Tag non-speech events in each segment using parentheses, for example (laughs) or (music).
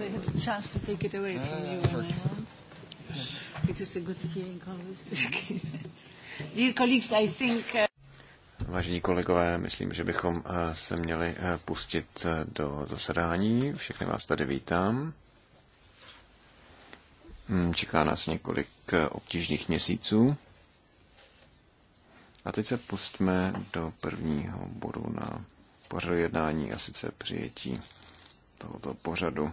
so you have the chance to take it away from ah, you when I want. It is a good feeling, always. (laughs) Dear colleagues, I think... Uh... Vážení kolegové, myslím, že bychom uh, se měli uh, pustit uh, do zasedání. Všechny vás tady vítám. Hmm, čeká nás několik obtížných měsíců. A teď se pustíme do prvního bodu na pořadu jednání a sice přijetí tohoto pořadu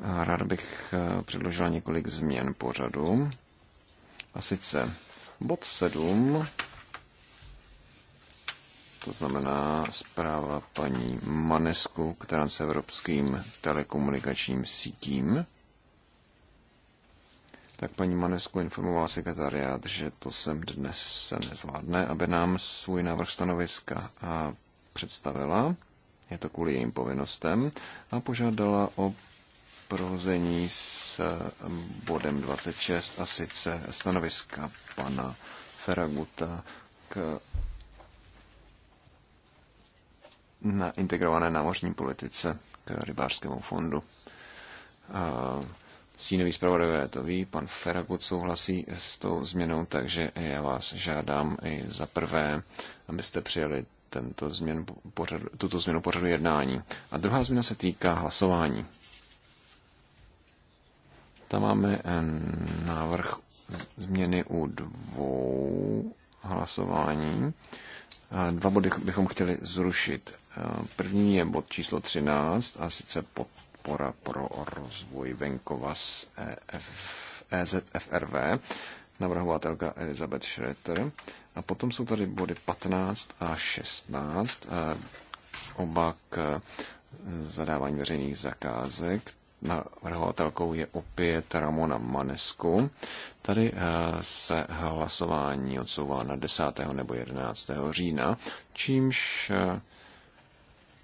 rád bych eh, předložila několik změn pořadu. A sice bod 7, to znamená zpráva paní Manesku k transevropským telekomunikačním sítím. Tak paní Manesku informovala sekretariát, že to sem dnes se nezvládne, aby nám svůj návrh stanoviska představila, je to kvůli jejím povinnostem, a požádala o provození s eh, bodem 26 a sice stanoviska pana Feraguta k na integrované námořní politice k rybářskému fondu. Eh, stínový zpravodajové to ví, pan Feragut souhlasí s tou změnou, takže já vás žádám i za prvé, abyste přijali tento změn pořadu, tuto změnu pořadu jednání. A druhá změna se týká hlasování. Tam máme eh, návrh změny u dvou hlasování. Eh, dva body bychom chtěli zrušit. Eh, první je bod číslo 13 a sice podpora pro rozvoj venkova e z EZFRV, navrhovatelka Elizabeth Schroeter. A potom jsou tady body 15 a 16, oba k zadávání veřejných zakázek. Navrhovatelkou je opět Ramona Manesku. Tady eh, se hlasování odsouvá na 10. nebo 11. října, čímž eh,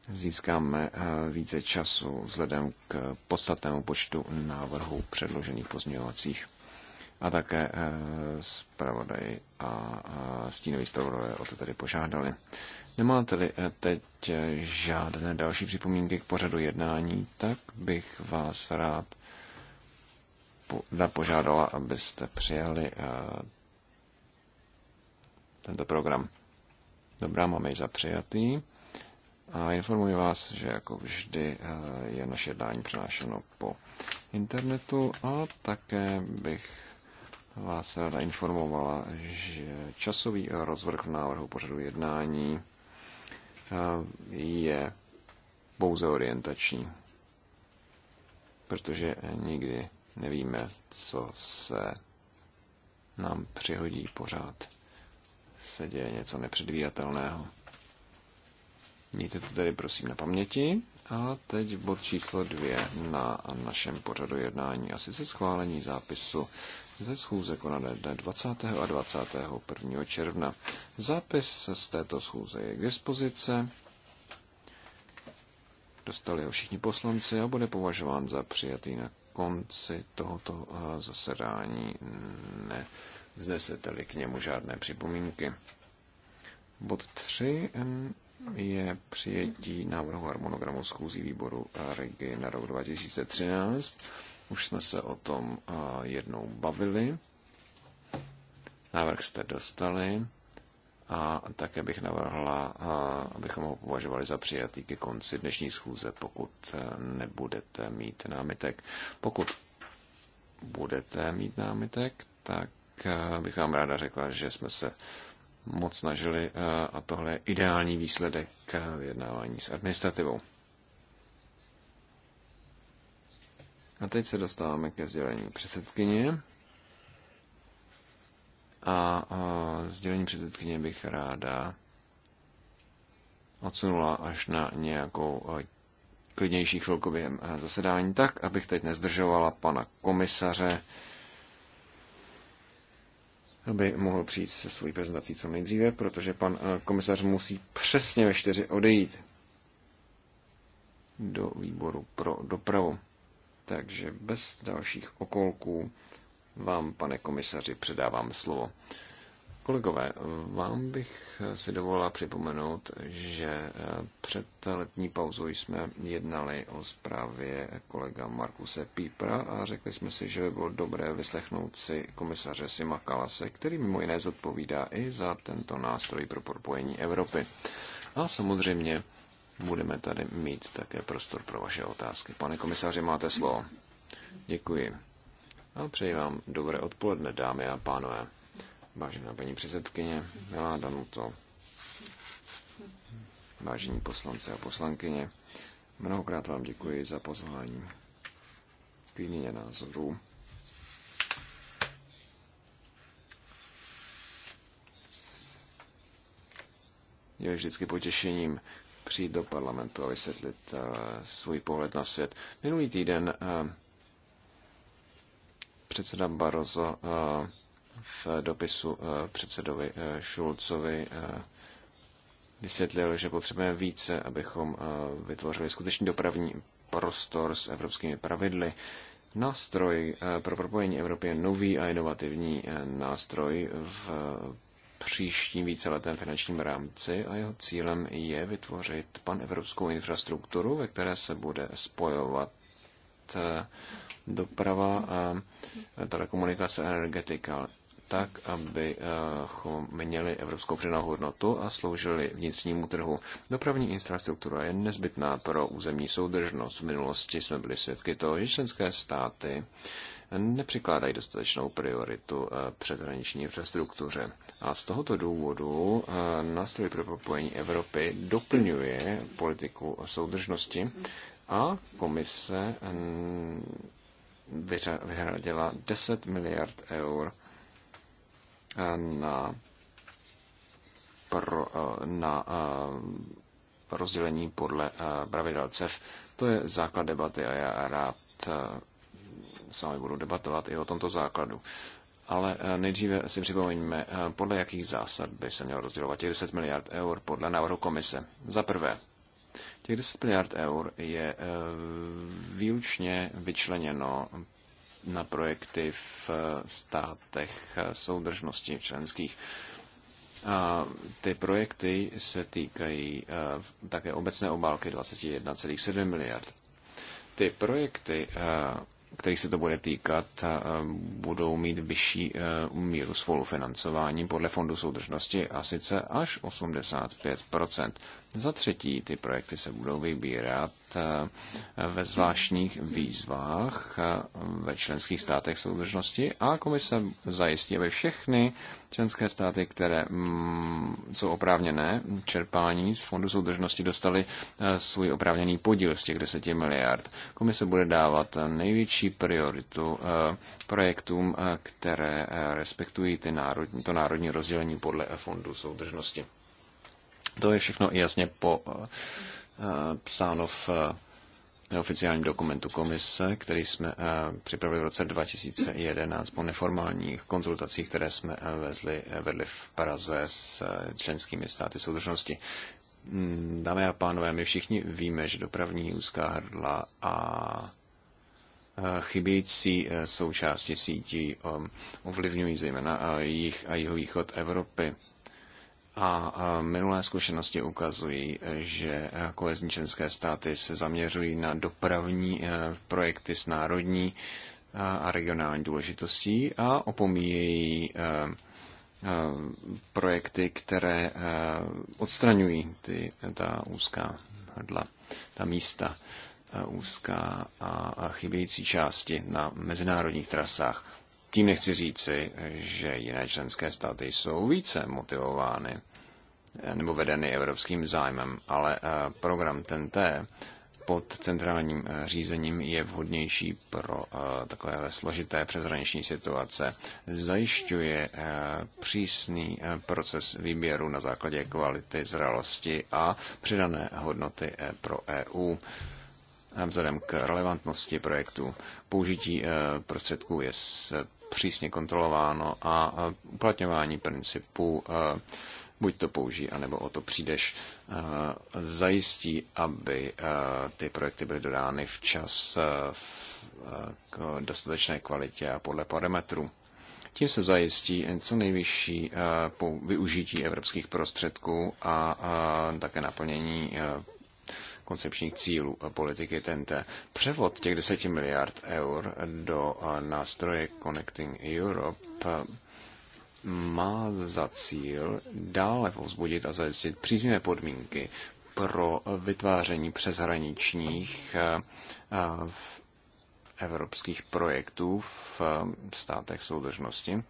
získáme eh, více času vzhledem k podstatnému počtu návrhů předložených pozměňovacích a také zpravodaj a stínový zpravodaj o to tady požádali. Nemáte-li eh, teď eh, žádné další připomínky k pořadu jednání, tak bych vás rád požádala, abyste přijali eh, tento program. Dobrá, máme ji za přijatý. A informuji vás, že jako vždy je naše jednání přenášeno po internetu a také bych vás ráda informovala, že časový rozvrh v návrhu pořadu jednání je pouze orientační, protože nikdy nevíme, co se nám přihodí pořád. Se děje něco nepředvídatelného. Mějte to tedy prosím na paměti. A teď bod číslo dvě na našem pořadu jednání, a sice schválení zápisu ze schůze konané dne 20. a 21. června. Zápis z této schůze je k dispozici. Dostali ho všichni poslanci a bude považován za přijatý na konci tohoto eh, zasedání. Ne, zneseteli k němu žádné připomínky. Bod 3 je přijetí návrhu harmonogramu schůzí výboru Regi na rok 2013. Už jsme se o tom eh, jednou bavili. Návrh jste dostali a také bych navrhla, eh, abychom ho považovali za přijatý ke konci dnešní schůze, pokud eh, nebudete mít námitek. Pokud budete mít námitek, tak bych vám ráda řekla, že jsme se moc snažili a tohle je ideální výsledek vyjednávání s administrativou. A teď se dostáváme ke sdělení předsedkyně. A sdělení předsedkyně bych ráda odsunula až na nějakou klidnější chvilku během zasedání, tak, abych teď nezdržovala pana komisaře, aby mohl přijít se svojí prezentací co nejdříve, protože pan komisař musí přesně ve čtyři odejít do výboru pro dopravu. Takže bez dalších okolků vám, pane komisaři, předávám slovo. Kolegové, vám bych si dovolila připomenout, že před letní pauzou jsme jednali o zprávě kolega Markuse Pípra a řekli jsme si, že by bylo dobré vyslechnout si komisaře Sima Kalase, který mimo jiné zodpovídá i za tento nástroj pro propojení Evropy. A samozřejmě budeme tady mít také prostor pro vaše otázky. Pane komisaři, máte slovo. Děkuji. A přeji vám dobré odpoledne, dámy a pánové. Vážená paní předsedkyně, milá Danuto, vážení poslanci a poslankyně, mnohokrát vám děkuji za pozvání k výměně názorů. je vždycky potěšením přijít do parlamentu a vysvětlit eh, svůj pohled na svět. Minulý týden eh, předseda Barroso eh, v dopisu předsedovi Šulcovi vysvětlil, že potřebujeme více, abychom vytvořili skutečný dopravní prostor s evropskými pravidly. Nástroj pro propojení Evropy je nový a inovativní nástroj v příštím víceletém finančním rámci a jeho cílem je vytvořit panevropskou infrastrukturu, ve které se bude spojovat eh, doprava a eh, telekomunikace a energetika tak, abychom eh, měli evropskou přidanou hodnotu a sloužili vnitřnímu trhu. Dopravní infrastruktura je nezbytná pro územní soudržnost. V minulosti jsme byli svědky toho, že členské státy nepřikládají dostatečnou prioritu eh, předhraniční infrastruktuře. A z tohoto důvodu eh, nástroj pro propojení Evropy doplňuje politiku soudržnosti a komise eh, vyhradila 10 miliard eur na, pro, na rozdělení podle pravidel CEF. To je základ debaty a já rád s vámi budu debatovat i o tomto základu. Ale eh, nejdříve si připomeňme, eh, podle jakých zásad by se mělo rozdělovat těch 10 miliard eur podle návrhu komise. Za prvé, těch 10 miliard eur je eh, výlučně vyčleněno na projekty v státech soudržnosti členských. A ty projekty se týkají také obecné obálky 21,7 miliard. Ty projekty kterých se to bude týkat, budou mít vyšší e, míru spolufinancování podle Fondu soudržnosti a sice až 85 za třetí, ty projekty se budou vybírat eh, ve zvláštních výzvách eh, ve členských státech soudržnosti a komise zajistí, aby všechny členské státy, které mm, jsou oprávněné čerpání z Fondu soudržnosti, dostaly eh, svůj oprávněný podíl z těch 10 miliard. Komise bude dávat největší prioritu projektům, které respektují ty národní, to národní rozdělení podle Fondu soudržnosti. To je všechno jasně po, eh, psáno v eh, neoficiálním dokumentu komise, který jsme eh, připravili v roce 2011 po neformálních konzultacích, které jsme vezli, vedli v Praze s členskými státy soudržnosti. Mm, dámy a pánové, my všichni víme, že dopravní úzká hrdla a chybějící součásti sítí ovlivňují zejména jich a jihovýchod Evropy. A minulé zkušenosti ukazují, že kohezní členské státy se zaměřují na dopravní eh, projekty s národní a regionální důležitostí a opomíjejí eh, eh, projekty, které odstraňují ty, ta úzká hrdla, ta místa úzká a chybějící části na mezinárodních trasách. Tím nechci říci, že jiné členské státy jsou více motivovány eh, nebo vedeny evropským zájmem, ale eh, program TNT pod centrálním eh, řízením je vhodnější pro takové složité přeshraniční situace. Zajišťuje přísný proces výběru na základě kvality, zralosti a přidané hodnoty pro EU. Vzhledem k relevantnosti projektu použití prostředků je přísně kontrolováno a uplatňování principů e, buď to použij, anebo o to přijdeš, e, zajistí, aby e, ty projekty byly dodány včas v k dostatečné kvalitě a podle parametrů. Tím se zajistí co nejvyšší využití evropských prostředků a také naplnění koncepčních cílů politiky TNT. Převod těch 10 miliard eur do nástroje Connecting Europe má za cíl dále povzbudit a zajistit příznivé podmínky pro vytváření přeshraničních evropských projektů v státech soudržnosti.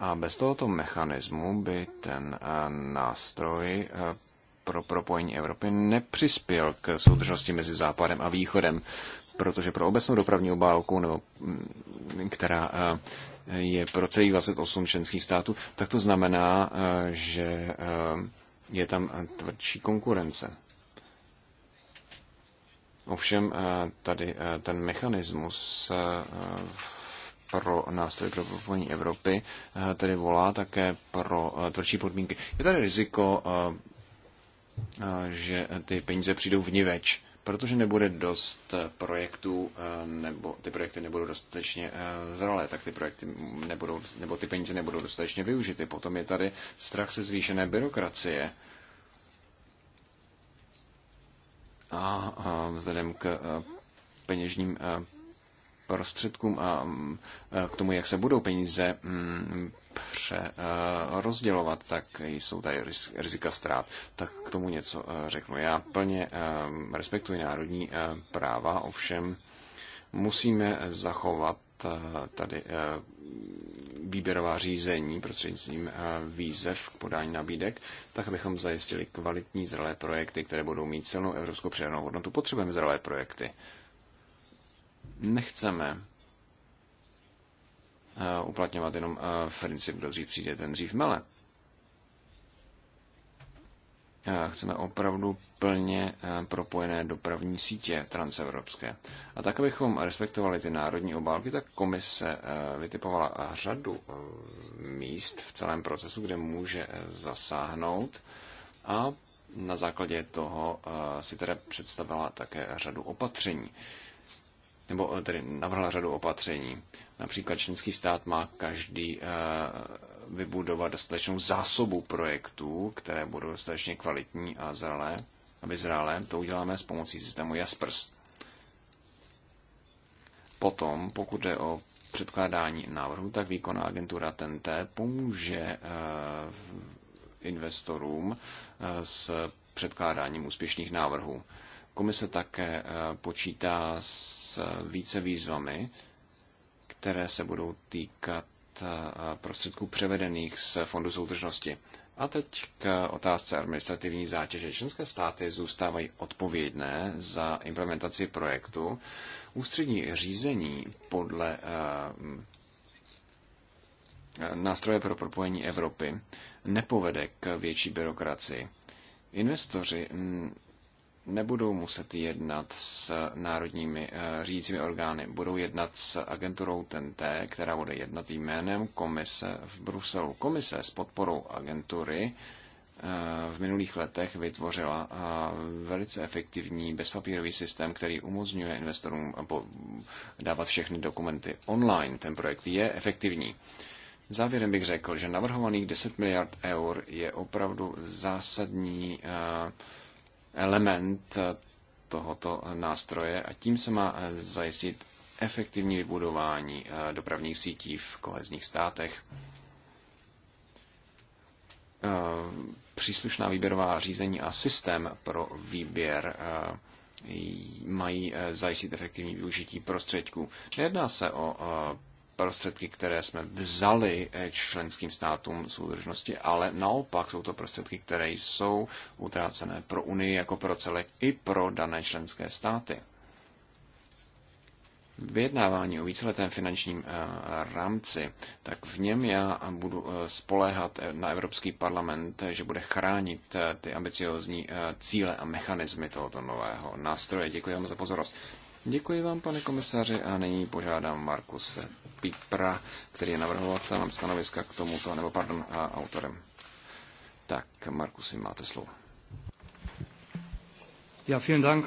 A bez tohoto mechanismu by ten nástroj pro propojení Evropy nepřispěl k soudržnosti mezi Západem a Východem, protože pro obecnou dopravní obálku, nebo, mm, která eh, je pro celých 28 členských států, tak to znamená, eh, že eh, je tam tvrdší konkurence. Ovšem tady ten mechanismus pro nástroj pro propojení Evropy tedy volá také pro tvrdší podmínky. Je tady riziko Eh, že ty peníze přijdou vniveč, protože nebude dost eh, projektů, eh, nebo ty projekty nebudou dostatečně zralé, tak ty projekty nebudou, nebo ty peníze nebudou dostatečně využity. Potom je tady strach se zvýšené byrokracie. A vzhledem k peněžním prostředkům a mm, k tomu, jak se budou peníze mm, Eh, rozdělovat, tak jsou tady rizika ztrát. Tak k tomu něco eh, řeknu. Já plně eh, respektuji národní práva, ovšem musíme zachovat tady výběrová řízení prostřednictvím výzev k podání nabídek, tak abychom zajistili kvalitní zralé projekty, které budou mít silnou evropskou přidanou hodnotu. Potřebujeme zralé projekty. Nechceme Eh, uplatňovat jenom eh, princip, kdo dřív přijde, ten dřív mele. Eh, chceme opravdu plně propojené dopravní sítě transevropské. A tak, abychom respektovali ty národní obálky, tak komise vytipovala řadu míst v celém procesu, kde může zasáhnout a na základě toho si teda představila také řadu opatření, nebo tedy navrhla řadu opatření. Například členský stát má každý eh, vybudovat dostatečnou zásobu projektů, které budou dostatečně kvalitní a zralé, a zralé, To uděláme s pomocí systému Jaspers. Potom, pokud jde o předkládání návrhu, tak výkonná agentura TNT pomůže eh, investorům eh, s předkládáním úspěšných návrhů. Komise také počítá s více výzvami, které se budou týkat eh, prostředků převedených z Fondu soudržnosti. A teď k otázce administrativní zátěže. Členské státy zůstávají odpovědné za implementaci projektu. Ústřední řízení podle eh, mm, nástroje pro propojení Evropy nepovede k větší byrokracii. Investoři mm, nebudou muset jednat s národními eh, řídícími orgány, budou jednat s agenturou TNT, která bude jednat jménem komise v Bruselu. Komise s podporou agentury eh, v minulých letech vytvořila eh, velice efektivní bezpapírový systém, který umožňuje investorům dávat všechny dokumenty online. Ten projekt je efektivní. Závěrem bych řekl, že navrhovaných 10 miliard eur je opravdu zásadní uh, element tohoto nástroje a tím se má eh, zajistit efektivní vybudování eh, dopravních sítí v kohezních státech. Eh, příslušná výběrová řízení a systém pro výběr mají zajistit efektivní využití prostředků. Nejedná se o prostředky, které jsme vzali eh, členským státům soudržnosti, ale naopak jsou to prostředky, které jsou utrácené pro Unii jako pro celek i pro dané členské státy. Vyjednávání o víceletém finančním eh, rámci, tak v něm já budu eh, spoléhat na Evropský parlament, že bude chránit ty ambiciozní cíle a mechanismy tohoto nového nástroje. Děkuji vám za pozornost. Děkuji vám, pane komisaři, a nyní požádám Markuse Pipra, který je navrhovatelem stanoviska k tomuto, nebo pardon, a autorem. Tak, Markusi, máte slovo. Ja, vielen Dank.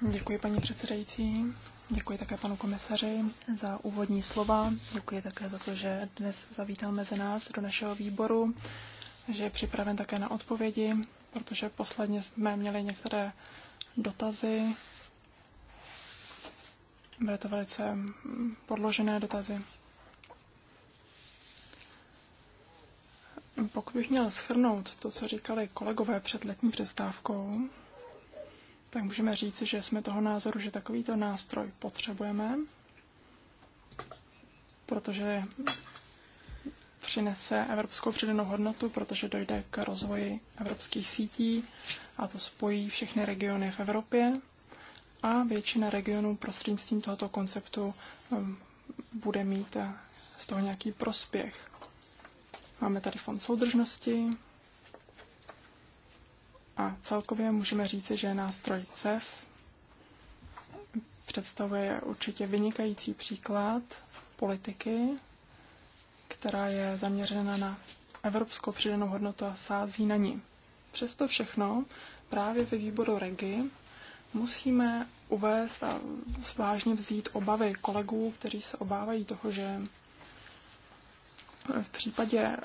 Děkuji, paní předsedající. Děkuji také panu komisaři za úvodní slova. Děkuji také za to, že dnes zavítal mezi nás do našeho výboru, že je připraven také na odpovědi, protože posledně jsme měli některé dotazy Byly to velice mm, podložené dotazy. Pokud bych měl schrnout to, co říkali kolegové před letní přestávkou, tak můžeme říct, že jsme toho názoru, že takovýto nástroj potřebujeme, protože přinese evropskou přidanou hodnotu, protože dojde k rozvoji evropských sítí a to spojí všechny regiony v Evropě a většina regionů prostřednictvím tohoto konceptu um, bude mít eh, z toho nějaký prospěch. Máme tady fond soudržnosti a celkově můžeme říci, že nástroj CEF představuje určitě vynikající příklad politiky, která je zaměřena na evropskou přidanou hodnotu a sází na ní. Přesto všechno právě ve výboru REGI Musíme uvést a vážně vzít obavy kolegů, kteří se obávají toho, že v případě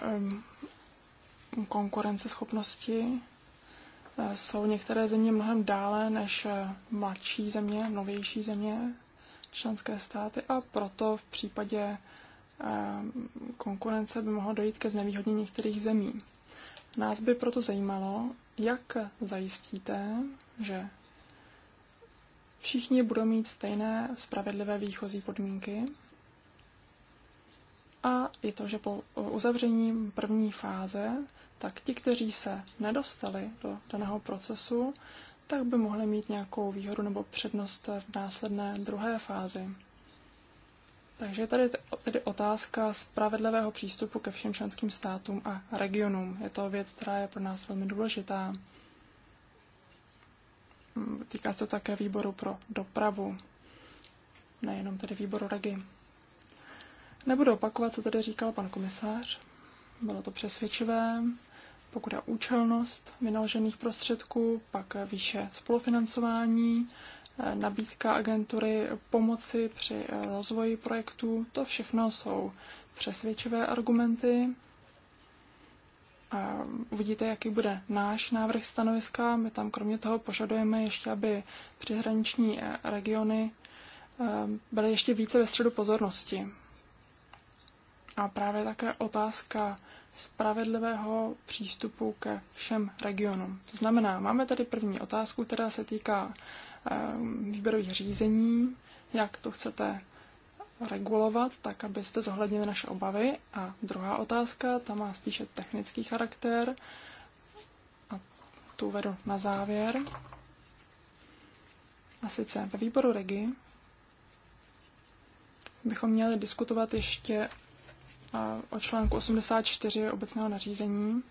konkurenceschopnosti e, jsou některé země mnohem dále než e, mladší země, novější země, členské státy a proto v případě konkurence by mohlo dojít ke znevýhodnění některých zemí. Nás by proto zajímalo, jak zajistíte, že Všichni budou mít stejné spravedlivé výchozí podmínky. A je to, že po uzavření první fáze, tak ti, kteří se nedostali do daného procesu, tak by mohli mít nějakou výhodu nebo přednost v následné druhé fázi. Takže tady tedy otázka spravedlivého přístupu ke všem členským státům a regionům. Je to věc, která je pro nás velmi důležitá. Týká se to také výboru pro dopravu, nejenom tedy výboru regi. Nebudu opakovat, co tady říkal pan komisář. Bylo to přesvědčivé. Pokud je účelnost vynaložených prostředků, pak výše spolufinancování, nabídka agentury pomoci při rozvoji projektů, to všechno jsou přesvědčivé argumenty Uvidíte, jaký bude náš návrh stanoviska. My tam kromě toho požadujeme ještě, aby přihraniční eh, regiony eh, byly ještě více ve středu pozornosti. A právě také otázka spravedlivého přístupu ke všem regionům. To znamená, máme tady první otázku, která se týká eh, výběrových řízení, jak to chcete regulovat, tak abyste zohlednili naše obavy. A druhá otázka, ta má spíše technický charakter a tu vedu na závěr. A sice ve výboru Regi bychom měli diskutovat ještě o článku 84 obecného nařízení,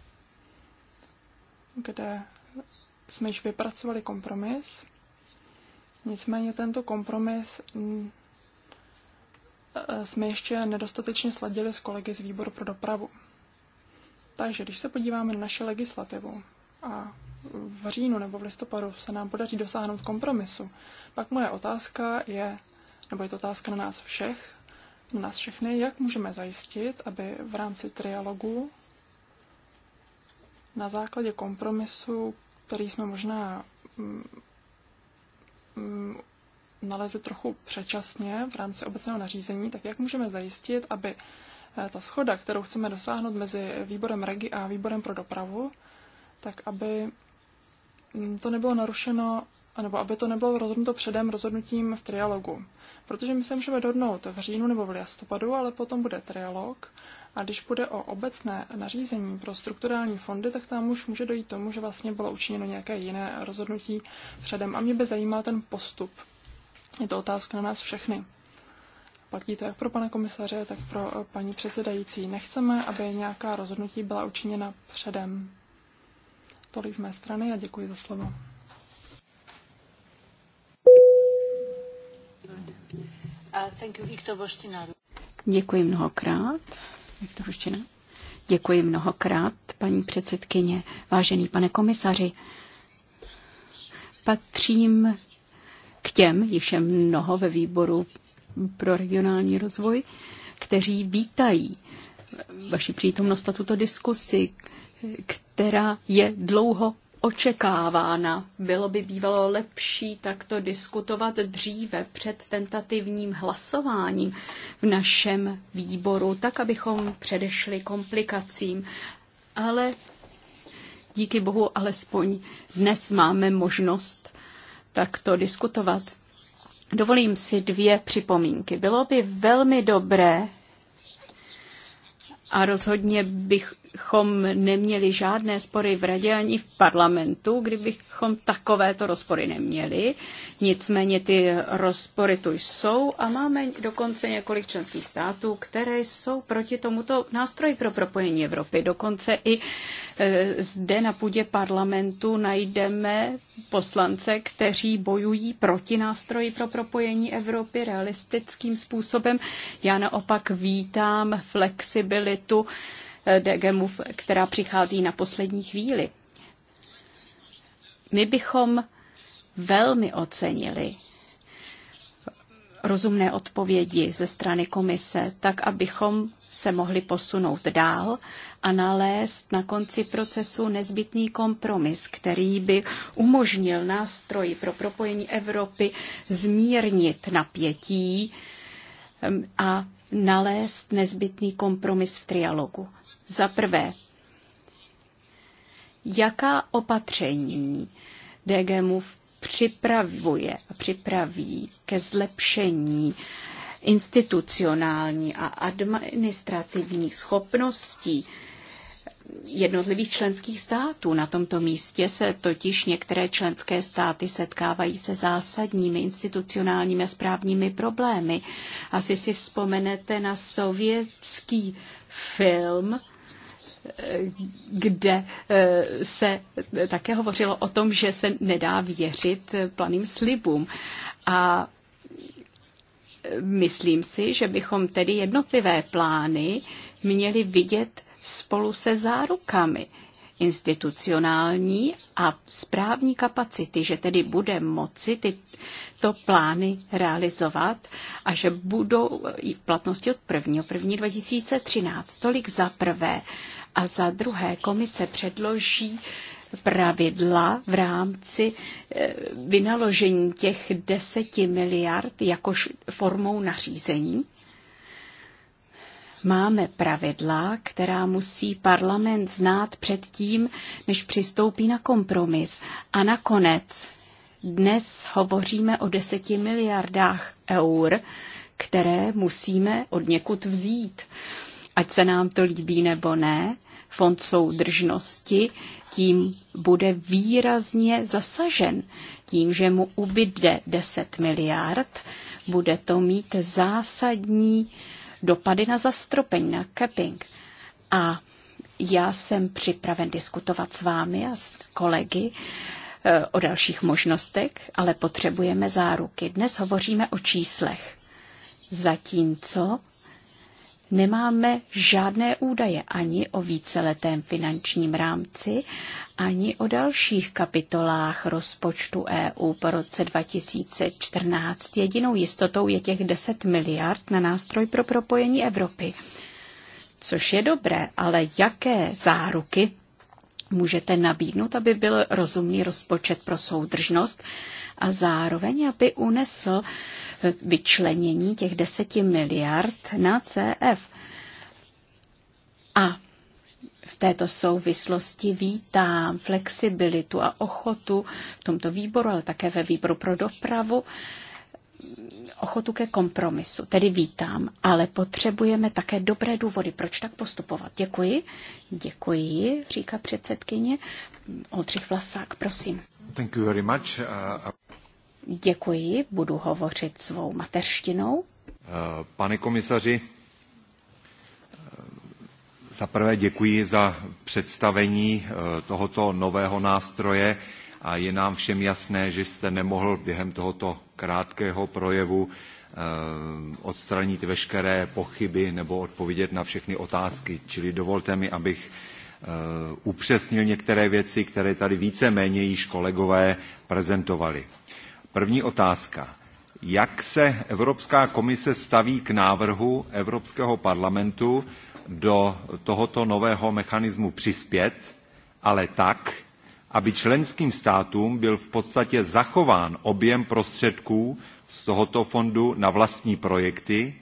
kde jsme již vypracovali kompromis. Nicméně tento kompromis Eh, jsme ještě nedostatečně sladili s kolegy z výboru pro dopravu. Takže když se podíváme na naše legislativu a v říjnu nebo v listopadu se nám podaří dosáhnout kompromisu, pak moje otázka je, nebo je to otázka na nás všech, na nás všechny, jak můžeme zajistit, aby v rámci trialogu na základě kompromisu, který jsme možná mm, mm, nalezli trochu předčasně v rámci obecného nařízení, tak jak můžeme zajistit, aby eh, ta schoda, kterou chceme dosáhnout mezi výborem REGI a výborem pro dopravu, tak aby mm, to nebylo narušeno, nebo aby to nebylo rozhodnuto předem rozhodnutím v trialogu. Protože my se můžeme dohodnout v říjnu nebo v listopadu, ale potom bude trialog a když bude o obecné nařízení pro strukturální fondy, tak tam už může dojít tomu, že vlastně bylo učiněno nějaké jiné rozhodnutí předem. A mě by zajímal ten postup, je to otázka na nás všechny. Platí to jak pro pana komisaře, tak pro eh, paní předsedající. Nechceme, aby nějaká rozhodnutí byla učiněna předem. Tolik z mé strany a děkuji za slovo. Děkuji mnohokrát. Viktor Děkuji mnohokrát, paní předsedkyně, vážený pane komisaři. Patřím k těm, jich je mnoho ve výboru pro regionální rozvoj, kteří vítají vaši přítomnost a tuto diskusi, která je dlouho očekávána. Bylo by bývalo lepší takto diskutovat dříve před tentativním hlasováním v našem výboru, tak abychom předešli komplikacím. Ale díky bohu alespoň dnes máme možnost takto diskutovat. Dovolím si dvě připomínky. Bylo by velmi dobré a rozhodně bych kdybychom neměli žádné spory v radě ani v parlamentu, kdybychom takovéto rozpory neměli. Nicméně ty rozpory tu jsou a máme dokonce několik členských států, které jsou proti tomuto nástroji pro propojení Evropy. Dokonce i e, zde na půdě parlamentu najdeme poslance, kteří bojují proti nástroji pro propojení Evropy realistickým způsobem. Já naopak vítám flexibilitu Eh, DGMUV, která přichází na poslední chvíli. My bychom velmi ocenili rozumné odpovědi ze strany komise, tak abychom se mohli posunout dál a nalézt na konci procesu nezbytný kompromis, který by umožnil nástroj pro propojení Evropy zmírnit napětí a nalézt nezbytný kompromis v trialogu. Za prvé, jaká opatření DG připravuje a připraví ke zlepšení institucionální a administrativní schopností jednotlivých členských států. Na tomto místě se totiž některé členské státy setkávají se zásadními institucionálními a správními problémy. Asi si vzpomenete na sovětský film kde eh, se také hovořilo o tom, že se nedá věřit planým slibům. A myslím si, že bychom tedy jednotlivé plány měli vidět spolu se zárukami institucionální a správní kapacity, že tedy bude moci tyto plány realizovat a že budou platnosti od 1. 1. 2013. Tolik za prvé. A za druhé, komise předloží pravidla v rámci eh, vynaložení těch deseti miliard jakož formou nařízení. Máme pravidla, která musí parlament znát předtím, než přistoupí na kompromis. A nakonec dnes hovoříme o deseti miliardách eur, které musíme od někud vzít ať se nám to líbí nebo ne, fond soudržnosti tím bude výrazně zasažen. Tím, že mu ubyde 10 miliard, bude to mít zásadní dopady na zastropení, na capping. A já jsem připraven diskutovat s vámi a s kolegy eh, o dalších možnostech, ale potřebujeme záruky. Dnes hovoříme o číslech. Zatímco nemáme žádné údaje ani o víceletém finančním rámci, ani o dalších kapitolách rozpočtu EU po roce 2014. Jedinou jistotou je těch 10 miliard na nástroj pro propojení Evropy. Což je dobré, ale jaké záruky můžete nabídnout, aby byl rozumný rozpočet pro soudržnost a zároveň, aby unesl uh, vyčlenění těch deseti miliard na CF. A v této souvislosti vítám flexibilitu a ochotu v tomto výboru, ale také ve výboru pro dopravu, ochotu ke kompromisu. Tedy vítám, ale potřebujeme také dobré důvody, proč tak postupovat. Děkuji. Děkuji, říká předsedkyně. Oldřich Vlasák, prosím. Thank you very much. Uh... Děkuji, budu hovořit svou mateřštinou. Pane komisaři, za prvé děkuji za představení eh, tohoto nového nástroje a je nám všem jasné, že jste nemohl během tohoto krátkého projevu eh, odstranit veškeré pochyby nebo odpovědět na všechny otázky. Čili dovolte mi, abych eh, upřesnil některé věci, které tady víceméně již kolegové prezentovali. První otázka. Jak se Evropská komise staví k návrhu Evropského parlamentu do tohoto nového mechanismu přispět, ale tak, aby členským státům byl v podstatě zachován objem prostředků z tohoto fondu na vlastní projekty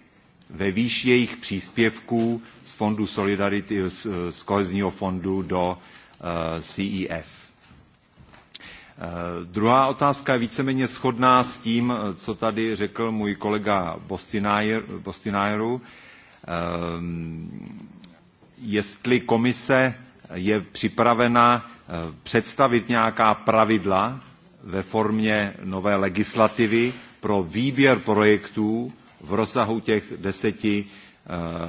ve výši jejich příspěvků z fondu Solidarity, z, z kohezního fondu do uh, eh, CEF. Eh, druhá otázka je víceméně shodná s tím, eh, co tady řekl můj kolega Bostinajeru. Eh, jestli komise je připravena představit nějaká pravidla ve formě nové legislativy pro výběr projektů v rozsahu těch deseti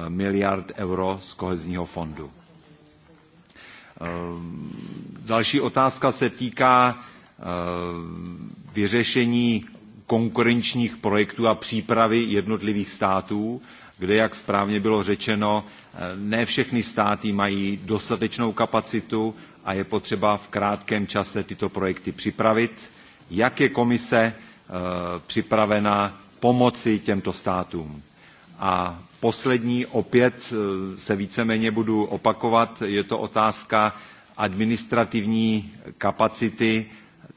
miliard euro z kohezního fondu. Další otázka se týká Eh, vyřešení konkurenčních projektů a přípravy jednotlivých států, kde, jak správně bylo řečeno, eh, ne všechny státy mají dostatečnou kapacitu a je potřeba v krátkém čase tyto projekty připravit. Jak je komise eh, připravena pomoci těmto státům? A poslední, opět se víceméně budu opakovat, je to otázka administrativní kapacity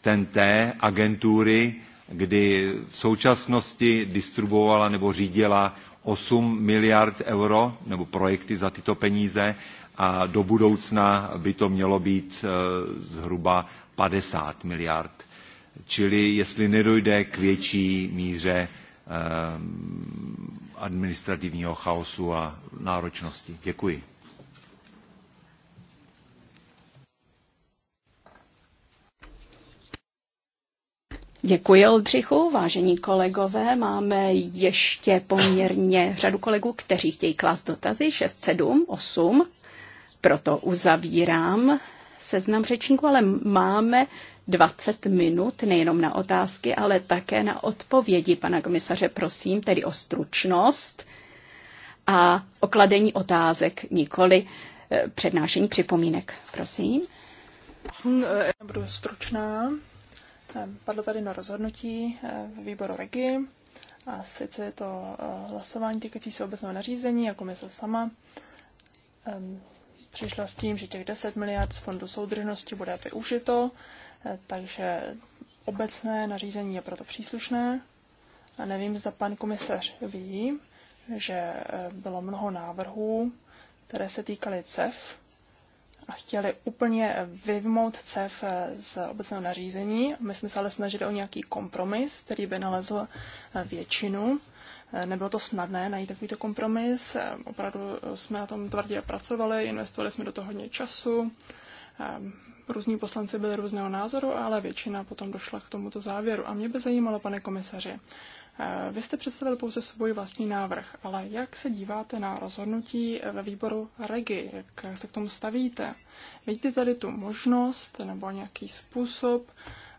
TNT agentury, kdy v současnosti distribuovala nebo řídila 8 miliard euro nebo projekty za tyto peníze a do budoucna by to mělo být eh, zhruba 50 miliard. Čili jestli nedojde k větší míře eh, administrativního chaosu a náročnosti. Děkuji. Děkuji, Oldřichu. Vážení kolegové, máme ještě poměrně řadu kolegů, kteří chtějí klást dotazy. 6, 7, 8. Proto uzavírám seznam řečníků, ale máme 20 minut nejenom na otázky, ale také na odpovědi. Pana komisaře, prosím tedy o stručnost a o kladení otázek, nikoli eh, přednášení připomínek. Prosím. Budu stručná. Padlo tady na rozhodnutí eh, výboru Regi, a sice je to eh, hlasování týkající se obecného nařízení a komise sama přišla s tím, že těch 10 miliard z fondu soudržnosti bude využito, eh, takže obecné nařízení je proto příslušné. A nevím, zda pan komisař ví, že bylo mnoho návrhů, které se týkaly CEF, chtěli úplně vyvmout CEF eh, z obecného nařízení. My jsme se ale snažili o nějaký kompromis, který by nalezl eh, většinu. Eh, nebylo to snadné najít takovýto kompromis. Opravdu jsme na tom tvrdě pracovali, investovali jsme do toho hodně času. Různí poslanci byli různého názoru, ale většina potom došla k tomuto závěru. A mě by zajímalo, pane komisaři, Eh, vy jste představil pouze svůj vlastní návrh, ale jak se díváte na rozhodnutí ve výboru REGI? Jak se k tomu stavíte? Vidíte tady tu možnost nebo nějaký způsob,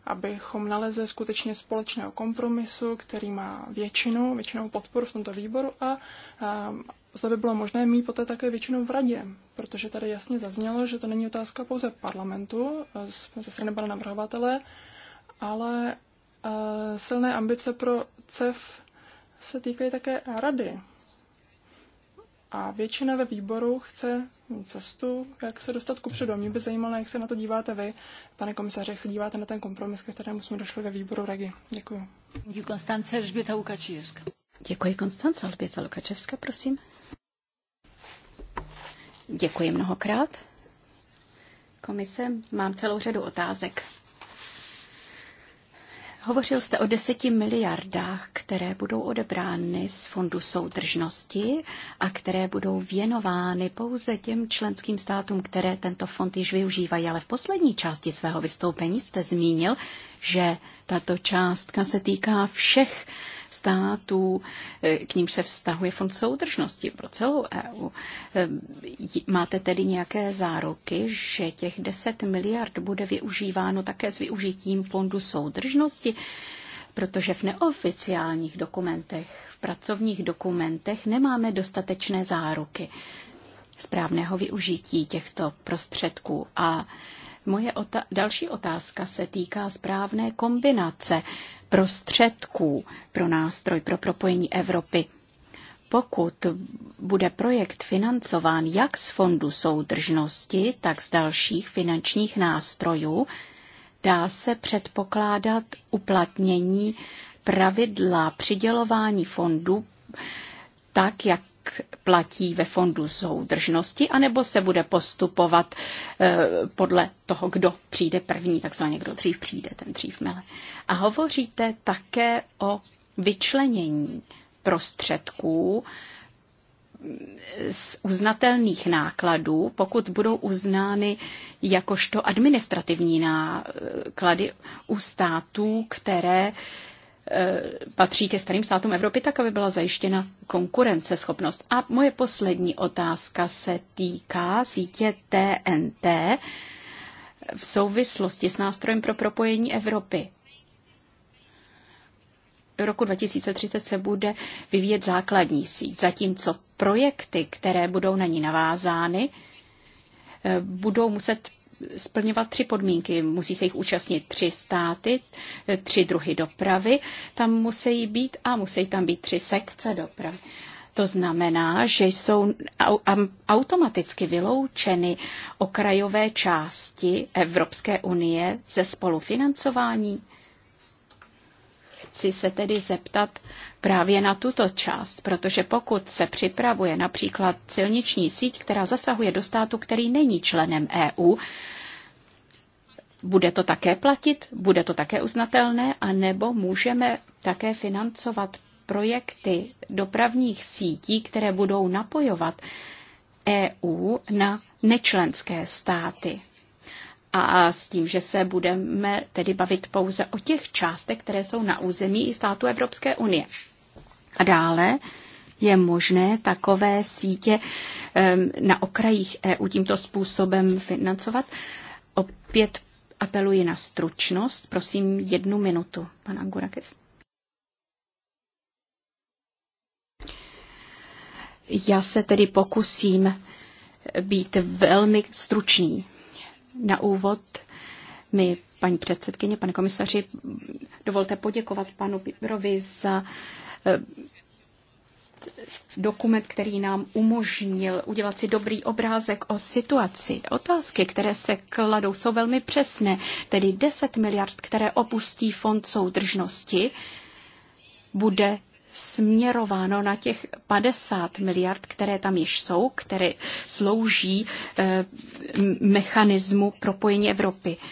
abychom nalezli skutečně společného kompromisu, který má většinu, většinou podporu v tomto výboru a eh, zda by bylo možné mít poté také většinou v radě, protože tady jasně zaznělo, že to není otázka pouze parlamentu eh, ze strany pana navrhovatele, ale silné ambice pro CEF se týkají také rady. A většina ve výboru chce cestu, jak se dostat ku předu. Mě by zajímalo, jak se na to díváte vy, pane komisaře, jak se díváte na ten kompromis, ke kterému jsme došli ve výboru Regi. Děkuji. Děkuji, Konstance Žběta Lukačevská. Děkuji, Konstance Žběta Lukačevská, prosím. Děkuji mnohokrát. Komise, mám celou řadu otázek. Hovořil jste o deseti miliardách, které budou odebrány z Fondu soudržnosti a které budou věnovány pouze těm členským státům, které tento fond již využívají. Ale v poslední části svého vystoupení jste zmínil, že tato částka se týká všech států, eh, k ním se vztahuje fond soudržnosti pro celou EU. Eh, máte tedy nějaké záruky, že těch 10 miliard bude využíváno také s využitím fondu soudržnosti? protože v neoficiálních dokumentech, v pracovních dokumentech nemáme dostatečné záruky správného využití těchto prostředků. A moje ota- další otázka se týká správné kombinace prostředků pro nástroj pro propojení Evropy. Pokud bude projekt financován jak z Fondu soudržnosti, tak z dalších finančních nástrojů, dá se předpokládat uplatnění pravidla přidělování fondů tak, jak platí ve fondu soudržnosti, anebo se bude postupovat eh, podle toho, kdo přijde první, takzvaně kdo dřív přijde, ten dřív mele. A hovoříte také o vyčlenění prostředků mm, z uznatelných nákladů, pokud budou uznány jakožto administrativní náklady u států, které uh, Eh, patří ke starým státům Evropy, tak aby byla zajištěna konkurenceschopnost. A moje poslední otázka se týká sítě TNT v souvislosti s nástrojem pro propojení Evropy. Do roku 2030 se bude vyvíjet základní síť, zatímco projekty, které budou na ní navázány, eh, budou muset splňovat tři podmínky. Musí se jich účastnit tři státy, tři druhy dopravy. Tam musí být a musí tam být tři sekce dopravy. To znamená, že jsou automaticky vyloučeny okrajové části Evropské unie ze spolufinancování. Chci se tedy zeptat právě na tuto část, protože pokud se připravuje například silniční síť, která zasahuje do státu, který není členem EU, bude to také platit, bude to také uznatelné, anebo můžeme také financovat projekty dopravních sítí, které budou napojovat EU na nečlenské státy. A s tím, že se budeme tedy bavit pouze o těch částech, které jsou na území i státu Evropské unie. A dále je možné takové sítě na okrajích EU tímto způsobem financovat. Opět apeluji na stručnost. Prosím jednu minutu, pan Angurakis. Já se tedy pokusím být velmi stručný. Na úvod mi, paní předsedkyně, pane komisaři, dovolte poděkovat panu Piperovi za Eh, dokument, který nám umožnil udělat si dobrý obrázek o situaci. Otázky, které se kladou, jsou velmi přesné, tedy 10 miliard, které opustí fond soudržnosti, bude směrováno na těch 50 miliard, které tam již jsou, které slouží eh, mechanismu propojení Evropy. Eh,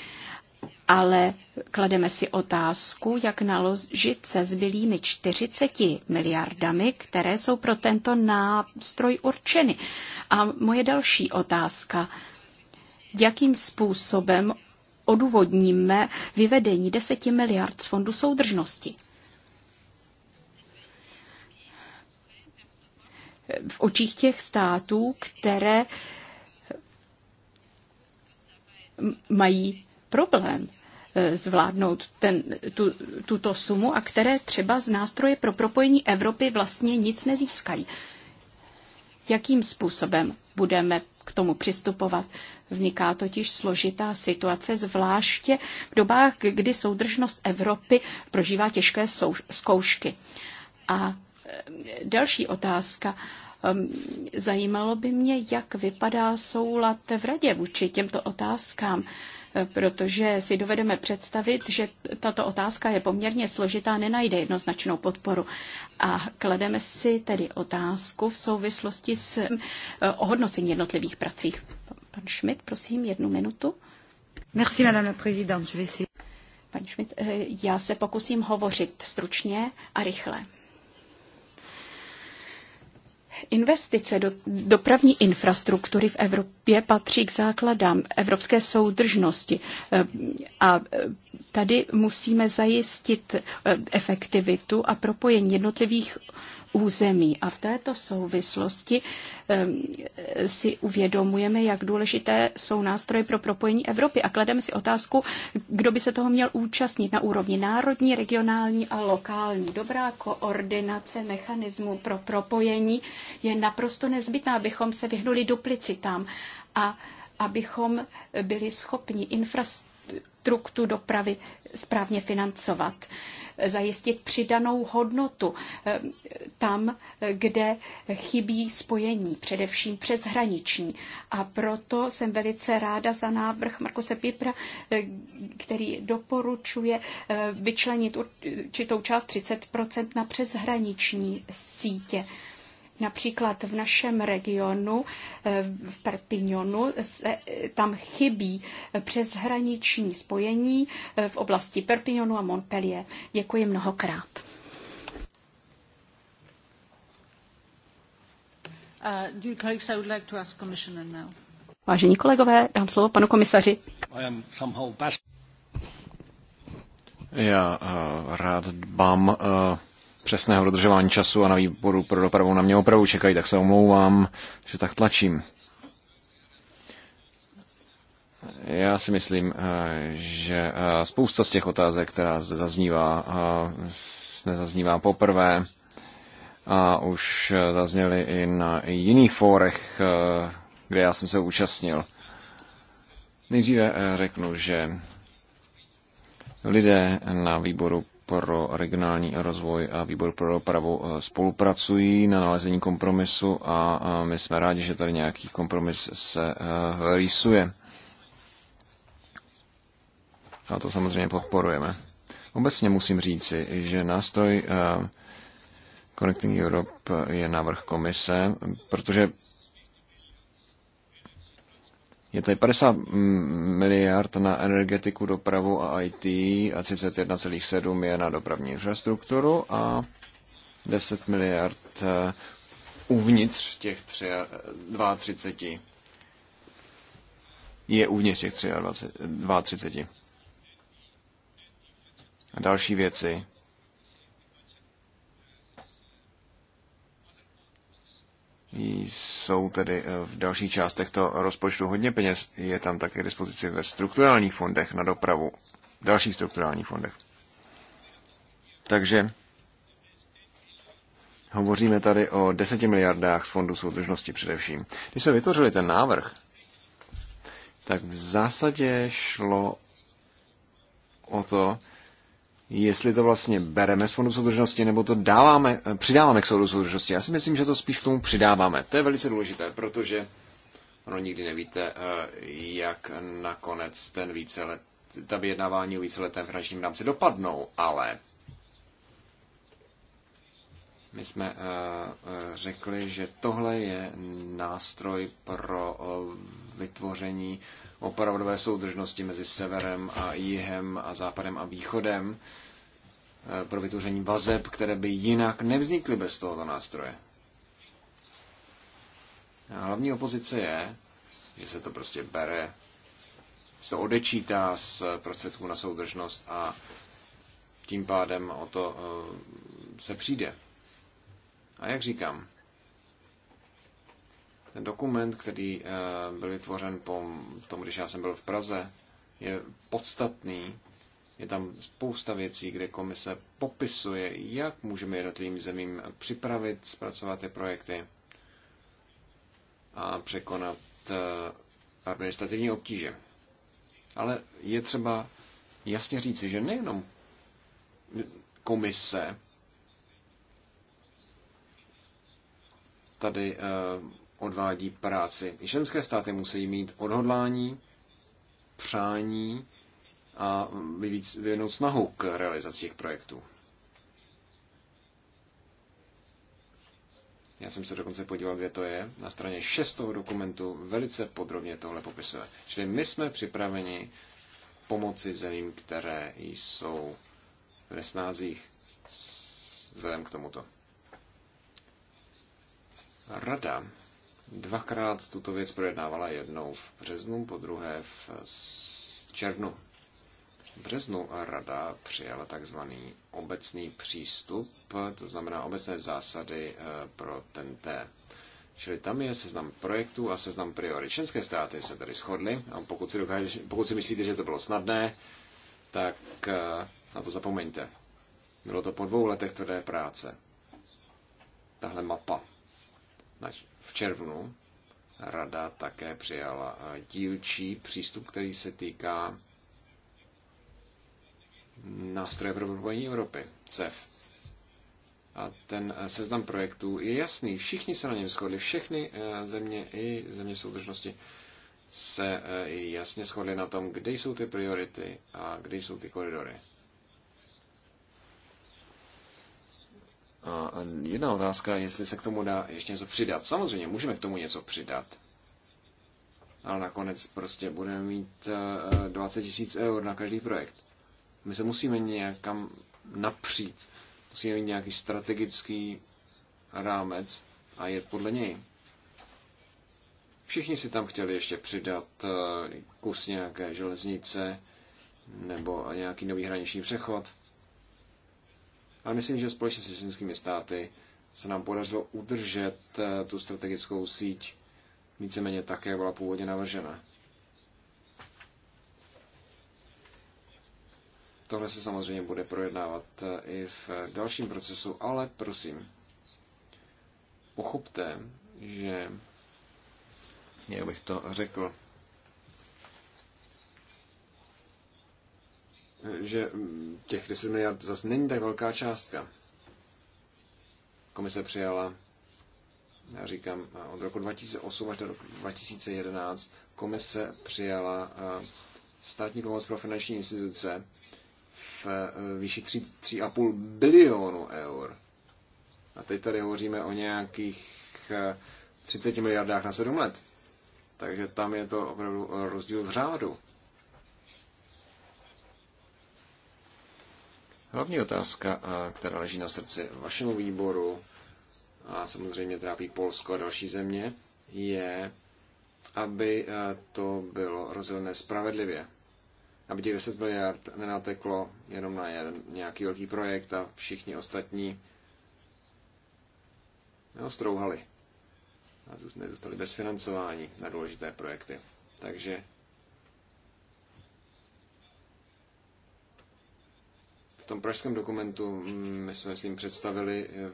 ale klademe si otázku, jak naložit se zbylými 40 miliardami, které jsou pro tento nástroj určeny. A moje další otázka, jakým způsobem odůvodníme vyvedení 10 miliard z fondu soudržnosti? v očích těch států, které mají problém Eh, zvládnout ten, tu, tuto sumu a které třeba z nástroje pro propojení Evropy vlastně nic nezískají. Jakým způsobem budeme k tomu přistupovat? Vzniká totiž složitá situace, zvláště v dobách, kdy soudržnost Evropy prožívá těžké zkoušky. A eh, další otázka. Ehm, zajímalo by mě, jak vypadá soulad v radě vůči těmto otázkám protože si dovedeme představit, že tato otázka je poměrně složitá, nenajde jednoznačnou podporu. A klademe si tedy otázku v souvislosti s eh, ohodnocením jednotlivých prací. Pan Schmidt, prosím, jednu minutu. Merci, madame la présidente. Pan Schmidt, eh, já se pokusím hovořit stručně a rychle. Investice do dopravní infrastruktury v Evropě patří k základám evropské soudržnosti a tady musíme zajistit eh, efektivitu a propojení jednotlivých území. A v této souvislosti si uvědomujeme, jak důležité jsou nástroje pro propojení Evropy a klademe si otázku, kdo by se toho měl účastnit na úrovni národní, regionální a lokální. Dobrá koordinace mechanismu pro propojení je naprosto nezbytná, abychom se vyhnuli duplicitám a abychom byli schopni infrastrukturu dopravy správně financovat zajistit přidanou hodnotu eh, tam, kde chybí spojení, především přeshraniční. A proto jsem velice ráda za návrh Markose Pipra, eh, který doporučuje eh, vyčlenit určitou část 30 na přeshraniční sítě. Například v našem regionu, eh, v Perpignanu, eh, tam chybí přeshraniční spojení eh, v oblasti Perpignanu a Montpellier. Děkuji mnohokrát. Uh, Vážení kolegové, dám slovo panu komisaři. Já uh, rád dbám uh přesného dodržování času a na výboru pro dopravu na mě opravdu čekají, tak se omlouvám, že tak tlačím. Já si myslím, eh, že eh, spousta z těch otázek, která zde zaznívá, eh, nezaznívá poprvé a už zazněly i na jiných fórech, kde já jsem se účastnil. Nejdříve řeknu, že lidé na výboru pro regionální rozvoj a výbor pro dopravu eh, spolupracují na nalezení kompromisu a my jsme rádi, že tady nějaký kompromis se eh, rýsuje. A to samozřejmě podporujeme. Obecně musím říci, že nástroj eh, Connecting Europe je návrh komise, protože je tady 50 miliard na energetiku, dopravu a IT a 31,7 je na dopravní infrastrukturu a 10 miliard eh, uvnitř těch 32 je uvnitř těch 23, 32. A další věci jsou tedy eh, v dalších částech to rozpočtu hodně peněz. Je tam také k dispozici ve strukturálních fondech na dopravu, v dalších strukturálních fondech. Takže hovoříme tady o 10 miliardách z fondu soudržnosti především. Když jsme vytvořili ten návrh, tak v zásadě šlo o to, jestli to vlastně bereme z fondu soudržnosti, nebo to dáváme, přidáváme k soudu soudržnosti. Já si myslím, že to spíš k tomu přidáváme. To je velice důležité, protože ono nikdy nevíte, eh, jak nakonec ten vícelet, ta vyjednávání o víceletém finančním rámci dopadnou, ale my jsme eh, eh, řekli, že tohle je nástroj pro vytvoření opravdové soudržnosti mezi severem a jihem a západem a východem eh, pro vytvoření vazeb, které by jinak nevznikly bez tohoto nástroje. A hlavní opozice je, že se to prostě bere, se to odečítá z prostředků na soudržnost a tím pádem o to eh, se přijde. A jak říkám, ten dokument, který eh, byl vytvořen po tom, když já jsem byl v Praze, je podstatný. Je tam spousta věcí, kde komise popisuje, jak můžeme jednotlivým zemím připravit, zpracovat ty projekty a překonat eh, administrativní obtíže. Ale je třeba jasně říci, že nejenom komise tady eh, odvádí práci. Ženské státy musí mít odhodlání, přání a vyvinout snahu k realizaci těch projektů. Já jsem se dokonce podíval, kde to je. Na straně 6 toho dokumentu velice podrobně tohle popisuje. Čili my jsme připraveni pomoci zemím, které jsou v nesnázích vzhledem k tomuto. Rada dvakrát tuto věc projednávala jednou v březnu, po druhé v červnu. V březnu rada přijala takzvaný obecný přístup, to znamená obecné zásady eh, pro TNT. Čili tam je seznam projektů a seznam priorit. Členské státy se tady shodly a pokud si, dokáže, pokud si myslíte, že to bylo snadné, tak eh, na to zapomeňte. Bylo to po dvou letech tvrdé práce. Tahle mapa. V červnu rada také přijala dílčí přístup, který se týká nástroje pro propojení Evropy, CEF. A ten e, seznam projektů je jasný, všichni se na něm shodli, všechny e, země i země soudržnosti se e, jasně shodli na tom, kde jsou ty priority a kde jsou ty koridory. A jedna otázka, jestli se k tomu dá ještě něco přidat. Samozřejmě můžeme k tomu něco přidat. Ale nakonec prostě budeme mít 20 eh, tisíc eur na každý projekt. My se musíme někam napřít. Musíme mít nějaký strategický rámec a jet podle něj. Všichni si tam chtěli ještě přidat eh, kus nějaké železnice nebo nějaký nový hraniční přechod. Ale myslím, že společně se členskými státy se nám podařilo udržet eh, tu strategickou síť víceméně tak, jak byla původně navržena. Tohle se samozřejmě bude projednávat eh, i v dalším procesu, ale prosím, pochopte, že, Já bych to řekl, že těch 10 miliard zase není tak velká částka. Komise přijala, já říkám, od roku 2008 až do roku 2011 komise přijala eh, státní pomoc pro finanční instituce v eh, výši 3,5 bilionu eur. A teď tady hovoříme o nějakých 30 eh, miliardách na 7 let. Takže tam je to opravdu rozdíl v řádu. Hlavní otázka, která leží na srdci vašemu výboru a samozřejmě trápí Polsko a další země, je, aby to bylo rozdělené spravedlivě. Aby těch 10 miliard nenateklo jenom na jeden, nějaký velký projekt a všichni ostatní neostrouhali a nezůstali bez financování na důležité projekty. Takže V tom pražském dokumentu mm, my jsme, ním představili eh,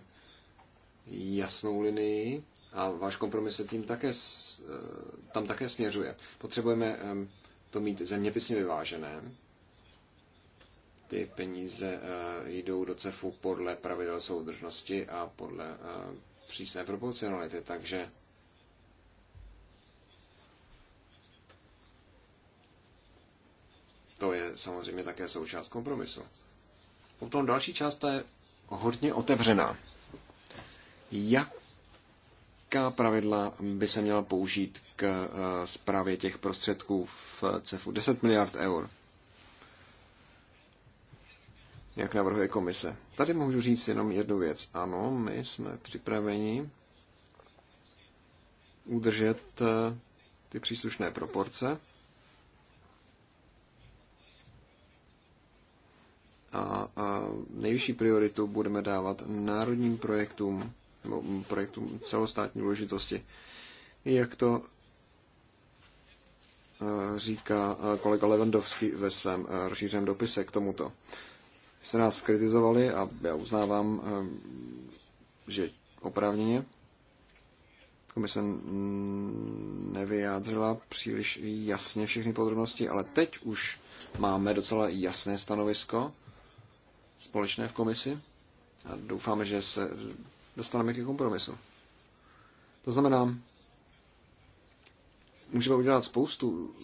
jasnou linii a váš kompromis se tím také, eh, tam také směřuje. Potřebujeme to mít zeměpisně vyvážené. Ty peníze eh, jdou do CEFu podle pravidel soudržnosti a podle přísné proporcionality, takže to je samozřejmě také součást kompromisu. Potom další část je hodně otevřená. Jaká pravidla by se měla použít k zprávě eh, těch prostředků v CEFu? 10 miliard eur. Jak navrhuje komise. Tady můžu říct jenom jednu věc. Ano, my jsme připraveni udržet eh, ty příslušné proporce a, a nejvyšší prioritu budeme dávat národním projektům nebo projektům celostátní důležitosti. Jak to e, říká e, kolega Levendovský ve svém e, rozšířeném dopise k tomuto. Se nás kritizovali a já uznávám, že oprávněně se nevyjádřila příliš jasně všechny podrobnosti, ale teď už máme docela jasné stanovisko společné v komisi a doufáme, že se dostaneme ke kompromisu. To znamená, můžeme udělat spoustu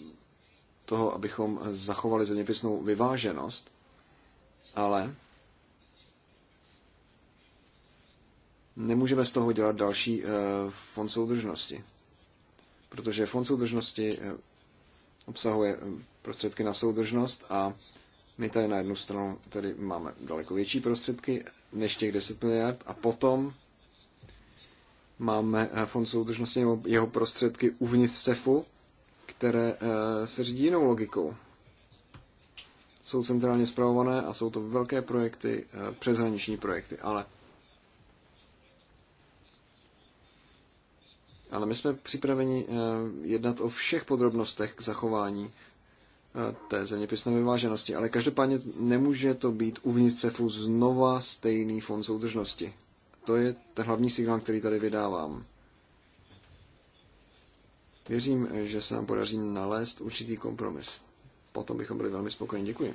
toho, abychom zachovali zeměpisnou vyváženost, ale nemůžeme z toho dělat další eh, fond soudržnosti. Protože fond soudržnosti eh, obsahuje eh, prostředky na soudržnost a my tady na jednu stranu tady máme daleko větší prostředky než těch 10 miliard a potom máme eh, fond soudržnosti nebo jeho prostředky uvnitř SEFu, které eh, se řídí jinou logikou. Jsou centrálně zpravované a jsou to velké projekty, eh, přeshraniční projekty, ale ale my jsme připraveni jednat o všech podrobnostech k zachování Eh, té zeměpisné vyváženosti. Ale každopádně nemůže to být uvnitř CEFu znova stejný fond soudržnosti. To je ten hlavní signál, který tady vydávám. Věřím, že se nám podaří nalézt určitý kompromis. Potom bychom byli velmi spokojeni. Děkuji.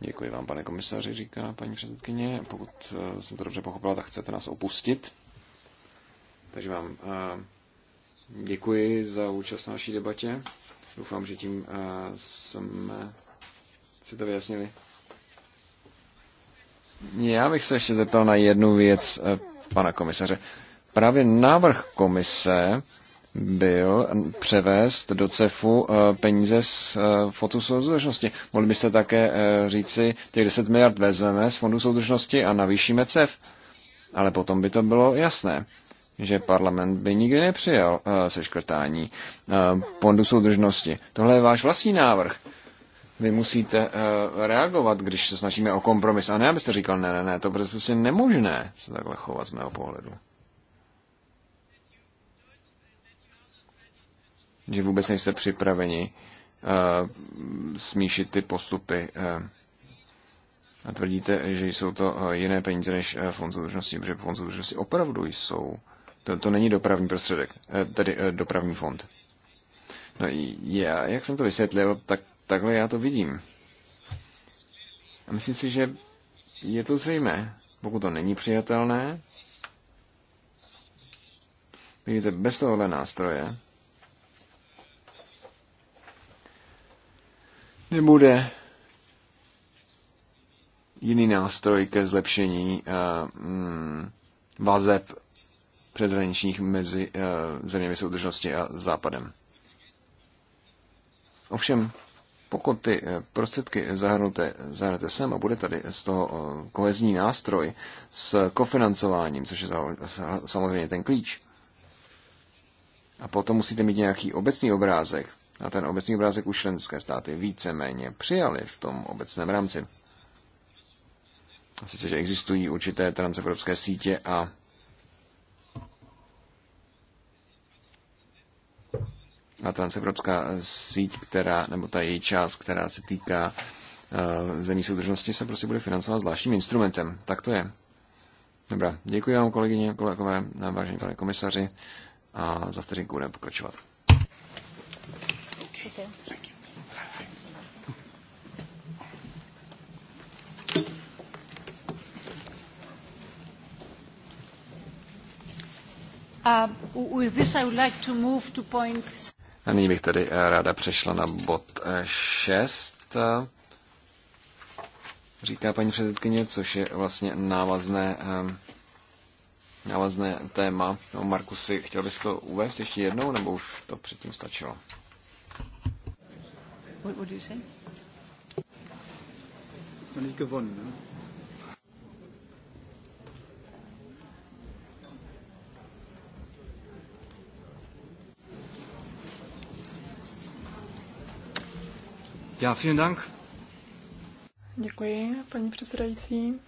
Děkuji vám, pane komisaři, říká paní předsedkyně. Pokud eh, jsem to dobře pochopila, tak chcete nás opustit. Takže vám eh, děkuji za účast na naší debatě. Doufám, že tím eh, jsme si to vyjasnili. Já bych se ještě zeptal na jednu věc eh, pana komisaře. Právě návrh komise byl převést do CEFu eh, peníze z Fondu soudržnosti. Mohli byste také říci, těch 10 miliard vezmeme z Fondu soudržnosti a navýšíme CEF. Ale potom by to bylo jasné že parlament by nikdy nepřijal eh, seškrtání eh, fondu soudržnosti. Tohle je váš vlastní návrh. Vy musíte eh, reagovat, když se snažíme o kompromis. A ne, abyste říkal, ne, ne, ne, to bude prostě, prostě nemožné se takhle chovat z mého pohledu. Že vůbec nejste připraveni uh, smíšit ty postupy uh, a tvrdíte, že jsou to jiné peníze než fond soudržnosti, protože fond soudržnosti opravdu jsou to, to není dopravní prostředek, eh, tedy eh, dopravní fond. No já, jak jsem to vysvětlil, tak takhle já to vidím. A myslím si, že je to zřejmé. Pokud to není přijatelné, vidíte, bez tohohle nástroje nebude jiný nástroj ke zlepšení uh, mm, vazeb přeshraničních mezi eh, zeměmi soudržnosti a západem. Ovšem, pokud ty eh, prostředky zahrnete, zahrnete sem a bude tady z toho eh, kohezní nástroj s kofinancováním, což je samozřejmě ten klíč, a potom musíte mít nějaký obecný obrázek, a ten obecný obrázek už členské státy víceméně přijali v tom obecném rámci. Sice, že existují určité transevropské sítě a a transevropská síť, která, nebo ta její část, která se týká eh, zemí soudržnosti, se prostě bude financovat zvláštním instrumentem. Tak to je. Dobrá, děkuji vám kolegyně, kolegové, vážení pane komisaři a za vteřinku budeme pokračovat. Uh, with this, I would like to move to point a nyní bych tedy eh, ráda přešla na bod 6, eh, eh, říká paní předsedkyně, což je vlastně návazné, návazné téma. No, Markusy, chtěl bys to uvést ještě jednou, nebo už to předtím stačilo? What would you say? gewonnen, ne? No? Já, vielen Dank. Děkuji, paní předsedající.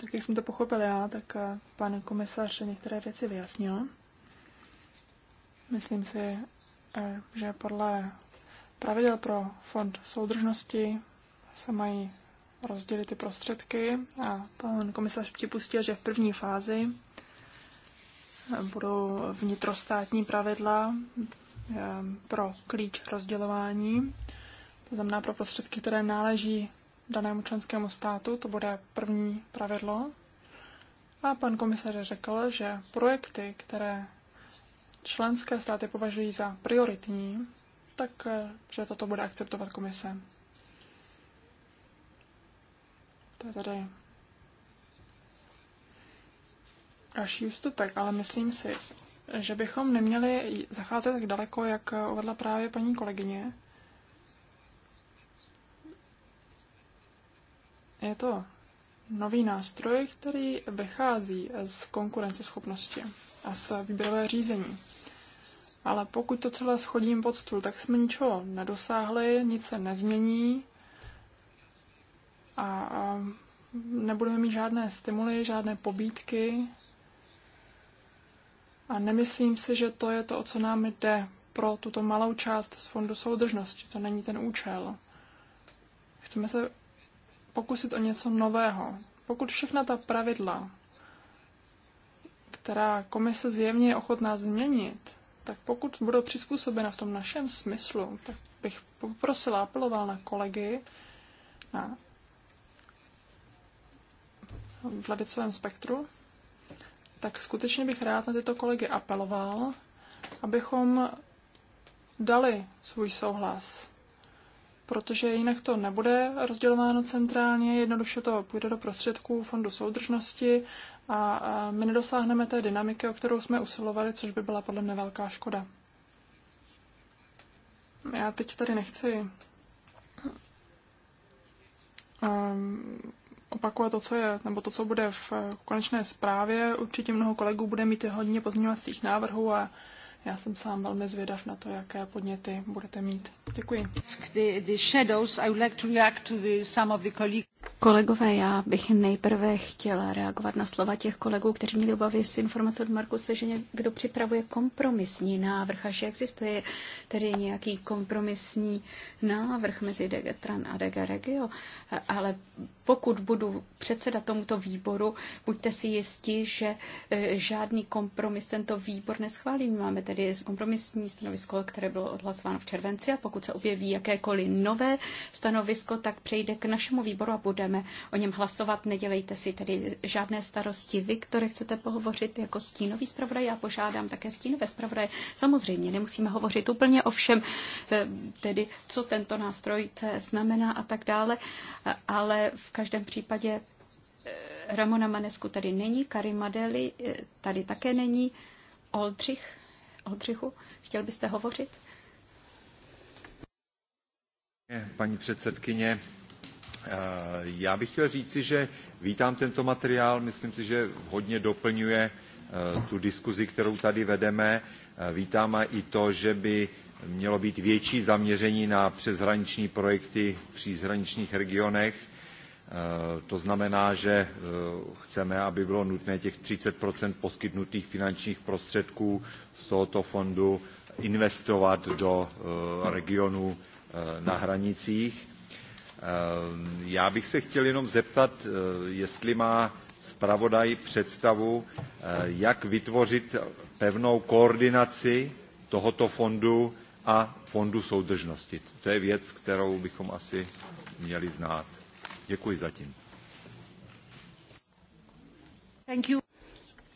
Tak jak jsem to pochopil já, tak eh, pan komisař některé věci vyjasnil. Myslím si, eh, že podle pravidel pro fond soudržnosti se mají rozdělit ty prostředky a pan komisař připustil, že v první fázi budou vnitrostátní pravidla eh, pro klíč rozdělování, to znamená pro prostředky, které náleží danému členskému státu, to bude první pravidlo. A pan komisař řekl, že projekty, které členské státy považují za prioritní, tak eh, že toto bude akceptovat komise. To je tady další ústupek, ale myslím si, že bychom neměli zacházet tak daleko, jak uvedla právě paní kolegyně. Je to nový nástroj, který vychází z konkurenceschopnosti a z výběrové řízení. Ale pokud to celé schodím pod stůl, tak jsme ničeho nedosáhli, nic se nezmění a nebudeme mít žádné stimuly, žádné pobídky, a nemyslím si, že to je to, o co nám jde pro tuto malou část z Fondu soudržnosti. To není ten účel. Chceme se pokusit o něco nového. Pokud všechna ta pravidla, která komise zjevně je ochotná změnit, tak pokud budou přizpůsobena v tom našem smyslu, tak bych poprosila, apeloval na kolegy, na v levicovém spektru, tak skutečně bych rád na tyto kolegy apeloval, abychom dali svůj souhlas. Protože jinak to nebude rozdělováno centrálně, jednoduše to půjde do prostředků Fondu soudržnosti a my nedosáhneme té dynamiky, o kterou jsme usilovali, což by byla podle mě velká škoda. Já teď tady nechci um, opakovat to, co je, nebo to, co bude v eh, konečné zprávě. Určitě mnoho kolegů bude mít hodně pozměňovacích návrhů a já jsem sám velmi zvědav na to, jaké podněty budete mít. Děkuji. the shadows, I would like to react to the, some of the colleagues. Kolegové, já bych nejprve chtěla reagovat na slova těch kolegů, kteří měli obavy s informací od Markuse, že někdo připravuje kompromisní návrh a že existuje tedy nějaký kompromisní návrh mezi Degetran a DG Regio. Ale pokud budu předseda tomuto výboru, buďte si jistí, že eh, žádný kompromis tento výbor neschválí. My máme tedy kompromisní stanovisko, které bylo odhlasováno v červenci a pokud se objeví jakékoliv nové stanovisko, tak přejde k našemu výboru a bude budeme o něm hlasovat. Nedělejte si tedy žádné starosti. Vy, které chcete pohovořit jako stínový zpravodaj, já požádám také stínové zpravodaje. Samozřejmě nemusíme hovořit úplně o všem, eh, tedy co tento nástroj znamená a tak dále, eh, ale v každém případě eh, Ramona Manesku tady není, Karim Madeli tady také není, Oldřich, Oldřichu, chtěl byste hovořit? Paní předsedkyně, Eh, já bych chtěl říci, že vítám tento materiál, myslím si, že hodně doplňuje eh, tu diskuzi, kterou tady vedeme. Eh, Vítáme i to, že by mělo být větší zaměření na přeshraniční projekty v příshraničních regionech. To znamená, že chceme, aby bylo nutné těch 30 poskytnutých finančních prostředků z tohoto fondu investovat do regionů na hranicích. Eh, já bych se chtěl jenom zeptat, eh, jestli má zpravodaj představu, eh, jak vytvořit pevnou koordinaci tohoto fondu a fondu soudržnosti. To je věc, kterou bychom asi měli znát. Děkuji zatím. Thank you.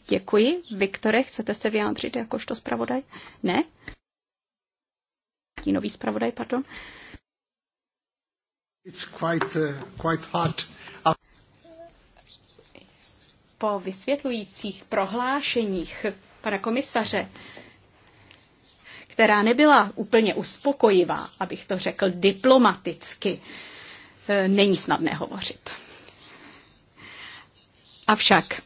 Děkuji. Viktore, chcete se vyjádřit jakožto zpravodaj? Ne? Tínový zpravodaj, pardon. Uh, Uh, po vysvětlujících prohlášeních pana komisaře, která nebyla úplně uspokojivá, abych to řekl diplomaticky, eh, není snadné hovořit. Avšak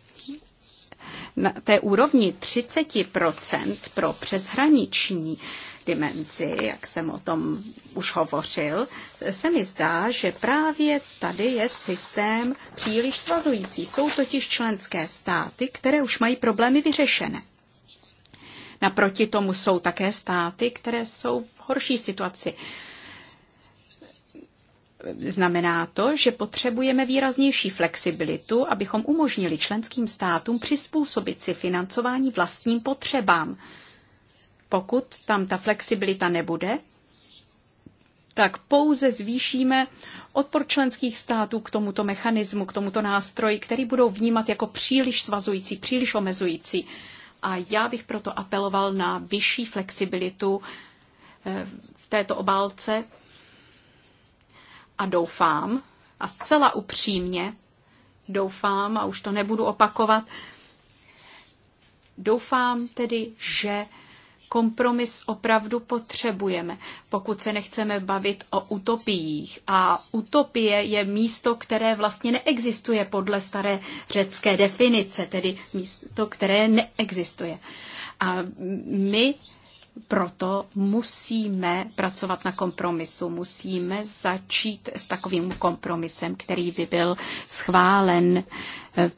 na té úrovni 30% pro přeshraniční dimenzi, jak jsem o tom už hovořil, se mi zdá, že právě tady je systém příliš svazující. Jsou totiž členské státy, které už mají problémy vyřešené. Naproti tomu jsou také státy, které jsou v horší situaci. Znamená to, že potřebujeme výraznější flexibilitu, abychom umožnili členským státům přizpůsobit si financování vlastním potřebám. Pokud tam ta flexibilita nebude, tak pouze zvýšíme odpor členských států k tomuto mechanismu, k tomuto nástroji, který budou vnímat jako příliš svazující, příliš omezující. A já bych proto apeloval na vyšší flexibilitu eh, v této obálce a doufám, a zcela upřímně doufám, a už to nebudu opakovat, doufám tedy, že kompromis opravdu potřebujeme, pokud se nechceme bavit o utopiích. A utopie je místo, které vlastně neexistuje podle staré řecké definice, tedy místo, které neexistuje. A my proto musíme pracovat na kompromisu, musíme začít s takovým kompromisem, který by byl schválen eh,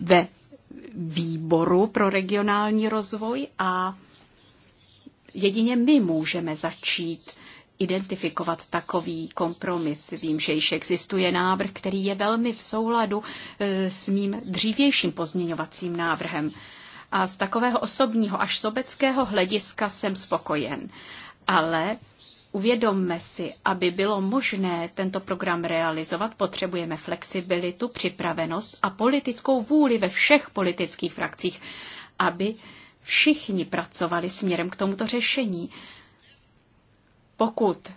ve výboru pro regionální rozvoj a jedině my můžeme začít identifikovat takový kompromis. Vím, že již existuje návrh, který je velmi v souladu eh, s mým dřívějším pozměňovacím návrhem. A z takového osobního až sobeckého hlediska jsem spokojen. Ale Uvědomme si, aby bylo možné tento program realizovat, potřebujeme flexibilitu, připravenost a politickou vůli ve všech politických frakcích, aby všichni pracovali směrem k tomuto řešení. Pokud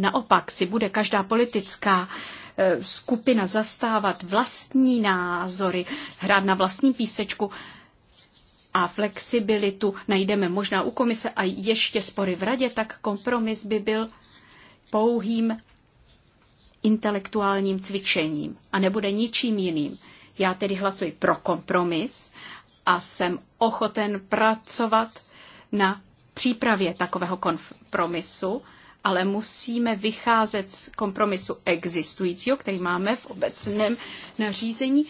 naopak si bude každá politická e, skupina zastávat vlastní názory, hrát na vlastní písečku, a flexibilitu najdeme možná u komise a ještě spory v radě, tak kompromis by byl pouhým intelektuálním cvičením a nebude ničím jiným. Já tedy hlasuji pro kompromis a jsem ochoten pracovat na přípravě takového kompromisu, ale musíme vycházet z kompromisu existujícího, který máme v obecném nařízení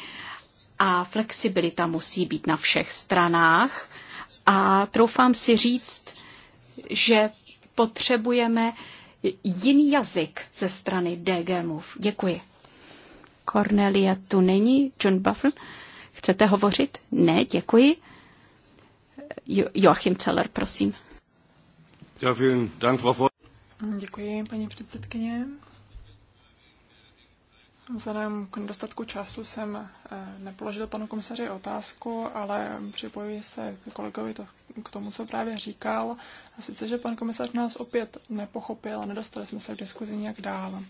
a flexibilita musí být na všech stranách. A troufám si říct, že potřebujeme jiný jazyk ze strany DG Move. Děkuji. Cornelia tu není. John Buffel, chcete hovořit? Ne, děkuji. Jo- Joachim Celer, prosím. Děkuji, paní předsedkyně. Vzhledem k nedostatku času jsem eh, nepoložil panu komisaři otázku, ale připojuji se k kolegovi to, k tomu, co právě říkal. A sice, že pan komisař nás opět nepochopil a nedostali jsme se v diskuzi nějak dál.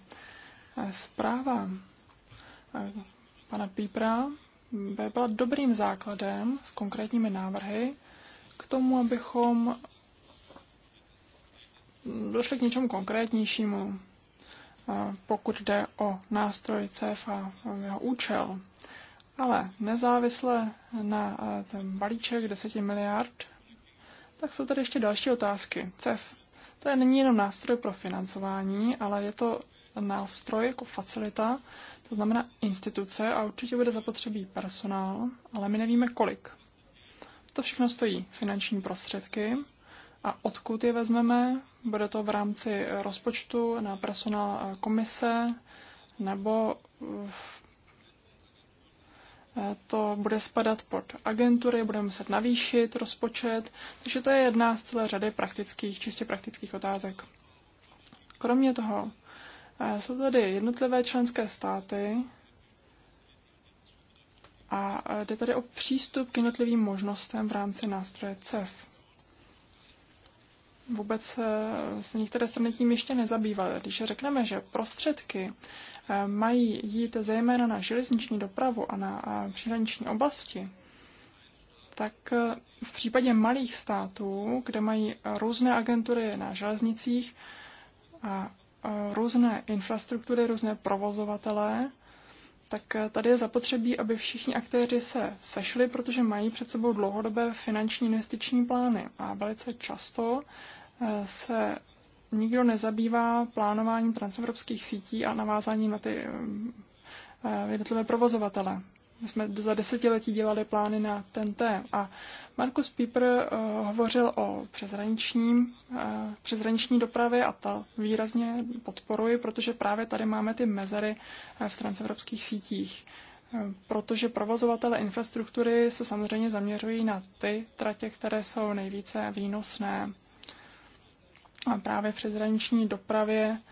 Eh, zpráva eh, pana Pípra by byla dobrým základem s konkrétními návrhy k tomu, abychom došli k něčemu konkrétnějšímu pokud jde o nástroj CEF a jeho účel. Ale nezávisle na eh, ten balíček 10 miliard, tak jsou tady ještě další otázky. CEF. To je není jenom nástroj pro financování, ale je to nástroj jako facilita, to znamená instituce a určitě bude zapotřebí personál, ale my nevíme kolik. To všechno stojí finanční prostředky a odkud je vezmeme, bude to v rámci rozpočtu na personál komise nebo eh, to bude spadat pod agentury, budeme muset navýšit rozpočet, takže to je jedna z celé řady praktických, čistě praktických otázek. Kromě toho eh, jsou tady jednotlivé členské státy a eh, jde tady o přístup k jednotlivým možnostem v rámci nástroje CEF vůbec eh, se některé strany tím ještě nezabývaly. Když řekneme, že prostředky eh, mají jít zejména na železniční dopravu a na eh, přihraniční oblasti, tak v případě malých států, kde mají různé agentury na železnicích a různé infrastruktury, různé provozovatele, tak eh, tady je zapotřebí, aby všichni aktéři se sešli, protože mají před sebou dlouhodobé finanční investiční plány. A velice často eh, se nikdo nezabývá plánováním transevropských sítí a navázáním na ty eh, jednotlivé provozovatele. My jsme za desetiletí dělali plány na tém. a Markus Pieper uh, hovořil o přezraničním, uh, eh, přezraniční dopravě a ta výrazně podporuji, protože právě tady máme ty mezery uh, v transevropských sítích. protože provozovatele infrastruktury se samozřejmě zaměřují na ty tratě, které jsou nejvíce výnosné. A právě v přezraniční dopravě uh,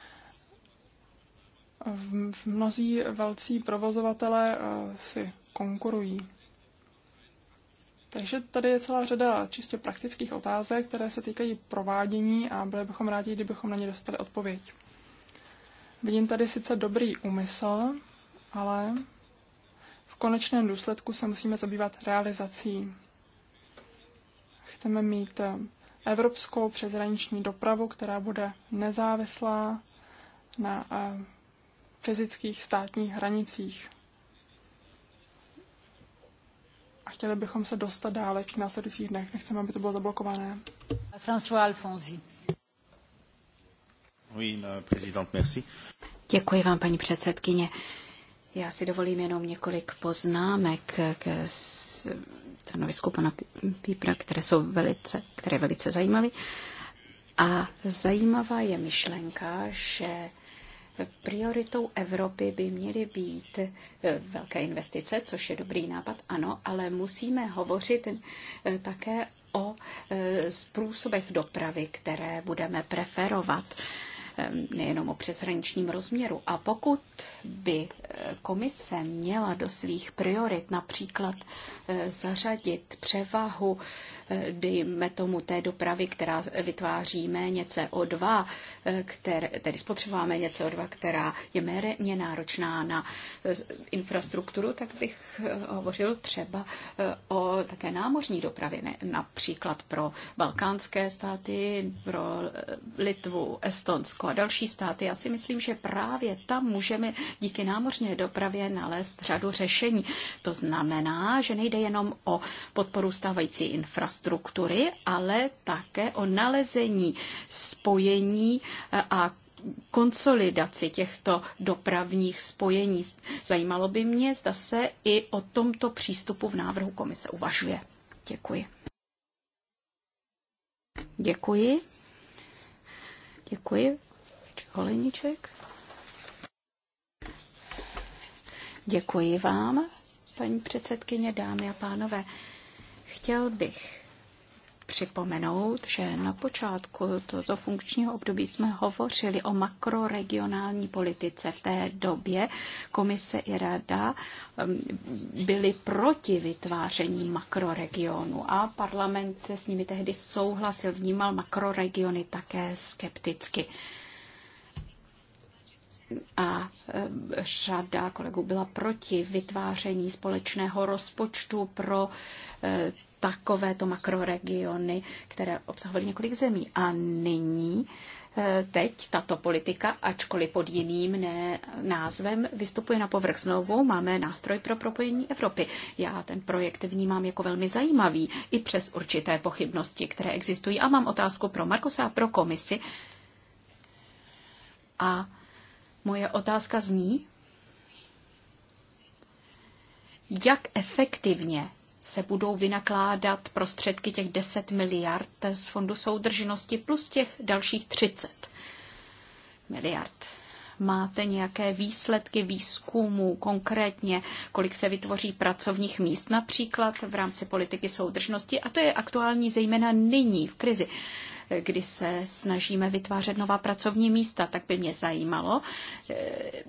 v mnozí velcí provozovatele eh, si konkurují. Takže tady je celá řada čistě praktických otázek, které se týkají provádění a byli bychom rádi, kdybychom na ně dostali odpověď. Vidím tady sice dobrý úmysl, ale v konečném důsledku se musíme zabývat realizací. Chceme mít eh, evropskou přeshraniční dopravu, která bude nezávislá na eh, fyzických státních hranicích. A chtěli bychom se dostat dále v následujících dnech. Nechceme, aby to bylo zablokované. François Alfonsi. Oui, président, merci. Děkuji vám, paní předsedkyně. Já si dovolím jenom několik poznámek k stanovisku pana Pípra, které jsou velice, které velice zajímavé. A zajímavá je myšlenka, že Prioritou Evropy by měly být eh, velké investice, což je dobrý nápad, ano, ale musíme hovořit eh, také o eh, způsobech dopravy, které budeme preferovat nejenom o přeshraničním rozměru. A pokud by komise měla do svých priorit například zařadit převahu Eh, dejme tomu té dopravy, která vytváří méně CO2, eh, které, tedy spotřebováme méně CO2, která je méně náročná na eh, infrastrukturu, tak bych hovořil třeba o také námořní dopravě, ne, například pro balkánské státy, pro Litvu, Estonsko a další státy. Já si myslím, že právě tam můžeme díky námořní dopravě nalézt řadu řešení. To znamená, že nejde jenom o podporu stávající infrastruktury, infrastruktury, ale také o nalezení spojení eh, a konsolidaci těchto dopravních spojení. Zajímalo by mě, zda se i o tomto přístupu v návrhu komise uvažuje. Děkuji. Děkuji. Děkuji. Holeniček. Děkuji vám, paní předsedkyně, dámy a pánové. Chtěl bych připomenout, že na počátku tohoto funkčního období jsme hovořili o makroregionální politice. V té době komise i rada um, byly proti vytváření makroregionu a parlament se s nimi tehdy souhlasil, vnímal makroregiony také skepticky a eh, řada kolegů byla proti vytváření společného rozpočtu pro eh, takovéto makroregiony, které obsahovaly několik zemí. A nyní eh, teď tato politika, ačkoliv pod jiným ne, názvem, vystupuje na povrch znovu. Máme nástroj pro propojení Evropy. Já ten projekt vnímám jako velmi zajímavý, i přes určité pochybnosti, které existují. A mám otázku pro Markusa a pro komisi. A moje otázka zní, jak efektivně se budou vynakládat prostředky těch 10 miliard z Fondu soudržnosti plus těch dalších 30 miliard. Máte nějaké výsledky výzkumu konkrétně, kolik se vytvoří pracovních míst například v rámci politiky soudržnosti a to je aktuální zejména nyní v krizi kdy se snažíme vytvářet nová pracovní místa, tak by mě zajímalo, eh,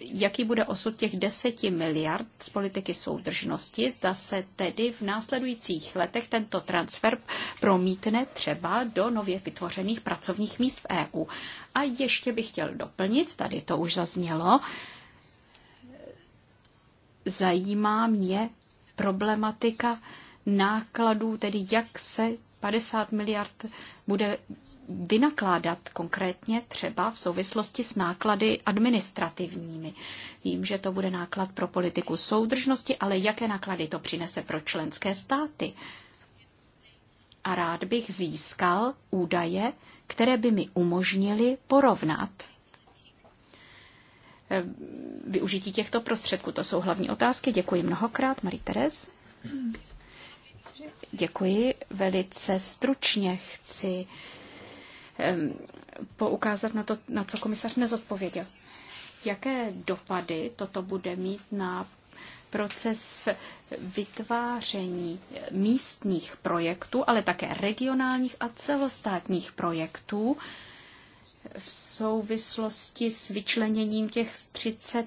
jaký bude osud těch deseti miliard z politiky soudržnosti. Zda se tedy v následujících letech tento transfer promítne třeba do nově vytvořených pracovních míst v EU. A ještě bych chtěl doplnit, tady to už zaznělo, zajímá mě problematika nákladů, tedy jak se 50 miliard bude vynakládat konkrétně třeba v souvislosti s náklady administrativními. Vím, že to bude náklad pro politiku soudržnosti, ale jaké náklady to přinese pro členské státy? A rád bych získal údaje, které by mi umožnily porovnat eh, využití těchto prostředků. To jsou hlavní otázky. Děkuji mnohokrát, Marie Teres. Děkuji. Velice stručně chci poukázat na to, na co komisař nezodpověděl. Jaké dopady toto bude mít na proces vytváření místních projektů, ale také regionálních a celostátních projektů, v souvislosti s vyčleněním těch 30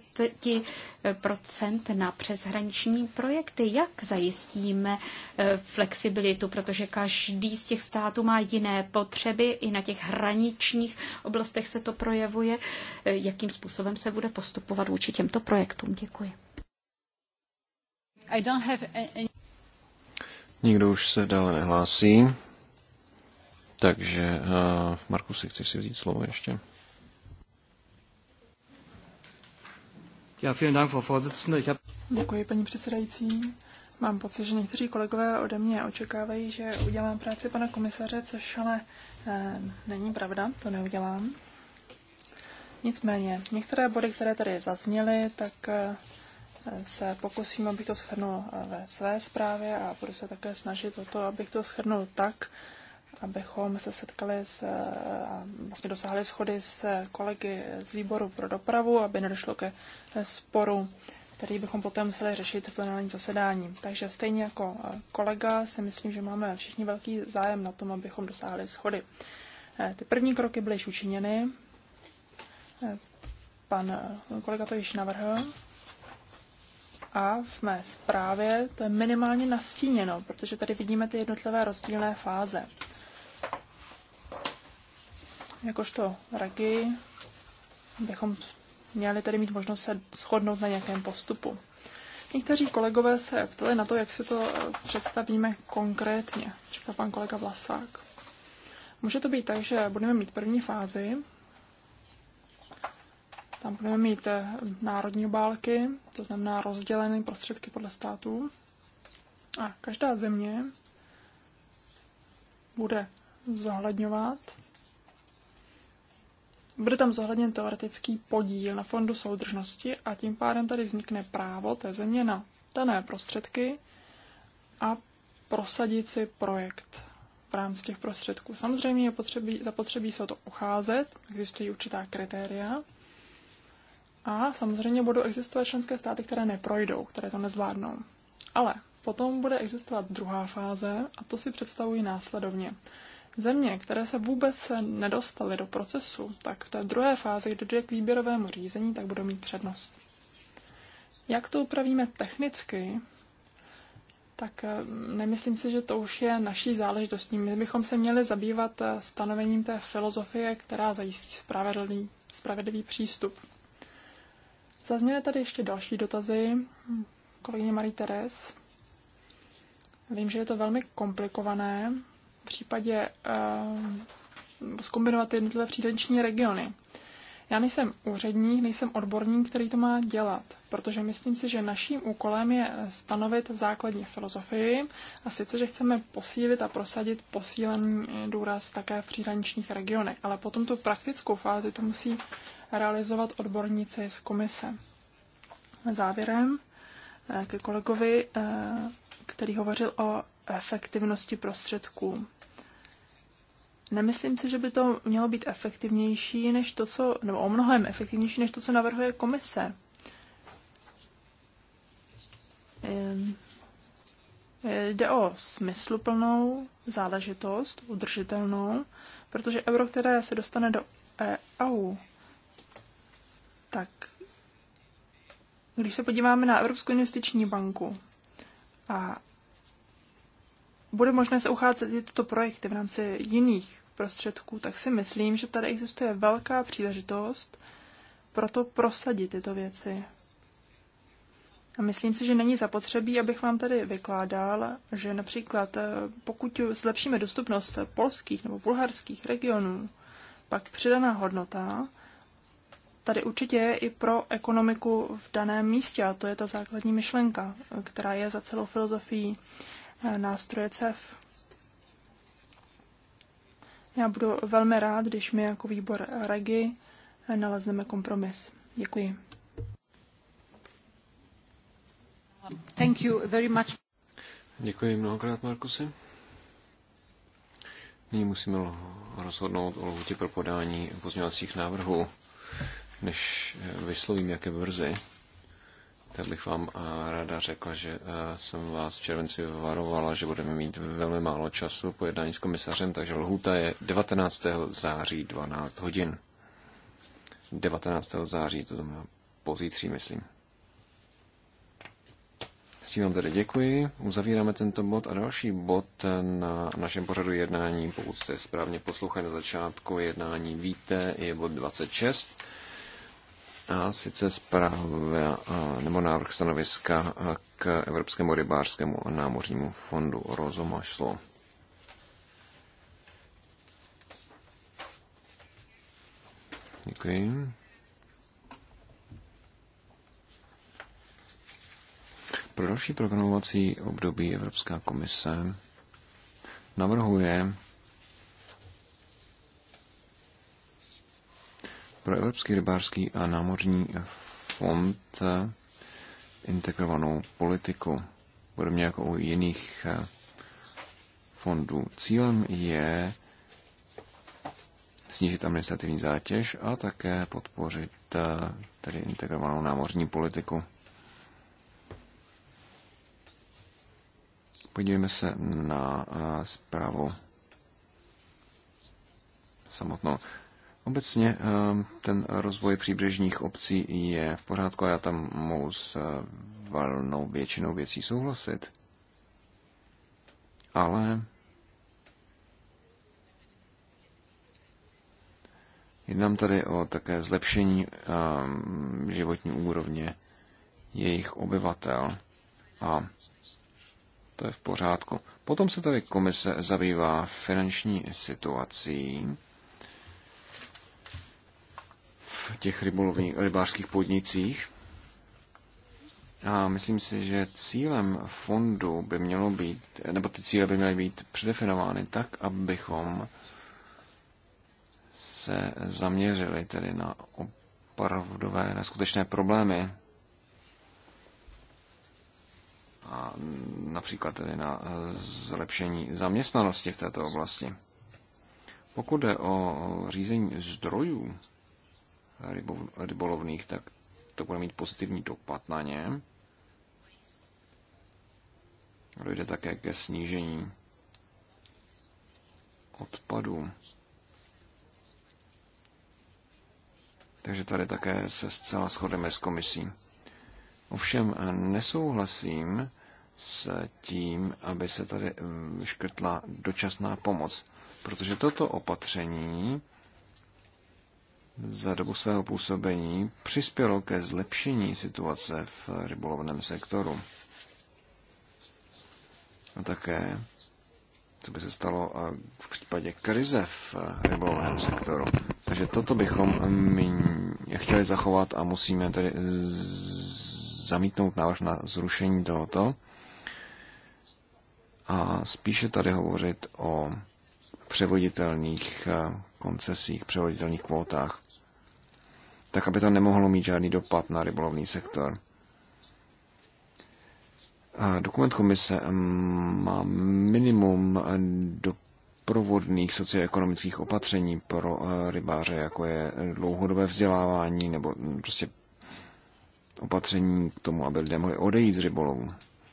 na přeshraniční projekty. Jak zajistíme eh, flexibilitu, protože každý z těch států má jiné potřeby, i na těch hraničních oblastech se to projevuje. Eh, jakým způsobem se bude postupovat vůči těmto projektům? Děkuji. Nikdo už se dále nehlásí. Takže, uh, Marku, si chci si vzít slovo ještě? Ja, vielen Dank, Frau Vorsitzende. Ich hab... Děkuji, paní předsedající. Mám pocit, že někteří kolegové ode mě očekávají, že udělám práci pana komisaře, což ale e, není pravda, to neudělám. Nicméně, některé body, které tady zazněly, tak e, se pokusím, abych to shrnul ve své zprávě a budu se také snažit o to, abych to shrnul tak, abychom se setkali s, a eh, vlastně dosáhli schody s kolegy z výboru pro dopravu, aby nedošlo ke eh, sporu, který bychom potom museli řešit v plenárním zasedání. Takže stejně jako eh, kolega si myslím, že máme všichni velký zájem na tom, abychom dosáhli schody. Ty první kroky byly již učiněny. Pan kolega to již navrhl a v mé zprávě to je minimálně nastíněno, protože tady vidíme ty jednotlivé rozdílné fáze jakožto regi, bychom měli tedy mít možnost se shodnout na nějakém postupu. Někteří kolegové se ptali na to, jak si to eh, představíme konkrétně, říkal pan kolega Vlasák. Může to být tak, že budeme mít první fázi, tam budeme mít eh, národní obálky, to znamená rozdělené prostředky podle států. A každá země bude zohledňovat bude tam zohledněn teoretický podíl na fondu soudržnosti a tím pádem tady vznikne právo té země na dané prostředky a prosadit si projekt v rámci těch prostředků. Samozřejmě je potřebí, zapotřebí se o to ucházet, existují určitá kritéria a samozřejmě budou existovat členské státy, které neprojdou, které to nezvládnou. Ale potom bude existovat druhá fáze a to si představuji následovně. Země, které se vůbec nedostaly do procesu, tak v té druhé fázi, kdy dojde k výběrovému řízení, tak budou mít přednost. Jak to upravíme technicky, tak eh, nemyslím si, že to už je naší záležitostí. My bychom se měli zabývat eh, stanovením té filozofie, která zajistí spravedlivý, spravedlivý přístup. Zazněly tady ještě další dotazy hm, kolegyně Marie Teres. Vím, že je to velmi komplikované, případě uh, zkombinovat jednotlivé přídenční regiony. Já nejsem úředník, nejsem odborník, který to má dělat, protože myslím si, že naším úkolem je stanovit základní filozofii a sice, že chceme posílit a prosadit posílený důraz také v příhraničních regionech, ale potom tu praktickou fázi to musí realizovat odborníci z komise. Závěrem eh, ke kolegovi, eh, který hovořil o efektivnosti prostředků. Nemyslím si, že by to mělo být efektivnější než to, co, nebo o mnohem efektivnější než to, co navrhuje komise. Ehm, jde o smysluplnou záležitost, udržitelnou, protože euro, které se dostane do EU, tak když se podíváme na Evropskou investiční banku a bude možné se ucházet i tyto projekty v rámci jiných prostředků, tak si myslím, že tady existuje velká příležitost pro to prosadit tyto věci. A myslím si, že není zapotřebí, abych vám tady vykládal, že například eh, pokud zlepšíme dostupnost polských nebo bulharských regionů, pak přidaná hodnota tady určitě je i pro ekonomiku v daném místě a to je ta základní myšlenka, eh, která je za celou filozofií nástroje CEF. Já budu velmi rád, když my jako výbor REGI nalezneme kompromis. Děkuji. Thank you very much. Děkuji mnohokrát, Markusy. Nyní musíme rozhodnout o lhutě pro podání pozměňovacích návrhů, než eh, vyslovím, jaké brzy tak bych vám eh, ráda řekla, že eh, jsem vás v červenci varovala, že budeme mít velmi málo času po jednání s komisařem, takže lhůta je 19. září 12 hodin. 19. září, to znamená pozítří, myslím. S tím vám tedy děkuji. Uzavíráme tento bod a další bod eh, na našem pořadu jednání, pokud jste správně poslouchali na začátku jednání, víte, je bod 26 a sice zpráva nebo návrh stanoviska k Evropskému rybářskému a námořnímu fondu Rozumašlo. Děkuji. Pro další programovací období Evropská komise navrhuje pro Evropský rybářský a námořní fond integrovanou politiku, podobně jako u jiných eh, fondů. Cílem je snížit administrativní zátěž a také podpořit eh, tedy integrovanou námořní politiku. Podívejme se na eh, zprávu samotnou. Obecně ehm, ten rozvoj příbřežních obcí je v pořádku a já tam mohu s eh, valnou většinou věcí souhlasit. Ale jednám tady o také zlepšení ehm, životní úrovně jejich obyvatel a to je v pořádku. Potom se tady komise zabývá finanční situací těch rybářských podnicích. A myslím si, že cílem fondu by mělo být, nebo ty cíle by měly být předefinovány tak, abychom se zaměřili tedy na opravdové, na skutečné problémy. A například tedy na zlepšení zaměstnanosti v této oblasti. Pokud jde o řízení zdrojů, rybov, rybolovných, tak to bude mít pozitivní dopad na ně. Dojde také ke snížení odpadů. Takže tady také se zcela shodeme s komisí. Ovšem nesouhlasím s tím, aby se tady škrtla dočasná pomoc, protože toto opatření za dobu svého působení přispělo ke zlepšení situace v rybolovném sektoru. A také, co by se stalo v případě krize v rybolovném sektoru. Takže toto bychom chtěli zachovat a musíme tedy zamítnout návrh na zrušení tohoto a spíše tady hovořit o převoditelných eh, koncesích, převoditelných kvótách tak aby to nemohlo mít žádný dopad na rybolovný sektor. A dokument komise má minimum doprovodných socioekonomických opatření pro eh, rybáře, jako je dlouhodobé vzdělávání nebo hm, prostě opatření k tomu, aby lidé mohli odejít z rybolovu.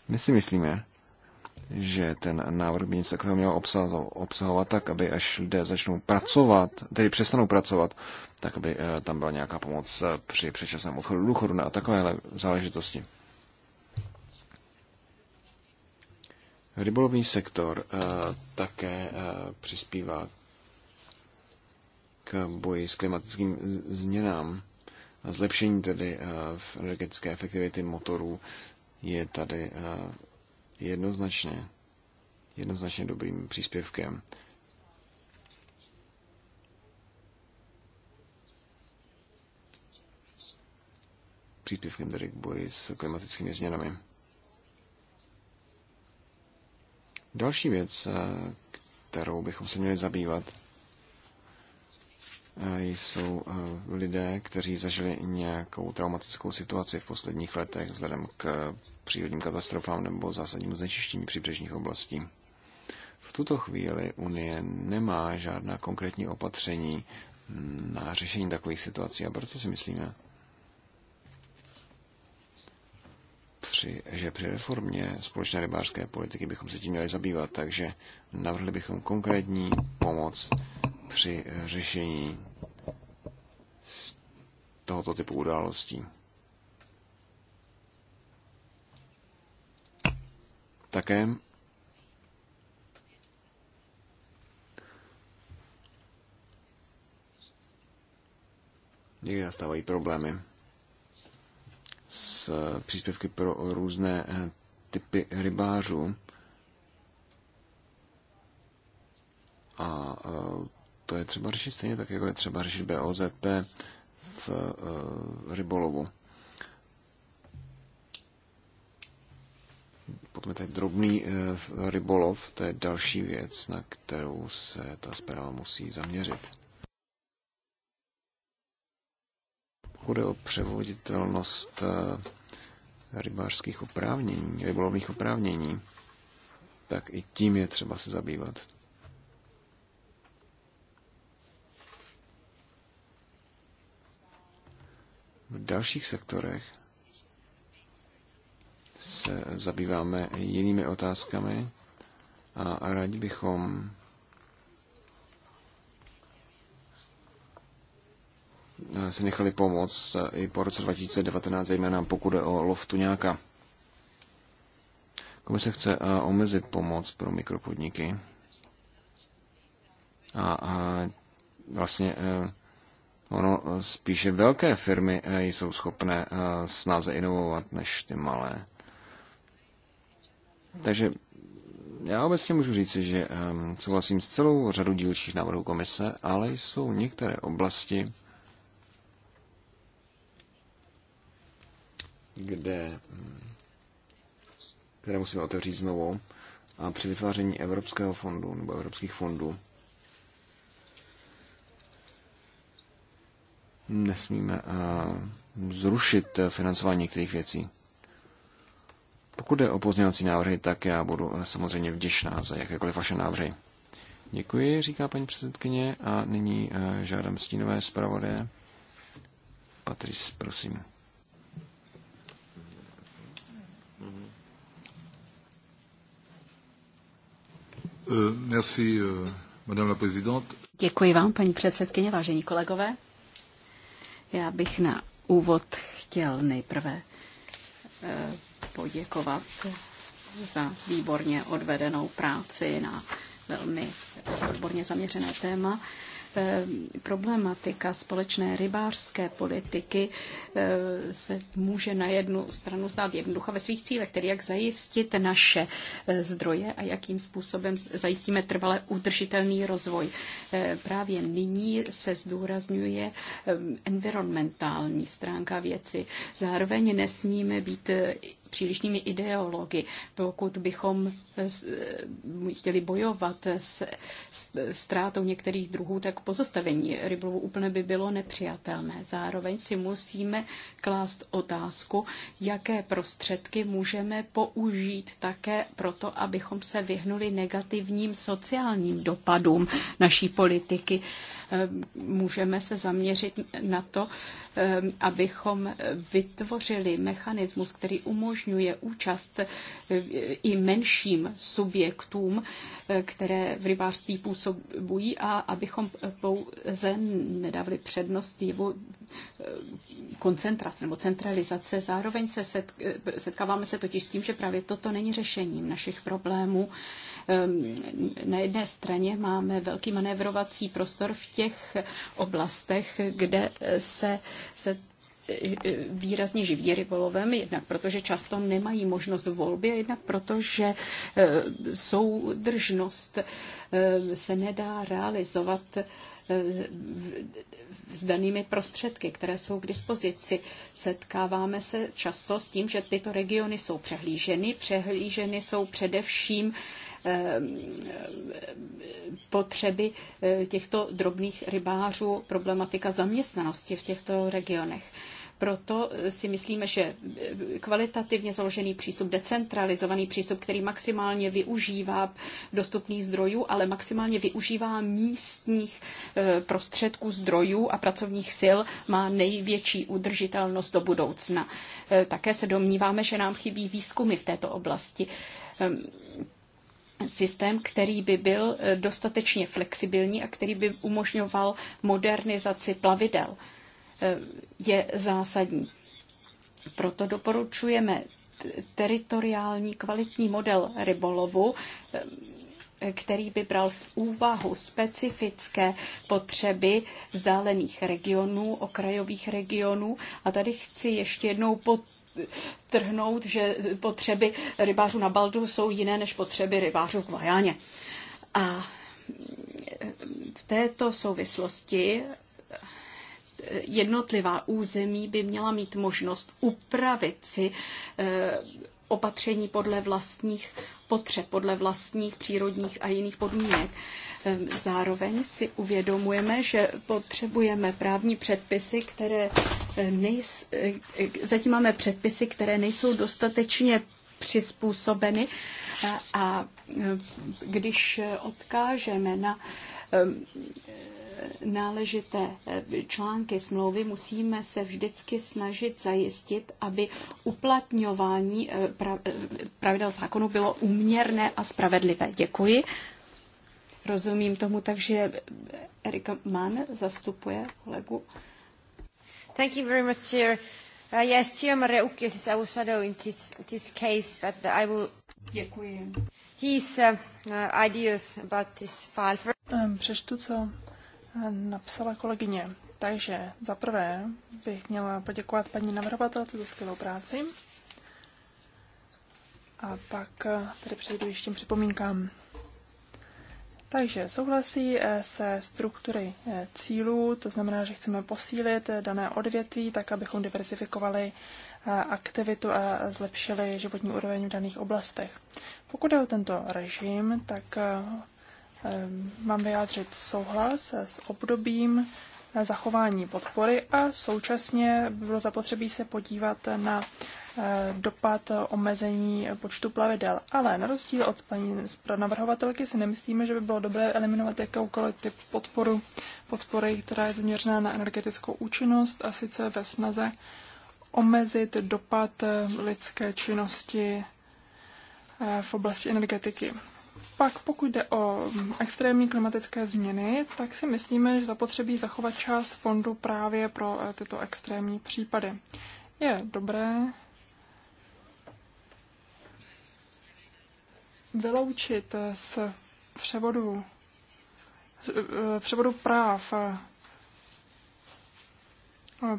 My si myslíme, že ten návrh by něco takového měl obsahovat, tak, aby až lidé začnou pracovat, tedy přestanou pracovat, tak aby eh, tam byla nějaká pomoc eh, při předčasném odchodu důchodu a takovéhle záležitosti. Rybolovní sektor eh, také přispívá k boji s klimatickým změnám. Zlepšení tedy v energetické efektivity motorů je tady jednoznačně, jednoznačně dobrým příspěvkem. příspěvkem tedy k boji s klimatickými změnami. Další věc, eh, kterou bychom se měli zabývat, eh, jsou eh, lidé, kteří zažili nějakou traumatickou situaci v posledních letech vzhledem k přírodním katastrofám nebo zásadnímu znečištění příbřežních oblastí. V tuto chvíli Unie nemá žádná konkrétní opatření na řešení takových situací a proto si myslíme, 3, že při reformě společné rybářské politiky bychom se tím měli zabývat, takže navrhli bychom konkrétní pomoc při řešení tohoto typu událostí. Také někdy nastávají problémy s eh, příspěvky pro různé eh, typy rybářů. A eh, to je třeba řešit stejně tak, jako je třeba řešit BOZP v rybolovu. Potom je tady drobný rybolov, to je další věc, na kterou se ta zpráva musí zaměřit. pokud je o převoditelnost eh, rybářských oprávnění, rybolovných oprávnění, tak i tím je třeba se zabývat. V dalších sektorech se zabýváme jinými otázkami a rádi bychom Eh, se nechali pomoct eh, i po roce 2019, zejména pokud jde o lov tuňáka. Komise chce eh, omezit pomoc pro mikropodniky a, a vlastně ono spíše velké firmy jsou schopné snáze inovovat než ty malé. Takže já obecně můžu říci, že ehm, souhlasím s celou řadu dílčích návrhů komise, ale jsou některé oblasti, kde, které musíme otevřít znovu. A při vytváření Evropského fondu nebo Evropských fondů nesmíme eh, zrušit financování některých věcí. Pokud je o pozměňovací návrhy, tak já budu eh, samozřejmě vděčná za jakékoliv vaše návrhy. Děkuji, říká paní předsedkyně, a nyní eh, žádám stínové zpravodaje. Patrice, prosím. Euh, euh, Děkuji vám, paní předsedkyně, vážení kolegové. Já bych na úvod chtěl nejprve eh, poděkovat za výborně odvedenou práci na velmi odborně zaměřené téma. Eh, problematika společné rybářské politiky eh, se může na jednu stranu zdát jednoduchá ve svých cílech, tedy jak zajistit naše eh, zdroje a jakým způsobem zajistíme trvale udržitelný rozvoj. Právě nyní se zdůrazňuje environmentální stránka věci. Zároveň nesmíme být přílišnými ideology. Pokud bychom eh, eh, chtěli bojovat s ztrátou některých druhů, tak pozastavení rybolovu úplně by bylo nepřijatelné. Zároveň si musíme klást otázku, jaké prostředky můžeme použít také proto, abychom se vyhnuli negativním sociálním dopadům naší politiky. Eh, můžeme se zaměřit na to, eh, abychom vytvořili mechanismus, který umožňuje účast eh, i menším subjektům, které v rybářství působují a abychom pouze nedávali přednost jeho koncentrace nebo centralizace. Zároveň se setkáváme se totiž s tím, že právě toto není řešením našich problémů. Ehm, na jedné straně máme velký manévrovací prostor v těch oblastech, kde se, se e, e, výrazně živí rybolovem, jednak protože často nemají možnost volby, jednak protože e, soudržnost se nedá realizovat s danými prostředky, které jsou k dispozici. Setkáváme se často s tím, že tyto regiony jsou přehlíženy. Přehlíženy jsou především potřeby eh, těchto drobných rybářů, problematika zaměstnanosti v těchto regionech. Proto si myslíme, že eh, kvalitativně založený přístup, decentralizovaný přístup, který maximálně využívá dostupných zdrojů, ale maximálně využívá místních eh, prostředků, zdrojů a pracovních sil, má největší udržitelnost do budoucna. Také se domníváme, že nám chybí výzkumy v této oblasti ehm, systém, který by byl eh, dostatečně flexibilní a který by umožňoval modernizaci plavidel, eh, je zásadní. Proto doporučujeme teritoriální kvalitní model rybolovu, eh, který by bral v úvahu specifické potřeby vzdálených regionů, okrajových regionů. A tady chci ještě jednou pod trhnout, že potřeby rybářů na Baldu jsou jiné než potřeby rybářů v Guajáně. A v této souvislosti jednotlivá území by měla mít možnost upravit si eh, opatření podle vlastních potřeb, podle vlastních přírodních a jiných podmínek. Ehm, zároveň si uvědomujeme, že potřebujeme právní předpisy, které eh, nejsou, eh, eh, zatím máme předpisy, které nejsou dostatečně přizpůsobeny a když odkážeme na ehm, náležité články smlouvy, musíme se vždycky snažit zajistit, aby uplatňování pravidel zákonu bylo úměrné a spravedlivé. Děkuji. Rozumím tomu, takže Erika Mann zastupuje kolegu. Thank you very much, Chair. Uh, yes, Chair Mareukis is our shadow in this, this case, but I will... Děkuji. His uh, uh ideas about this file. For... Um, přeštu, co eh, napsala kolegyně. Takže za prvé bych měla poděkovat paní navrhovatelce za skvělou práci. A pak eh, tady přejdu ještě připomínkám. Takže souhlasí eh, se struktury eh, cílů, to znamená, že chceme posílit eh, dané odvětví tak, abychom diversifikovali aktivitu a zlepšili životní úroveň v daných oblastech. Pokud je o tento režim, tak mám vyjádřit souhlas s obdobím zachování podpory a současně bylo zapotřebí se podívat na Eh, dopad omezení počtu plavidel. Ale na rozdíl od paní navrhovatelky si nemyslíme, že by bylo dobré eliminovat jakoukoliv typ podporu, podpory, která je zaměřená na energetickou účinnost a sice ve snaze omezit dopad eh, lidské činnosti eh, v oblasti energetiky. Pak pokud jde o mm, extrémní klimatické změny, tak si myslíme, že zapotřebí zachovat část fondu právě pro tyto extrémní případy. Je dobré, vyloučit z převodu, z eh, převodu práv eh,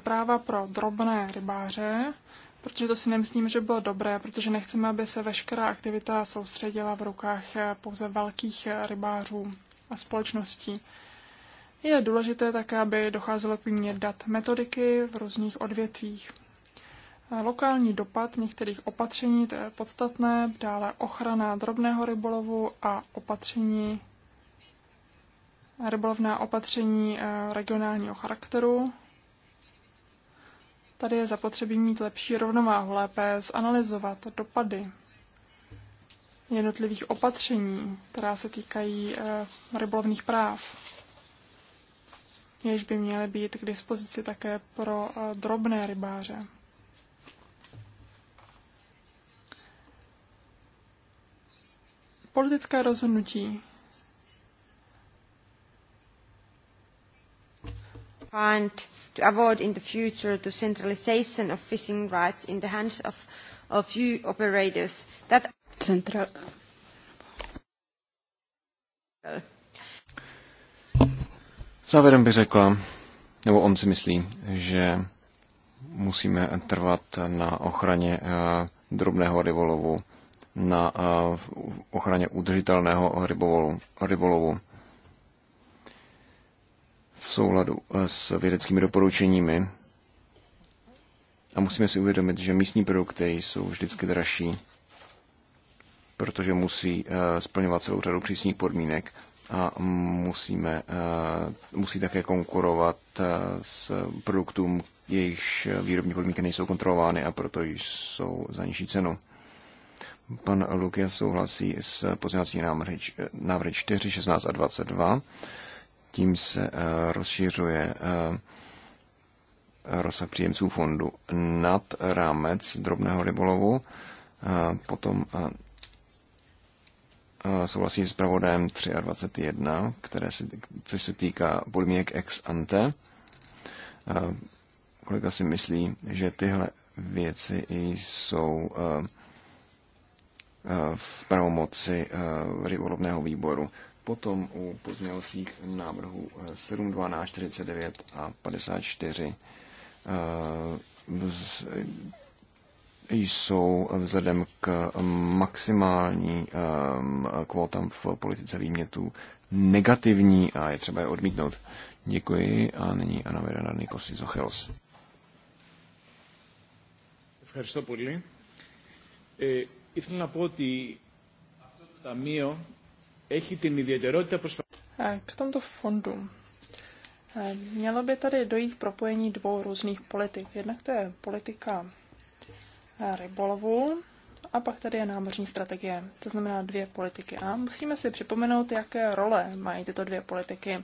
práva pro drobné rybáře, protože to si nemyslím, že bylo dobré, protože nechceme, aby se veškerá aktivita soustředila v rukách eh, pouze velkých rybářů a společností. Je důležité také, aby docházelo k výměně dat metodiky v různých odvětvích. Lokální dopad některých opatření, to je podstatné, dále ochrana drobného rybolovu a opatření rybolovná opatření eh, regionálního charakteru. Tady je zapotřebí mít lepší rovnováhu, lépe zanalizovat dopady jednotlivých opatření, která se týkají eh, rybolovných práv, jež by měly být k dispozici také pro eh, drobné rybáře. politická rozhodnutí. Fund to avoid in the future the centralization of fishing rights in the hands of a few operators that Central. Závěrem bych řekla, nebo on si myslí, že musíme trvat na ochraně eh, drobného rybolovu na eh, ochraně udržitelného rybolovu. rybolovu. V souladu eh, s vědeckými doporučeními. A musíme si uvědomit, že místní produkty jsou vždycky dražší, protože musí eh, splňovat celou řadu přísných podmínek a musíme, musí také konkurovat s produktům, jejichž výrobní podmínky nejsou kontrolovány a proto jsou za nižší cenu. Pan Lukia souhlasí s pozměňovací návrhy, návrhy 4, 16 a 22. Tím se eh, rozšiřuje eh, rozsah příjemců fondu nad rámec drobného rybolovu. Eh, potom souhlasí s pravodem 3 a 21, které se, což se týká podmínek ex ante. Kolega si myslí, že tyhle věci jsou v pravomoci eh, rybolovného výboru. Potom u pozměňovacích návrhů 7, 12, 49 a 54 eh, jsou vzhledem k maximální eh, kvótám v politice výmětů negativní a je třeba je odmítnout. Děkuji a nyní Anna Verena Nikosi Zochelos. Děkuji. Ήθελα να πω ότι αυτό το ταμείο έχει την ιδιαιτερότητα προσπαθήσει. K tomuto fondu. Mělo by tady dojít k propojení dvou různých politik. Jednak to je politika e, rybolovu a pak tady je námořní strategie, to znamená dvě politiky. A musíme si připomenout, jaké role mají tyto dvě politiky,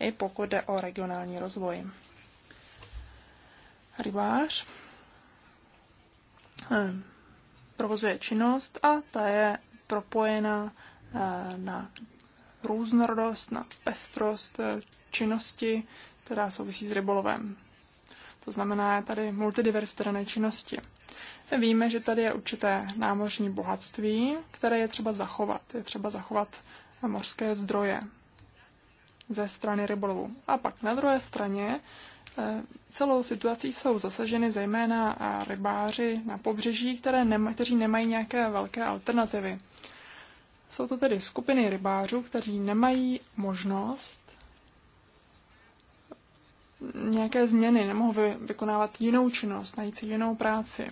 i pokud jde o regionální rozvoj. Rybář e, provozuje činnost a ta je propojena eh, na různorodost, na pestrost eh, činnosti, která souvisí s rybolovem. To znamená, je tady multidiversita činnosti. Víme, že tady je určité námořní bohatství, které je třeba zachovat. Je třeba zachovat mořské zdroje ze strany rybolovu. A pak na druhé straně Eh, celou situací jsou zasaženy zejména eh, rybáři na pobřeží, které nema, kteří nemají nějaké velké alternativy. Jsou to tedy skupiny rybářů, kteří nemají možnost nějaké změny, nemohou vy, vykonávat jinou činnost, najít si jinou práci.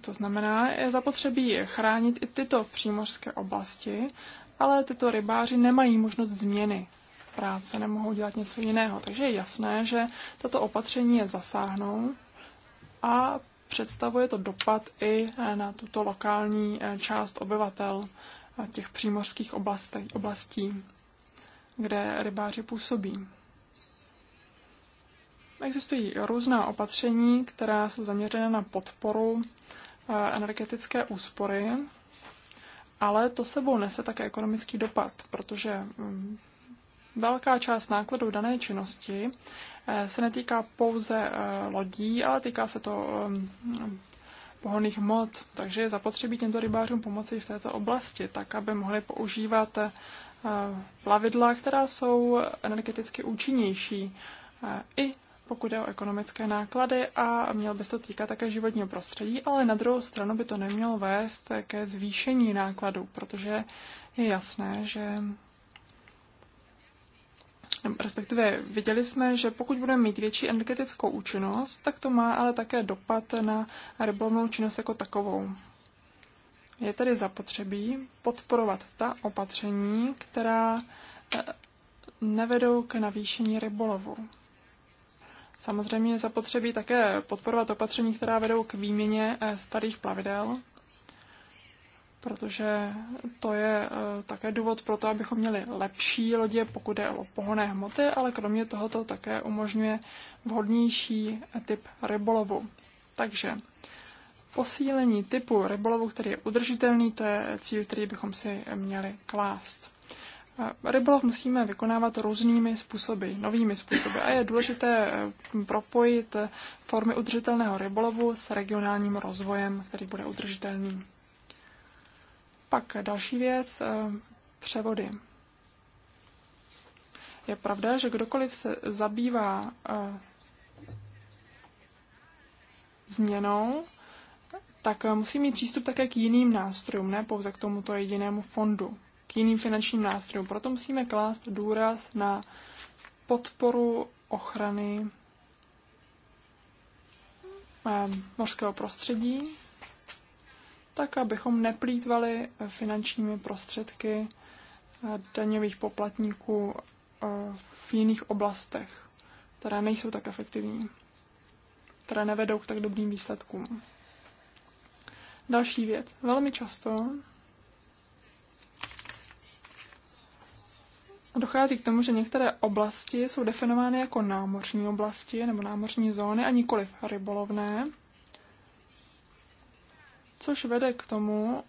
To znamená, je zapotřebí chránit i tyto přímořské oblasti, ale tyto rybáři nemají možnost změny práce, nemohou dělat něco jiného. Takže je jasné, že tato opatření je zasáhnou a představuje to dopad i eh, na tuto lokální eh, část obyvatel eh, těch přímořských oblastí, oblastí kde rybáři působí. Existují různá opatření, která jsou zaměřena na podporu energetické úspory, ale to sebou nese také ekonomický dopad, protože mm, velká část nákladů dané činnosti eh, se netýká pouze eh, lodí, ale týká se to eh, pohonných hmot, takže je zapotřebí těmto rybářům pomoci v této oblasti, tak aby mohli používat plavidla, která jsou energeticky účinnější i pokud je o ekonomické náklady a měl by se to týkat také životního prostředí, ale na druhou stranu by to nemělo vést ke zvýšení nákladů, protože je jasné, že respektive viděli jsme, že pokud budeme mít větší energetickou účinnost, tak to má ale také dopad na rybolovnou činnost jako takovou. Je tedy zapotřebí podporovat ta opatření, která eh, nevedou k navýšení rybolovu. Samozřejmě je zapotřebí také podporovat opatření, která vedou k výměně eh, starých plavidel protože to je eh, také důvod pro to, abychom měli lepší lodě, pokud je o pohonné hmoty, ale kromě toho to také umožňuje vhodnější typ rybolovu. Takže posílení typu rybolovu, který je udržitelný, to je cíl, který bychom si měli klást. Eh, rybolov musíme vykonávat různými způsoby, novými způsoby a je důležité eh, propojit formy udržitelného rybolovu s regionálním rozvojem, který bude udržitelný. Pak další věc, eh, převody. Je pravda, že kdokoliv se zabývá eh, změnou, tak eh, musí mít přístup také k jiným nástrojům, ne pouze k tomuto jedinému fondu, k jiným finančním nástrojům. Proto musíme klást důraz na podporu ochrany mořského prostředí tak abychom neplýtvali finančními prostředky eh, daňových poplatníků eh, v jiných oblastech, které nejsou tak efektivní, které nevedou k tak dobrým výsledkům. Další věc. Velmi často dochází k tomu, že některé oblasti jsou definovány jako námořní oblasti nebo námořní zóny a nikoliv rybolovné což vede k tomu,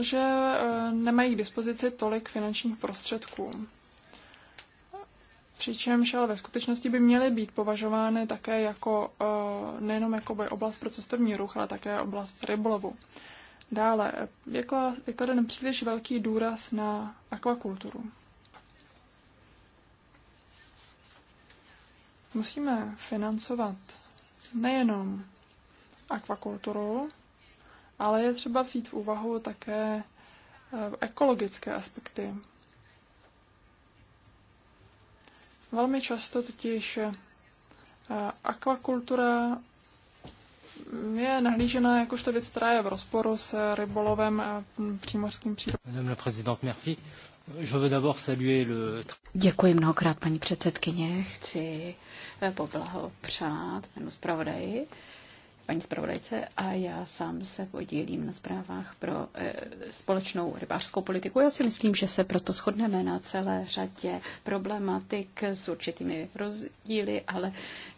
že e, nemají k dispozici tolik finančních prostředků. Přičemž ale ve skutečnosti by měly být považovány také jako, e, nejenom jako by oblast pro cestovní ruch, ale také oblast rybolovu. Dále je kladen příliš velký důraz na akvakulturu. Musíme financovat nejenom akvakulturu, ale je třeba vzít v úvahu také eh, ekologické aspekty. Velmi často totiž eh, akvakultura je nahlížena jakožto věc, která je v rozporu s rybolovem a přímořským přírodem. Děkuji mnohokrát, paní předsedkyně. Chci eh, poblahopřát panu zpravodaji paní zpravodajce a já sám se podílím na zprávách pro eh, společnou rybářskou politiku. Já si myslím, že se proto shodneme na celé řadě problematik s určitými rozdíly, ale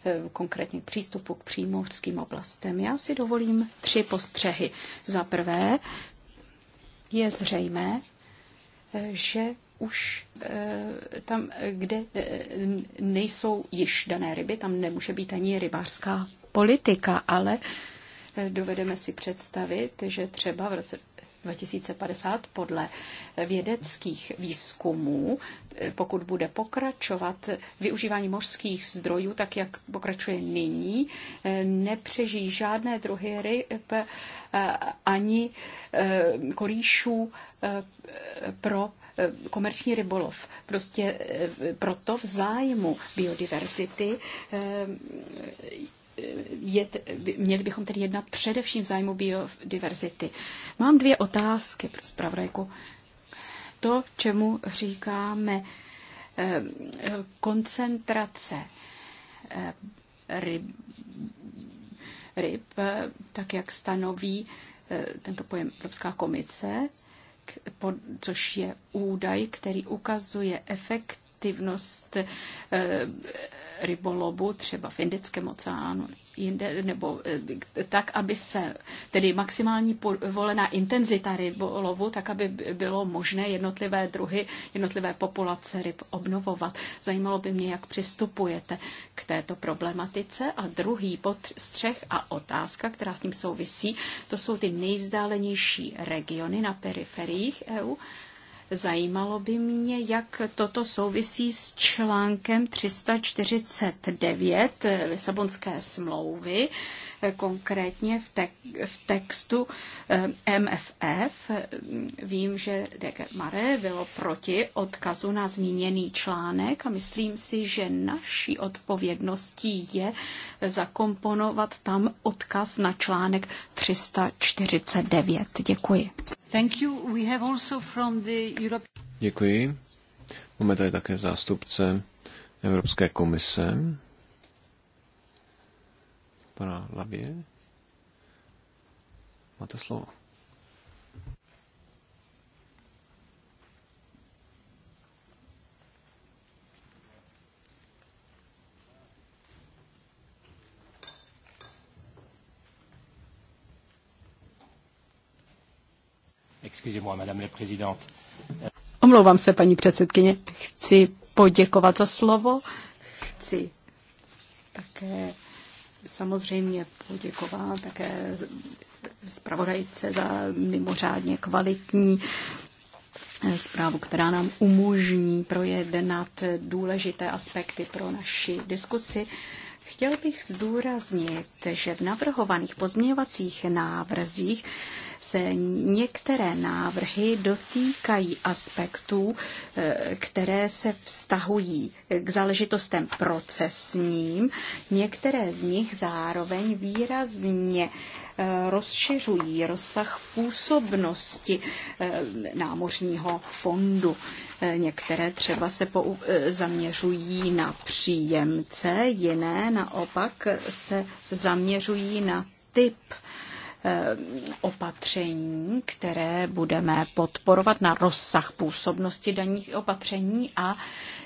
eh, konkrétně přístupu k přímořským oblastem. Já si dovolím tři postřehy. Za prvé je zřejmé, eh, že už tam, kde nejsou již dané ryby, tam nemůže být ani rybářská politika, ale eh, dovedeme si představit, že třeba v roce 2050 podle vědeckých výzkumů, eh, pokud bude pokračovat využívání mořských zdrojů, tak jak pokračuje nyní, eh, nepřežijí žádné druhy ryb ani korýšů pro komerční rybolov. Prostě proto v zájmu biodiverzity je, měli bychom tedy jednat především v zájmu biodiverzity. Mám dvě otázky pro zpravodajku. To, čemu říkáme eh, koncentrace eh, ryb, ryb eh, tak jak stanoví tento pojem Evropská komise, což je údaj, který ukazuje efekt aktivnost eh, rybolovu, třeba v Indickém oceánu, jinde, nebo eh, tak, aby se tedy maximální povolená intenzita rybolovu, tak, aby bylo možné jednotlivé druhy, jednotlivé populace ryb obnovovat. Zajímalo by mě, jak přistupujete k této problematice. A druhý střech a otázka, která s ním souvisí, to jsou ty nejvzdálenější regiony na periferiích EU. Zajímalo by mě, jak toto souvisí s článkem 349 Lisabonské smlouvy, konkrétně v, te- v textu eh, MFF. Vím, že Dege Mare bylo proti odkazu na zmíněný článek a myslím si, že naší odpovědností je zakomponovat tam odkaz na článek 349. Děkuji. Thank you. We have also from the Europe... Děkuji. Máme tady také zástupce Evropské komise pana Labie. Máte slovo. Omlouvám se, paní předsedkyně. Chci poděkovat za slovo. Chci také samozřejmě poděkoval také zpravodajce za mimořádně kvalitní eh, zprávu, která nám umožní projednat důležité aspekty pro naši diskusi. Chtěl bych zdůraznit, že v navrhovaných pozměňovacích návrzích se některé návrhy dotýkají aspektů, eh, které se vztahují k záležitostem procesním. Některé z nich zároveň výrazně eh, rozšiřují rozsah působnosti eh, námořního fondu. Některé třeba se pou, zaměřují na příjemce, jiné naopak se zaměřují na typ Eh, opatření, které budeme podporovat na rozsah působnosti daních opatření a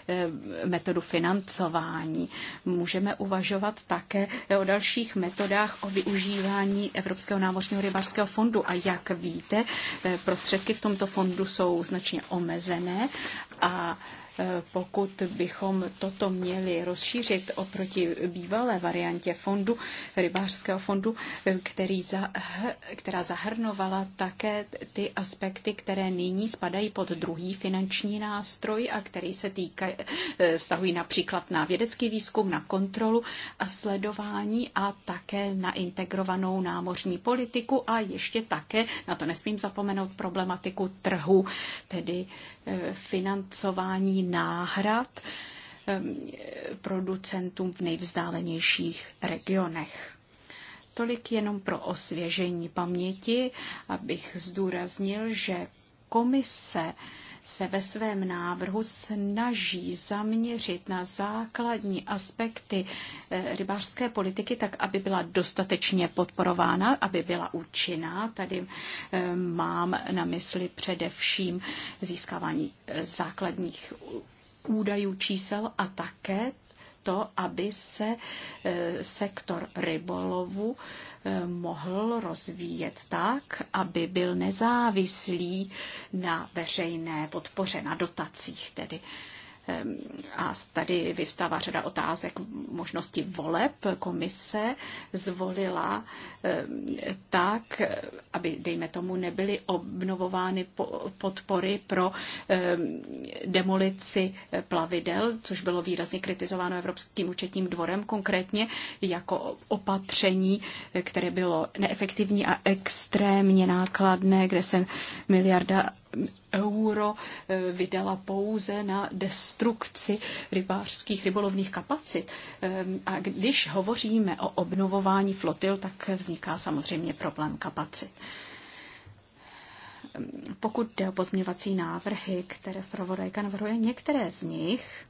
eh, metodu financování. Můžeme uvažovat také o dalších metodách o využívání Evropského námořního rybářského fondu. A jak víte, eh, prostředky v tomto fondu jsou značně omezené a Eh, pokud bychom toto měli rozšířit oproti bývalé variantě fondu, rybářského fondu, eh, který za, která zahrnovala také ty aspekty, které nyní spadají pod druhý finanční nástroj a který se týká, eh, vztahují například na vědecký výzkum, na kontrolu a sledování a také na integrovanou námořní politiku a ještě také, na to nesmím zapomenout, problematiku trhu, tedy financování náhrad producentům v nejvzdálenějších regionech. Tolik jenom pro osvěžení paměti, abych zdůraznil, že komise se ve svém návrhu snaží zaměřit na základní aspekty eh, rybářské politiky tak, aby byla dostatečně podporována, aby byla účinná. Tady eh, mám na mysli především získávání eh, základních údajů čísel a také to, aby se sektor rybolovu mohl rozvíjet tak, aby byl nezávislý na veřejné podpoře, na dotacích tedy. Ehm, a tady vyvstává řada otázek možnosti voleb. Komise zvolila ehm, tak, aby, dejme tomu, nebyly obnovovány podpory pro ehm, demolici plavidel, což bylo výrazně kritizováno Evropským účetním dvorem konkrétně jako opatření, které bylo neefektivní a extrémně nákladné, kde se miliarda euro eh, vydala pouze na destrukci rybářských rybolovných kapacit. Ehm, a když hovoříme o obnovování flotil, tak vzniká samozřejmě problém kapacit. Ehm, pokud jde o pozměvací návrhy, které zpravodajka navrhuje, některé z nich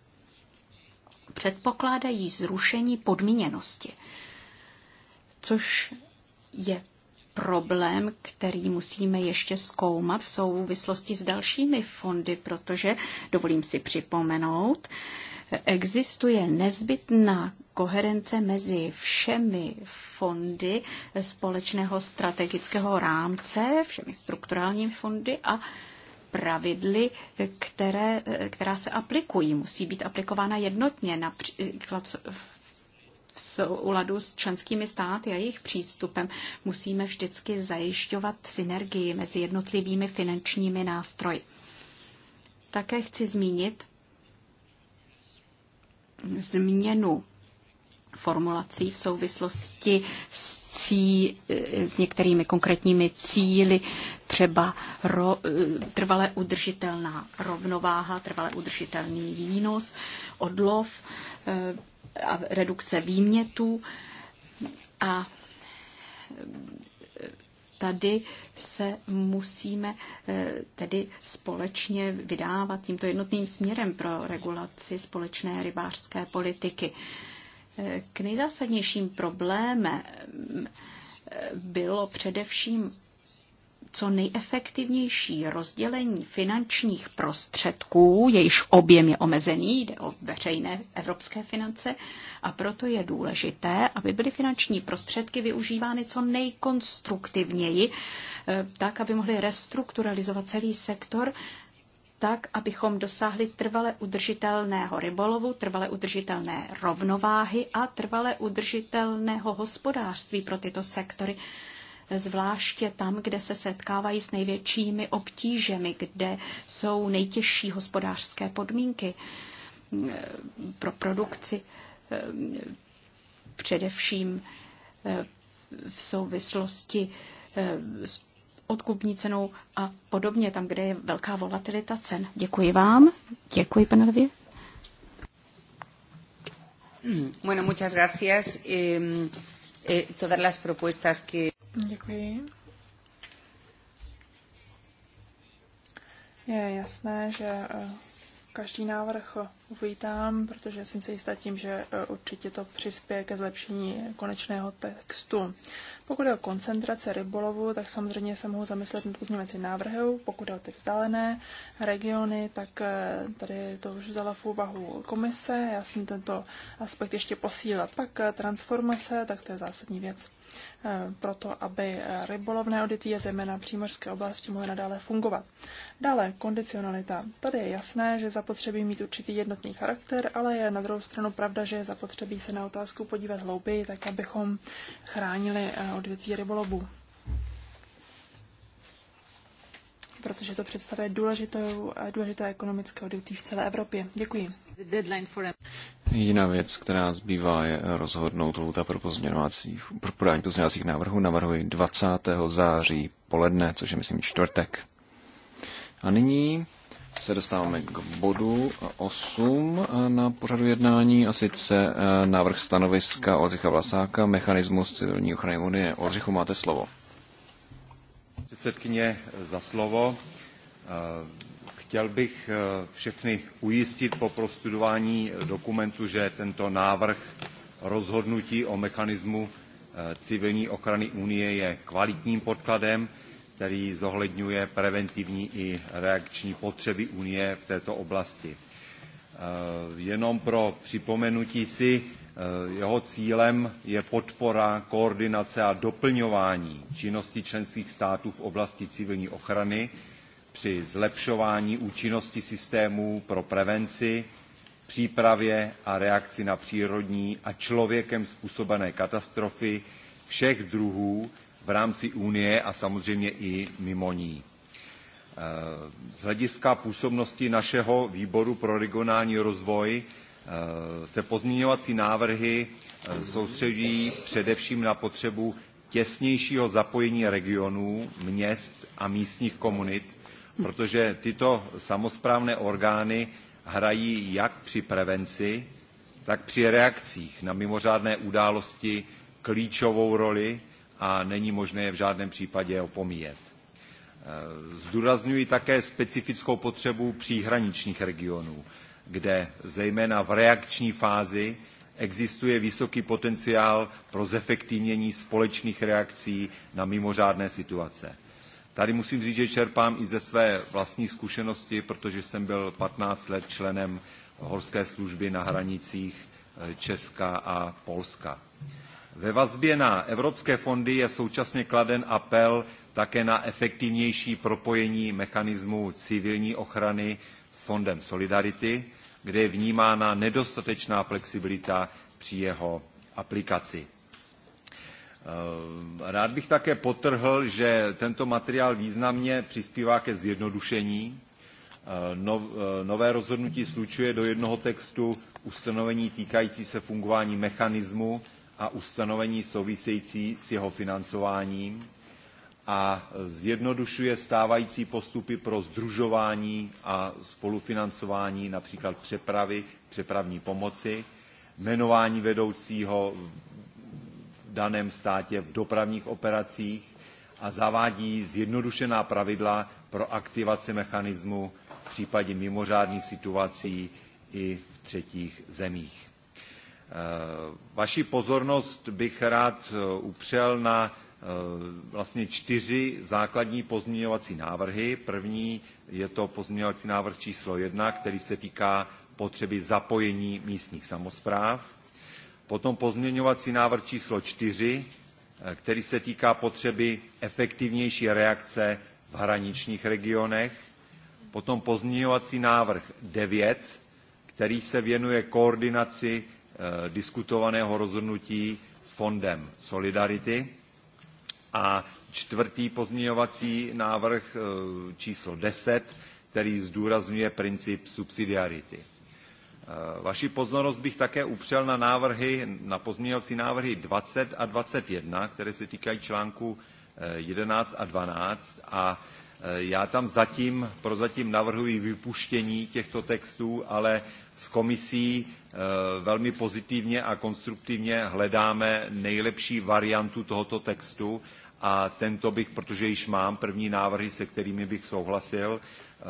předpokládají zrušení podmíněnosti, což je problém, který musíme ještě zkoumat v souvislosti s dalšími fondy, protože, dovolím si připomenout, existuje nezbytná koherence mezi všemi fondy společného strategického rámce, všemi strukturálními fondy a pravidly, které, která se aplikují. Musí být aplikována jednotně, například v v souladu s členskými státy a jejich přístupem. Musíme vždycky zajišťovat synergii mezi jednotlivými finančními nástroji. Také chci zmínit změnu formulací v souvislosti s, cí, s některými konkrétními cíly, třeba ro, trvale udržitelná rovnováha, trvale udržitelný výnos, odlov, a redukce výmětů. A tady se musíme eh, tedy společně vydávat tímto jednotným směrem pro regulaci společné rybářské politiky. Eh, k nejzásadnějším problémem eh, bylo především co nejefektivnější rozdělení finančních prostředků, jejichž objem je omezený, jde o veřejné evropské finance, a proto je důležité, aby byly finanční prostředky využívány co nejkonstruktivněji, eh, tak, aby mohly restrukturalizovat celý sektor, tak, abychom dosáhli trvale udržitelného rybolovu, trvale udržitelné rovnováhy a trvale udržitelného hospodářství pro tyto sektory zvláště tam, kde se setkávají s největšími obtížemi, kde jsou nejtěžší hospodářské podmínky eh, pro produkci, eh, především eh, v souvislosti s odkupní cenou a podobně, tam, kde je velká volatilita cen. Děkuji vám. Děkuji, pane Lvě. Bueno, muchas gracias. Eh, eh, todas las propuestas que... Děkuji. Je jasné, že eh, každý návrh uvítám, protože jsem si jistá tím, že eh, určitě to přispěje ke zlepšení konečného textu. Pokud je o koncentrace rybolovu, tak samozřejmě se mohu zamyslet nad pozměňovací návrhy. Pokud je o ty vzdálené regiony, tak eh, tady to už vzala v úvahu komise. Já jsem tento aspekt ještě posílila. Pak transformace, tak to je zásadní věc. Eh, proto aby eh, rybolovné odvětví a zejména přímořské oblasti mohly nadále fungovat. Dále, kondicionalita. Tady je jasné, že zapotřebí mít určitý jednotný charakter, ale je na druhou stranu pravda, že je zapotřebí se na otázku podívat hlouběji, tak abychom chránili eh, odvětví rybolovu. protože to představuje důležitou, důležité ekonomické odvětví v celé Evropě. Děkuji. Jiná věc, která zbývá, je rozhodnout lhůta pro, pro podání pozměňovacích návrhů. Navrhuji 20. září poledne, což je myslím čtvrtek. A nyní se dostáváme k bodu 8 na pořadu jednání, a sice eh, návrh stanoviska Olřicha Vlasáka, mechanismus civilní ochrany Unie. Olřichu, máte slovo. Předsedkyně eh, za slovo. Eh, chtěl bych eh, všechny ujistit po prostudování dokumentu, že tento návrh rozhodnutí o mechanismu civilní ochrany Unie je kvalitním podkladem, který zohledňuje preventivní i reakční potřeby Unie v této oblasti. Jenom pro připomenutí si, Eh, jeho cílem je podpora, koordinace a doplňování činnosti členských států v oblasti civilní ochrany při zlepšování účinnosti systémů pro prevenci, přípravě a reakci na přírodní a člověkem způsobené katastrofy všech druhů v rámci Unie a samozřejmě i mimo ní. Eh, z hlediska působnosti našeho výboru pro regionální rozvoj Eh, se pozměňovací návrhy eh, soustředí především na potřebu těsnějšího zapojení regionů, měst a místních komunit, protože tyto samosprávné orgány hrají jak při prevenci, tak při reakcích na mimořádné události klíčovou roli a není možné je v žádném případě opomíjet. Eh, zdůrazňuji také specifickou potřebu příhraničních regionů, kde zejména v reakční fázi existuje vysoký potenciál pro zefektivnění společných reakcí na mimořádné situace. Tady musím říct, že čerpám i ze své vlastní zkušenosti, protože jsem byl 15 let členem horské služby na hranicích eh, Česka a Polska. Ve vazbě na evropské fondy je současně kladen apel také na efektivnější propojení mechanismu civilní ochrany s Fondem Solidarity, kde je vnímána nedostatečná flexibilita při jeho aplikaci. Eh, rád bych také potrhl, že tento materiál významně přispívá ke zjednodušení. Eh, eh, nové rozhodnutí slučuje do jednoho textu ustanovení týkající se fungování mechanismu a ustanovení související s jeho financováním a zjednodušuje stávající postupy pro združování a spolufinancování například přepravy, přepravní pomoci, jmenování vedoucího v daném státě v dopravních operacích a zavádí zjednodušená pravidla pro aktivaci mechanismu v případě mimořádných situací i v třetích zemích. E, vaši pozornost bych rád upřel na Eh, vlastně čtyři základní pozměňovací návrhy. První je to pozměňovací návrh číslo jedna, který se týká potřeby zapojení místních samospráv. Potom pozměňovací návrh číslo čtyři, eh, který se týká potřeby efektivnější reakce v hraničních regionech. Potom pozměňovací návrh 9, který se věnuje koordinaci eh, diskutovaného rozhodnutí s Fondem Solidarity. A čtvrtý pozměňovací návrh eh, číslo 10, který zdůrazňuje princip subsidiarity. Eh, vaši pozornost bych také upřel na návrhy, na pozměňovací návrhy 20 a 21, které se týkají článku 11 eh, a 12 a já tam zatím, prozatím navrhuji vypuštění těchto textů, ale s komisí velmi pozitivně a konstruktivně hledáme nejlepší variantu tohoto textu a tento bych, protože již mám první návrhy, se kterými bych souhlasil, eh,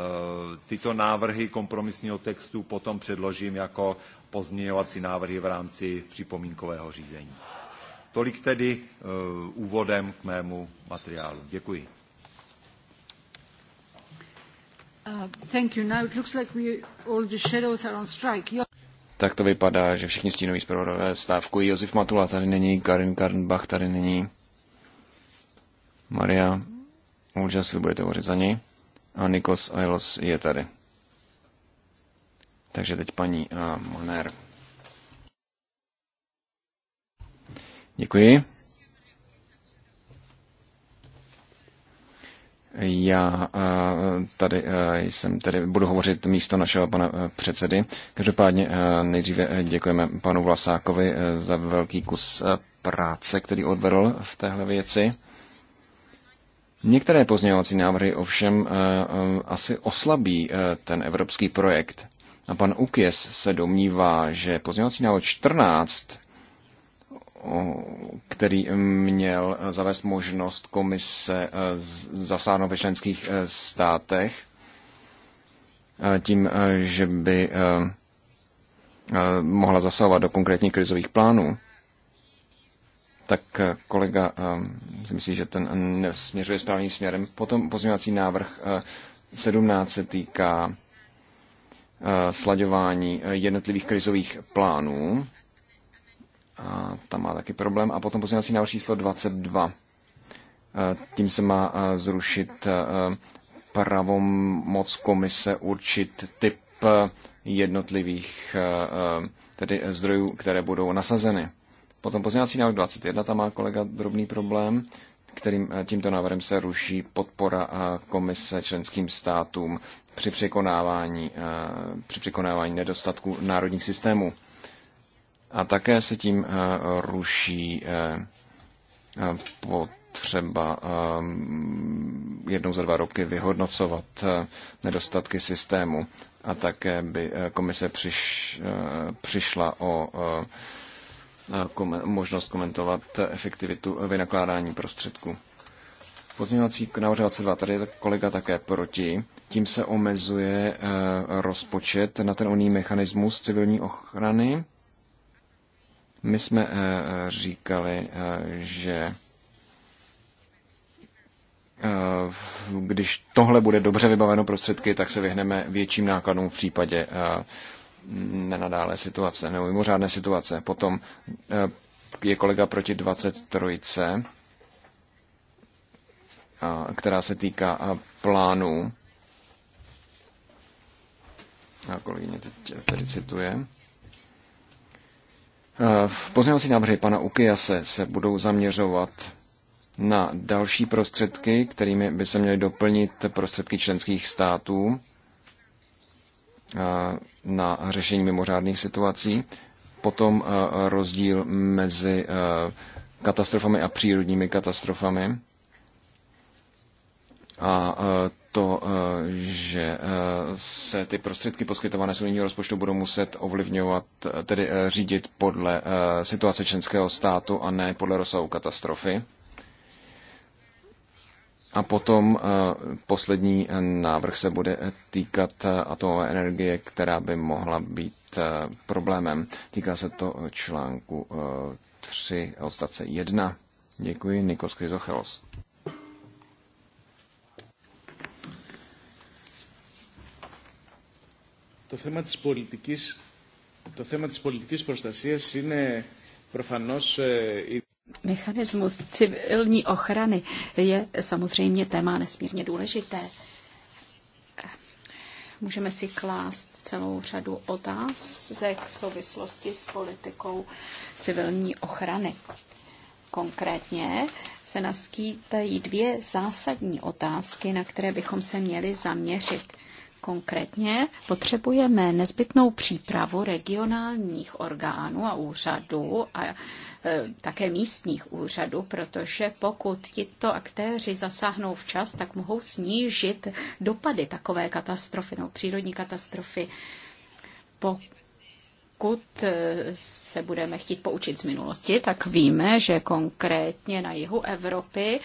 tyto návrhy kompromisního textu potom předložím jako pozměňovací návrhy v rámci připomínkového řízení. Tolik tedy eh, úvodem k mému materiálu. Děkuji. Tak to vypadá, že všichni stínoví zpravodové stávkují. Josef Matula tady není, Karin Karnbach tady není. Maria Ulžas, budete hovořit za něj. A Nikos Ailos je tady. Takže teď paní a eh, Moner. Děkuji. Já eh, tady eh, jsem tady, budu hovořit místo našeho pana předsedy. Každopádně nejdříve děkujeme panu Vlasákovi za velký kus práce, který odvedl v téhle věci. Některé pozměňovací návrhy ovšem eh, eh, asi oslabí eh, ten evropský projekt. A pan Ukies se domnívá, že pozměňovací návrh 14, který měl zavést možnost komise zasáhnout ve členských státech, tím, že by mohla zasahovat do konkrétních krizových plánů, tak eh, kolega eh, si myslí, že ten směřuje správným směrem. Potom pozměňovací návrh 17 eh, se týká slaďování jednotlivých krizových plánů. A tam má taky problém. A potom pozměňovací návrh číslo 22. Tím se má zrušit pravomoc komise určit typ jednotlivých tedy zdrojů, které budou nasazeny. Potom pozměňovací návrh 21, tam má kolega drobný problém, kterým eh, tímto návrhem se ruší podpora eh, komise členským státům při překonávání, eh, při překonávání nedostatků národních systémů. A také se tím ruší potřeba jednou za dva roky vyhodnocovat nedostatky systému. A také by komise přiš, přišla o možnost komentovat efektivitu vynakládání prostředků. Pozměňovací návrh 22, tady je kolega také proti. Tím se omezuje eh, rozpočet na ten oný mechanismus civilní ochrany. My jsme eh, říkali, eh, že když tohle bude dobře vybaveno prostředky, tak se vyhneme větším nákladům v případě nenadále situace nebo mimořádné situace. Potom eh, je kolega proti 23, eh, která se týká eh, plánů. A kolegyně teď tedy cituje. V pozměňovací návrhy pana Ukiase se budou zaměřovat na další prostředky, kterými by se měly doplnit prostředky členských států Eh, na řešení mimořádných situací, potom eh, rozdíl mezi eh, katastrofami a přírodními katastrofami a to, že se ty prostředky poskytované z unijního rozpočtu budou muset ovlivňovat, tedy řídit podle situace členského státu a ne podle rozsahu katastrofy. A potom eh, poslední eh, návrh se bude týkat eh, atomové energie, která by mohla být problémem. Týká se to článku 3 odstavce 1. Děkuji, Nikos Kryzochelos. Το θέμα της πολιτικής, το θέμα z πολιτικής προστασίας je... προφανώς... Mechanismus civilní ochrany je samozřejmě téma nesmírně důležité. Můžeme si klást celou řadu otázek v souvislosti s politikou civilní ochrany. Konkrétně se naskýtají dvě zásadní otázky, na které bychom se měli zaměřit. Konkrétně potřebujeme nezbytnou přípravu regionálních orgánů a úřadů a Eh, také místních úřadů, protože pokud tito aktéři zasáhnou včas, tak mohou snížit dopady takové katastrofy nebo přírodní katastrofy. pokud eh, se budeme chtít poučit z minulosti, tak víme, že konkrétně na jihu Evropy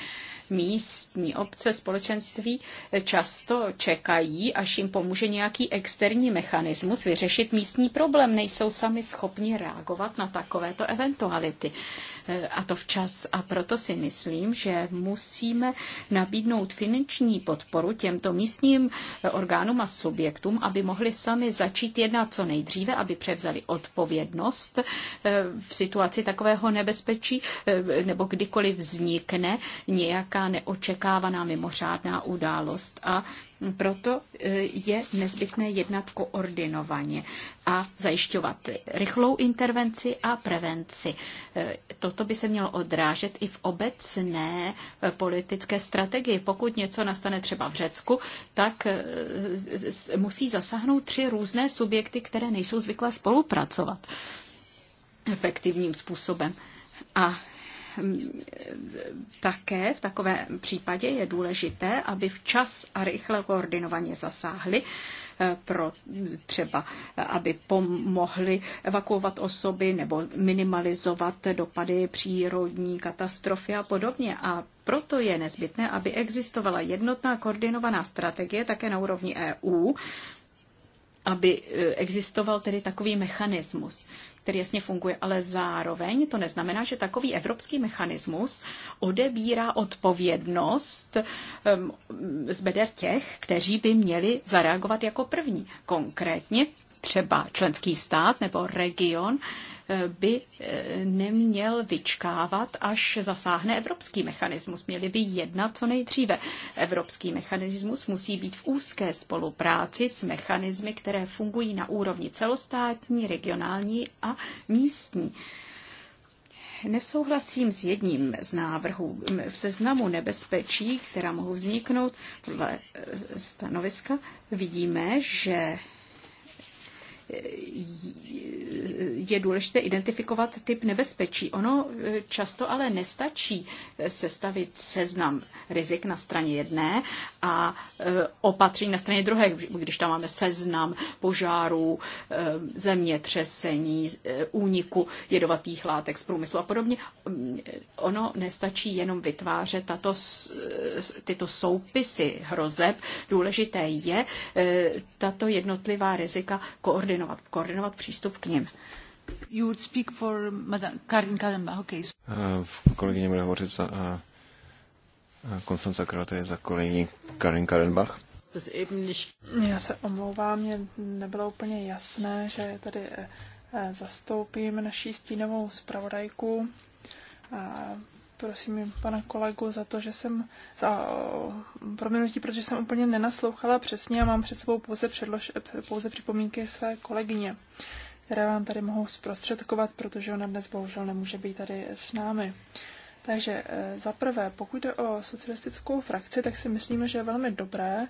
místní obce, společenství často čekají, až jim pomůže nějaký externí mechanismus vyřešit místní problém. Nejsou sami schopni reagovat na takovéto eventuality a to včas. A proto si myslím, že musíme nabídnout finanční podporu těmto místním orgánům a subjektům, aby mohli sami začít jednat co nejdříve, aby převzali odpovědnost eh, v situaci takového nebezpečí eh, nebo kdykoliv vznikne nějaká neočekávaná mimořádná událost. A proto e, je nezbytné jednat koordinovaně a zajišťovat rychlou intervenci a prevenci. E, toto by se mělo odrážet i v obecné e, politické strategii. Pokud něco nastane třeba v Řecku, tak musí zasáhnout tři různé subjekty, které nejsou zvyklé spolupracovat efektivním způsobem. A také v takovém případě je důležité, aby včas a rychle koordinovaně zasáhli e, pro třeba, aby pomohli evakuovat osoby nebo minimalizovat dopady přírodní katastrofy a podobně. A proto je nezbytné, aby existovala jednotná koordinovaná strategie také na úrovni EU, aby e, existoval tedy takový mechanismus který jasně funguje, ale zároveň to neznamená, že takový evropský mechanismus odebírá odpovědnost z beder těch, kteří by měli zareagovat jako první. Konkrétně třeba členský stát nebo region, by eh, neměl vyčkávat, až zasáhne evropský mechanismus. Měli by jednat co nejdříve. Evropský mechanismus musí být v úzké spolupráci s mechanismy, které fungují na úrovni celostátní, regionální a místní. Nesouhlasím s jedním z návrhů. V seznamu nebezpečí, která mohou vzniknout podle eh, stanoviska, vidíme, že je důležité identifikovat typ nebezpečí. Ono e, často ale nestačí e, sestavit seznam rizik na straně jedné a e, opatření na straně druhé, když tam máme seznam požárů, zemětřesení, úniku jedovatých látek z průmyslu a podobně. Ono nestačí jenom vytvářet tato, tyto soupisy hrozeb. Důležité je tato jednotlivá rizika koordinovat koordinovat, koordinovat přístup k ním. You would speak for Karin Kadenbach, okay. Uh, kolegyně bude hovořit za uh, Konstanca Kraté za kolegyně Karin Kadenbach. Já se omlouvám, mě nebylo úplně jasné, že tady zastoupím naší stínovou zpravodajku prosím pana kolegu za to, že jsem za proměnutí, protože jsem úplně nenaslouchala přesně a mám před sebou pouze, předlož, pouze připomínky své kolegyně, které vám tady mohou zprostředkovat, protože ona dnes bohužel nemůže být tady s námi. Takže eh, za prvé, pokud jde o socialistickou frakci, tak si myslíme, že je velmi dobré,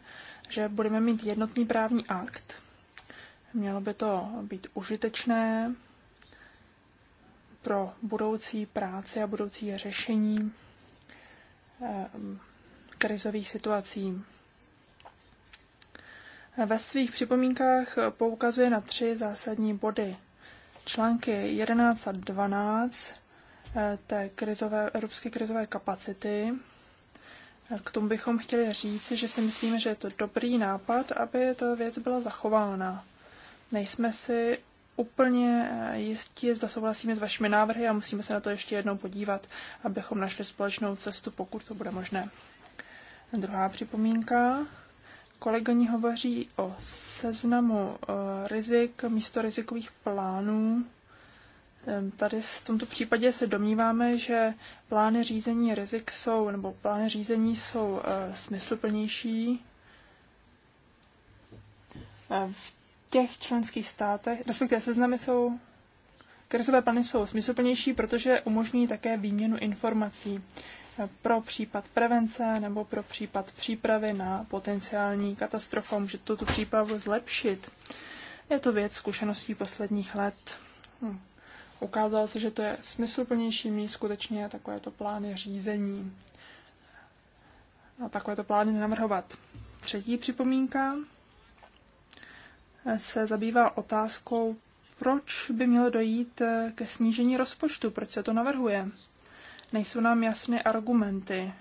že budeme mít jednotný právní akt. Mělo by to být užitečné, pro budoucí práci a budoucí řešení eh, krizových situací. Ve svých připomínkách poukazuje na tři zásadní body. Články 11 a 12 eh, té krizové, evropské krizové kapacity. Eh, k tomu bychom chtěli říct, že si myslíme, že je to dobrý nápad, aby ta věc byla zachována. Nejsme si úplně eh, jistě, zda souhlasíme s vašimi návrhy a musíme se na to ještě jednou podívat, abychom našli společnou cestu, pokud to bude možné. Druhá připomínka. Kolegyně hovoří o seznamu eh, rizik místo rizikových plánů. Ehm, tady v tomto případě se domníváme, že plány řízení rizik jsou, nebo plány řízení jsou eh, smysluplnější. V těch členských státech, respektive seznamy jsou, krizové plány jsou smysluplnější, protože umožní také výměnu informací pro případ prevence nebo pro případ přípravy na potenciální katastrofu. Může tuto přípravu zlepšit. Je to věc zkušeností posledních let. Hm. Ukázalo se, že to je smysluplnější mít skutečně takovéto plány řízení. A takovéto plány navrhovat. Třetí připomínka se zabývá otázkou, proč by mělo dojít eh, ke snížení rozpočtu, proč se to navrhuje. Nejsou nám jasné argumenty,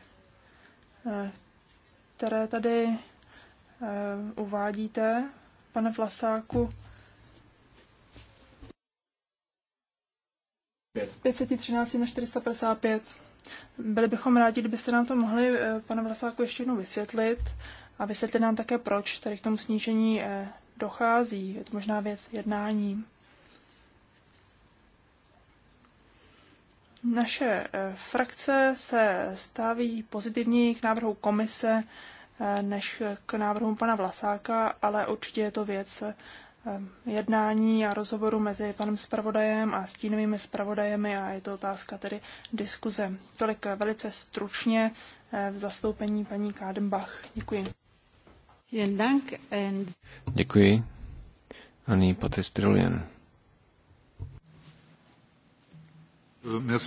eh, které tady eh, uvádíte, pane Vlasáku. Z 513 na 455. Byli bychom rádi, kdybyste nám to mohli, pane Vlasáku, ještě jednou vysvětlit a vysvětlit nám také, proč tady k tomu snížení dochází. Je to možná věc jednání. Naše eh, frakce se staví pozitivní k návrhu komise eh, než k návrhu pana Vlasáka, ale určitě je to věc eh, jednání a rozhovoru mezi panem zpravodajem a stínovými zpravodajemi a je to otázka tedy diskuze. Tolik velice stručně v zastoupení paní Kádenbach. Děkuji. Děkuji. A nyní Patrice Trillian. Euh,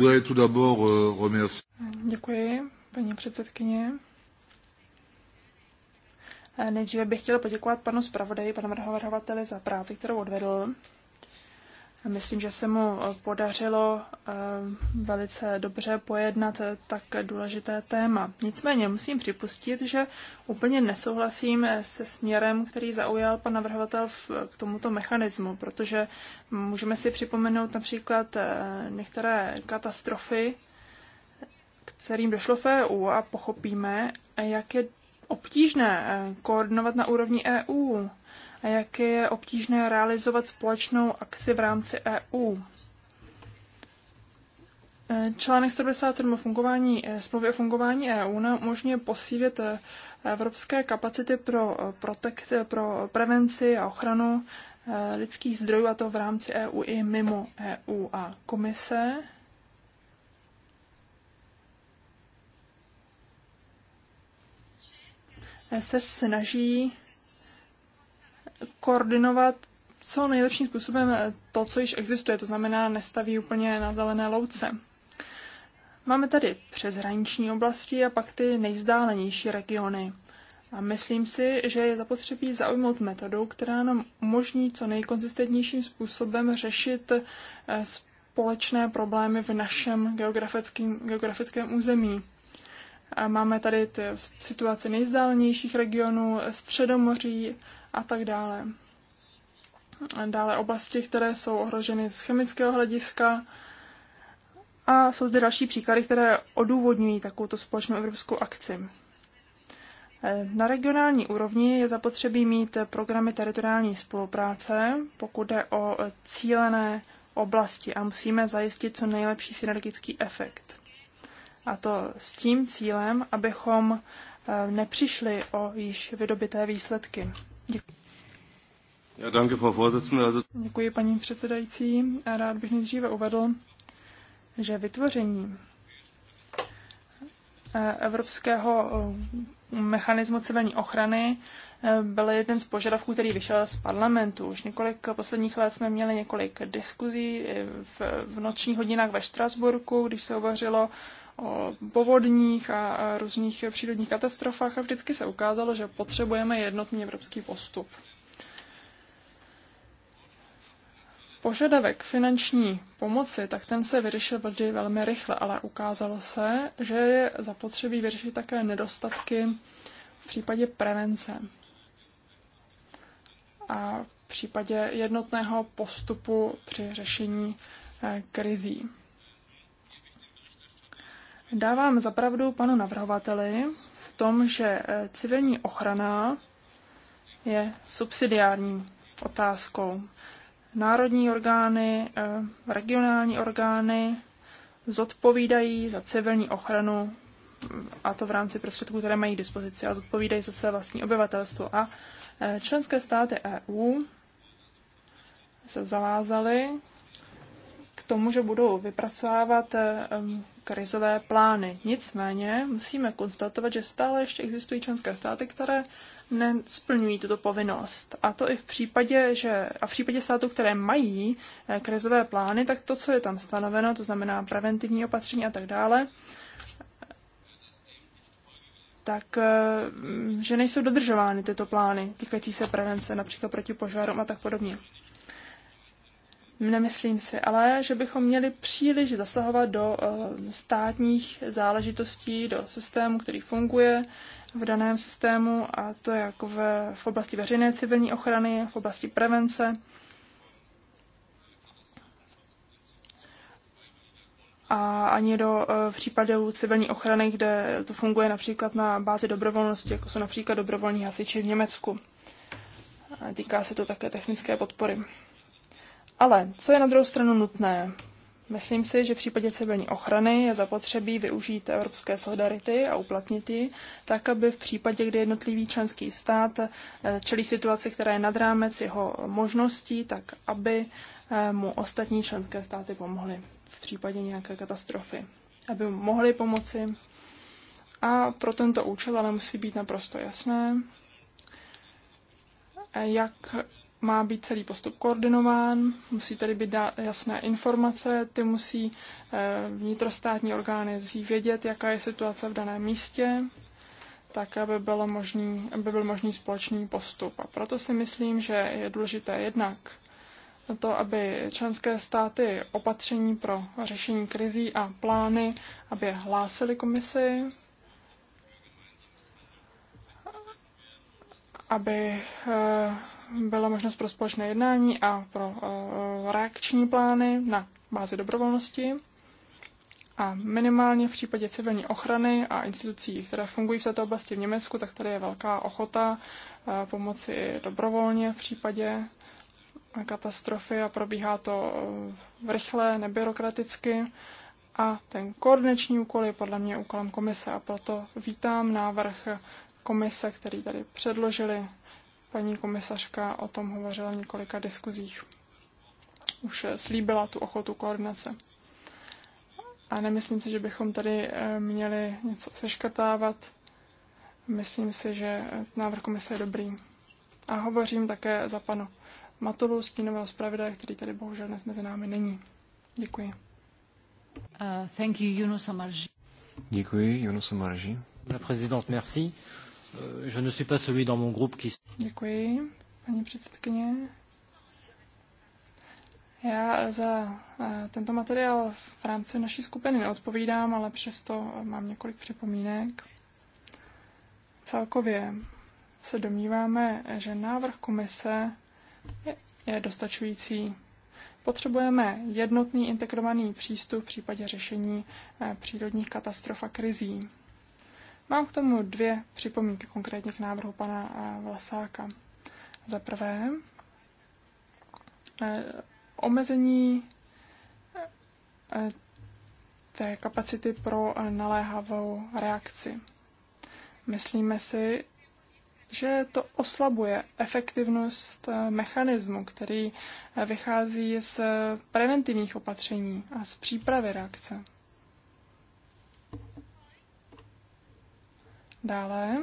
euh, euh, Děkuji, paní předsedkyně. Nejdříve bych chtěla poděkovat panu zpravodaji, panu vrhovateli za práci, kterou odvedl. Myslím, že se mu eh, podařilo eh, velice dobře pojednat eh, tak důležité téma. Nicméně musím připustit, že úplně nesouhlasím se směrem, který zaujal pan navrhovatel k tomuto mechanismu, protože můžeme si připomenout například některé katastrofy, kterým došlo v EU a pochopíme, jak je obtížné koordinovat na úrovni EU a jak je obtížné realizovat společnou akci v rámci EU. Článek 157 o fungování, eh, smlouvy o fungování EU možně umožňuje posílit eh, evropské kapacity pro, eh, protect, pro prevenci a ochranu lidských zdrojů, a to v rámci EU i mimo EU a komise. Se snaží koordinovat co nejlepším způsobem to, co již existuje, to znamená nestaví úplně na zelené louce. Máme tady přeshraniční oblasti a pak ty nejzdálenější regiony. A myslím si, že je zapotřebí zaujmout metodu, která nám umožní co nejkonzistentnějším způsobem řešit eh, společné problémy v našem geografickém, geografickém území. A máme tady ty situace nejzdálenějších regionů, středomoří, a tak dále. dále oblasti, které jsou ohroženy z chemického hlediska. A jsou zde další příklady, které odůvodňují takovouto společnou evropskou akci. Na regionální úrovni je zapotřebí mít programy teritoriální spolupráce, pokud jde o cílené oblasti a musíme zajistit co nejlepší synergický efekt. A to s tím cílem, abychom eh, nepřišli o již vydobité výsledky. Děkuji. paní předsedající. A rád bych nejdříve uvedl, že vytvoření eh, evropského eh, mechanismu civilní ochrany eh, byl jeden z požadavků, který vyšel z parlamentu. Už několik posledních let jsme měli několik diskuzí v, v nočních hodinách ve Štrasburku, když se hovořilo o povodních a různých přírodních katastrofách a vždycky se ukázalo, že potřebujeme jednotný evropský postup. Požadavek finanční pomoci, tak ten se vyřešil vždy velmi rychle, ale ukázalo se, že je zapotřebí vyřešit také nedostatky v případě prevence. A v případě jednotného postupu při řešení eh, krizí. Dávám zapravdu panu navrhovateli v tom, že eh, civilní ochrana je subsidiární otázkou. Národní orgány, eh, regionální orgány zodpovídají za civilní ochranu a to v rámci prostředků, které mají dispozici a zodpovídají za své vlastní obyvatelstvo. A eh, členské státy EU se zavázaly k tomu, že budou vypracovávat krizové plány. Nicméně musíme konstatovat, že stále ještě existují členské státy, které nesplňují tuto povinnost. A to i v případě, že, a v případě států, které mají eh, krizové plány, tak to, co je tam stanoveno, to znamená preventivní opatření a tak dále, tak eh, že nejsou dodržovány tyto plány týkající se prevence, například proti požárům a tak podobně. Nemyslím si ale, že bychom měli příliš zasahovat do eh, státních záležitostí, do systému, který funguje v daném systému, a to je jako ve, v oblasti veřejné civilní ochrany, v oblasti prevence. A ani do v eh, případů civilní ochrany, kde to funguje například na bázi dobrovolnosti, jako jsou například dobrovolní hasiči v Německu. A týká se to také technické podpory. Ale co je na druhou stranu nutné? Myslím si, že v případě civilní ochrany je zapotřebí využít evropské solidarity a uplatnit ji, tak aby v případě, kdy jednotlivý členský stát eh, čelí situaci, která je nad rámec jeho možností, tak aby eh, mu ostatní členské státy pomohly v případě nějaké katastrofy. Aby mu mohly pomoci. A pro tento účel ale musí být naprosto jasné, jak má být celý postup koordinován, musí tady být jasné informace, ty musí eh, vnitrostátní orgány dřív vědět, jaká je situace v daném místě, tak aby, bylo možný, aby byl možný společný postup. A proto si myslím, že je důležité jednak to, aby členské státy opatření pro řešení krizí a plány, aby je hlásily komisi, aby eh, byla možnost pro společné jednání a pro eh, reakční plány na bázi dobrovolnosti. A minimálně v případě civilní ochrany a institucí, které fungují v této oblasti v Německu, tak tady je velká ochota eh, pomoci i dobrovolně v případě katastrofy a probíhá to eh, rychle, nebyrokraticky. A ten koordinační úkol je podle mě úkolem komise a proto vítám návrh komise, který tady předložili Paní komisařka o tom hovořila v několika diskuzích. Už slíbila tu ochotu koordinace. A nemyslím si, že bychom tady eh, měli něco seškrtávat. Myslím si, že eh, návrh komise je dobrý. A hovořím také za panu Matulu, Pínového zpravodaje, který tady bohužel dnes mezi námi není. Děkuji. Uh, thank you, Yunus Amarji. Děkuji, Yunus Amarji. La présidente, merci. Euh, je ne suis pas celui dans mon groupe qui... Děkuji, paní předsedkyně. Já za eh, tento materiál v rámci naší skupiny neodpovídám, ale přesto mám několik připomínek. Celkově se domníváme, že návrh komise je dostačující. Potřebujeme jednotný integrovaný přístup v případě řešení eh, přírodních katastrof a krizí. Mám k tomu dvě připomínky konkrétně k návrhu pana eh, Vlasáka. Za prvé, eh, omezení eh, té kapacity pro naléhavou reakci. Myslíme si, že to oslabuje efektivnost mechanismu, který vychází z preventivních opatření a z přípravy reakce. Dále,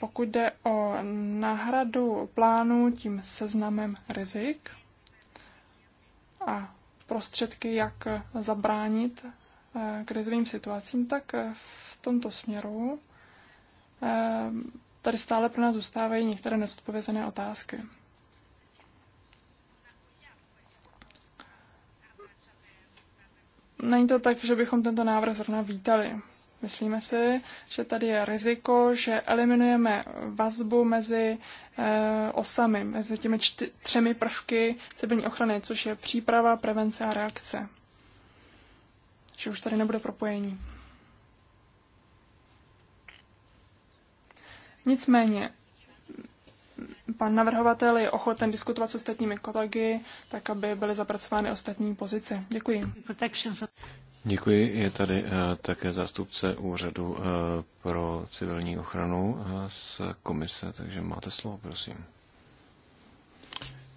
pokud jde o náhradu plánu tím seznamem rizik a prostředky, jak zabránit eh, krizovým situacím, tak eh, v tomto směru eh, tady stále pro nás zůstávají některé nezodpovězené otázky. Není to tak, že bychom tento návrh zrovna vítali. Myslíme si, že tady je riziko, že eliminujeme vazbu mezi e, osami, mezi těmi čty, třemi prvky civilní ochrany, což je příprava, prevence a reakce. Že už tady nebude propojení. Nicméně, pan navrhovatel je ochoten diskutovat s ostatními kolegy, tak aby byly zapracovány ostatní pozice. Děkuji. Děkuji. Je tady eh, také zástupce úřadu eh, pro civilní ochranu eh, z komise, takže máte slovo, prosím.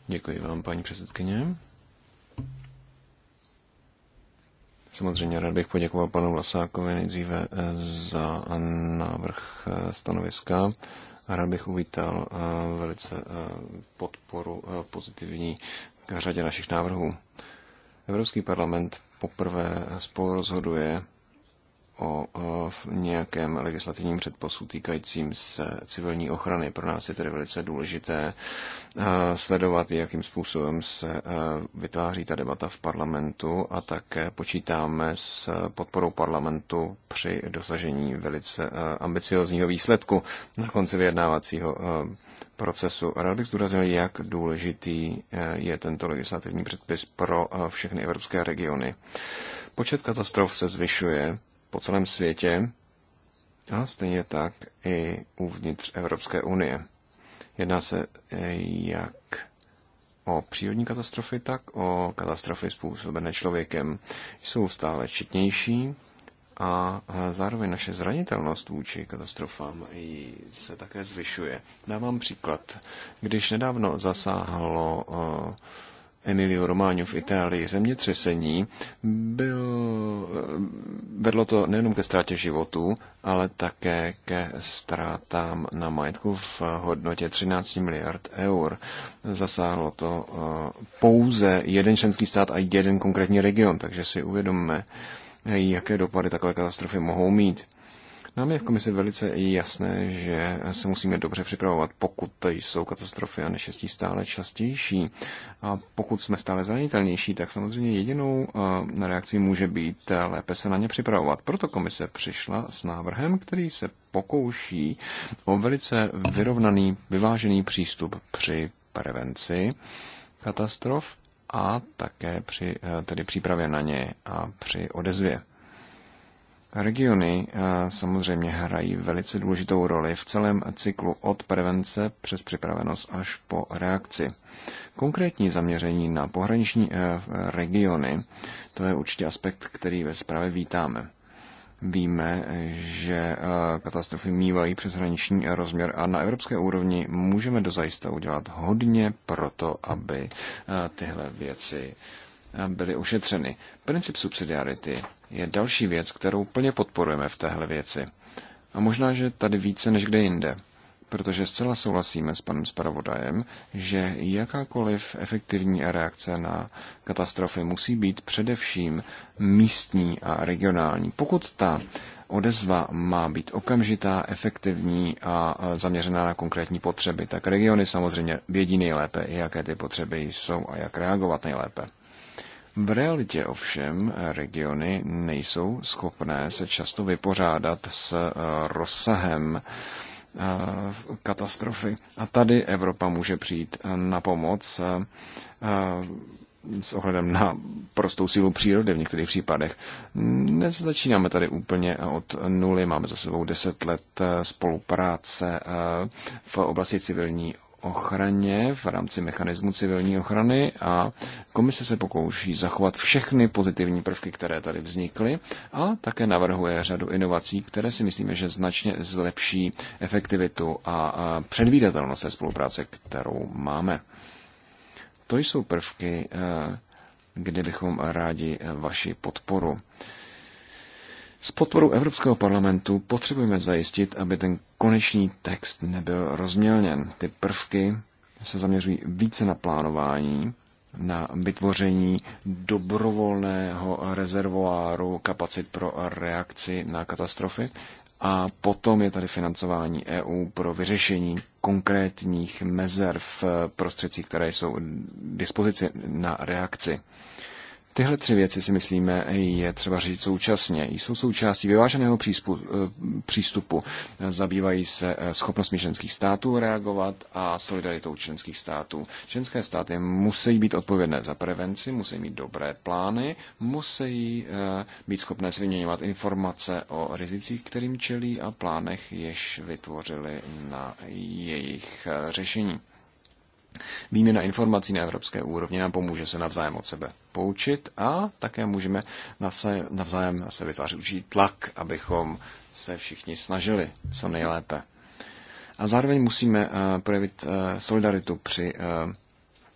Děkuji vám, paní předsedkyně. Samozřejmě rád bych poděkoval panu Vlasákovi nejdříve za návrh stanoviska. Rád bych uvítal velice podporu pozitivní k řadě našich návrhů. Evropský parlament poprvé spolu rozhoduje o, o nějakém legislativním předposu týkajícím se civilní ochrany. Pro nás je tedy velice důležité e, sledovat, jakým způsobem se e, vytváří ta debata v parlamentu a také počítáme s podporou parlamentu při dosažení velice e, ambiciozního výsledku na konci vyjednávacího procesu. Rád bych zdůraznil, jak důležitý je tento legislativní předpis pro všechny evropské regiony. Počet katastrof se zvyšuje po celém světě a stejně tak i uvnitř Evropské unie. Jedná se eh, jak o přírodní katastrofy, tak o katastrofy způsobené člověkem. Jsou stále četnější a zároveň naše zranitelnost vůči katastrofám se také zvyšuje. Dávám příklad. Když nedávno zasáhlo eh, Emilio Romagno v Itálii zemětřesení, byl, vedlo to nejenom ke ztrátě životů, ale také ke ztrátám na majetku v hodnotě 13 miliard eur. Zasáhlo to eh, pouze jeden členský stát a jeden konkrétní region, takže si uvědomme, jaké dopady takové katastrofy mohou mít. Nám je v komisi velice jasné, že se musíme dobře připravovat, pokud jsou katastrofy a neštěstí stále častější. A pokud jsme stále zranitelnější, tak samozřejmě jedinou eh, reakcí může být eh, lépe se na ně připravovat. Proto komise přišla s návrhem, který se pokouší o velice vyrovnaný, vyvážený přístup při prevenci katastrof a také při eh, tedy přípravě na ně a při odezvě. Regiony eh, samozřejmě hrají velice důležitou roli v celém cyklu od prevence přes připravenost až po reakci. Konkrétní zaměření na pohraniční eh, regiony, to je určitě aspekt, který ve zprávě vítáme. Víme, že eh, katastrofy mývají přeshraniční rozměr a na evropské úrovni můžeme do zajista udělat hodně pro to, aby tyhle věci byly ušetřeny. Princip subsidiarity je další věc, kterou plně podporujeme v téhle věci. A možná, že tady více než kde jinde. Protože zcela souhlasíme s panem Spravodajem, že jakákoliv efektivní reakce na katastrofy musí být především místní a regionální. Pokud ta odezva má být okamžitá, efektivní a zaměřená na konkrétní potřeby, tak regiony samozřejmě vědí nejlépe, jaké ty potřeby jsou a jak reagovat nejlépe. V realitě ovšem regiony nejsou schopné se často vypořádat s eh, rozsahem eh, katastrofy. A tady Evropa může přijít eh, na pomoc s ohledem na prostou sílu přírody v některých případech. Nezačínáme tady úplně od nuly, máme za sebou deset let spolupráce v oblasti civilní ochraně v rámci mechanismu civilní ochrany a komise se pokouší zachovat všechny pozitivní prvky, které tady vznikly a také navrhuje řadu inovací, které si myslíme, že značně zlepší efektivitu a předvídatelnost té spolupráce, kterou máme. To jsou prvky, eh, kde bychom rádi vaši podporu. S podporou Evropského parlamentu potřebujeme zajistit, aby ten konečný text nebyl rozmělněn. Ty prvky se zaměřují více na plánování, na vytvoření dobrovolného rezervoáru kapacit pro reakci na katastrofy a potom je tady financování EU pro vyřešení konkrétních mezer v prostředcích, které jsou dispozici na reakci. Tyhle tři věci si myslíme je třeba říct současně. Jsou součástí vyváženého eh, přístupu. Zabývají se eh, schopnostmi členských států reagovat a solidaritou členských států. Členské státy musí být odpovědné za prevenci, musí mít dobré plány, musí eh, být schopné si vyměňovat informace o rizicích, kterým čelí a plánech, jež vytvořili na jejich řešení. Výměna informací na evropské úrovni nám pomůže se navzájem od sebe poučit a také můžeme navzájem na se vytvářet určitý tlak, abychom se všichni snažili co nejlépe. A zároveň musíme eh, projevit eh, solidaritu při eh,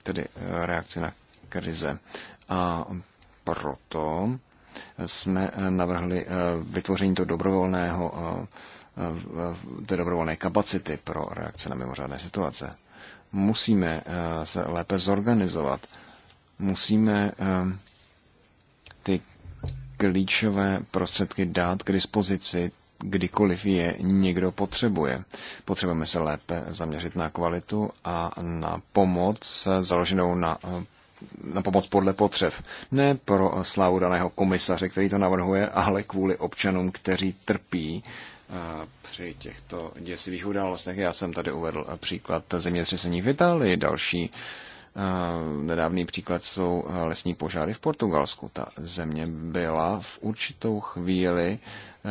tedy reakci na krize. A proto jsme navrhli vytvoření toho dobrovolného té dobrovolné kapacity pro reakce na mimořádné situace. Musíme eh, se lépe zorganizovat. Musíme eh, ty klíčové prostředky dát k dispozici kdykoliv je někdo potřebuje. Potřebujeme se lépe zaměřit na kvalitu a na pomoc eh, založenou na na pomoc podle potřeb. Ne pro slávu daného komisaře, který to navrhuje, ale kvůli občanům, kteří trpí při těchto děsivých událostech. Já jsem tady uvedl příklad zemětřesení v Itálii, další nedávný příklad jsou lesní požáry v Portugalsku. Ta země byla v určitou chvíli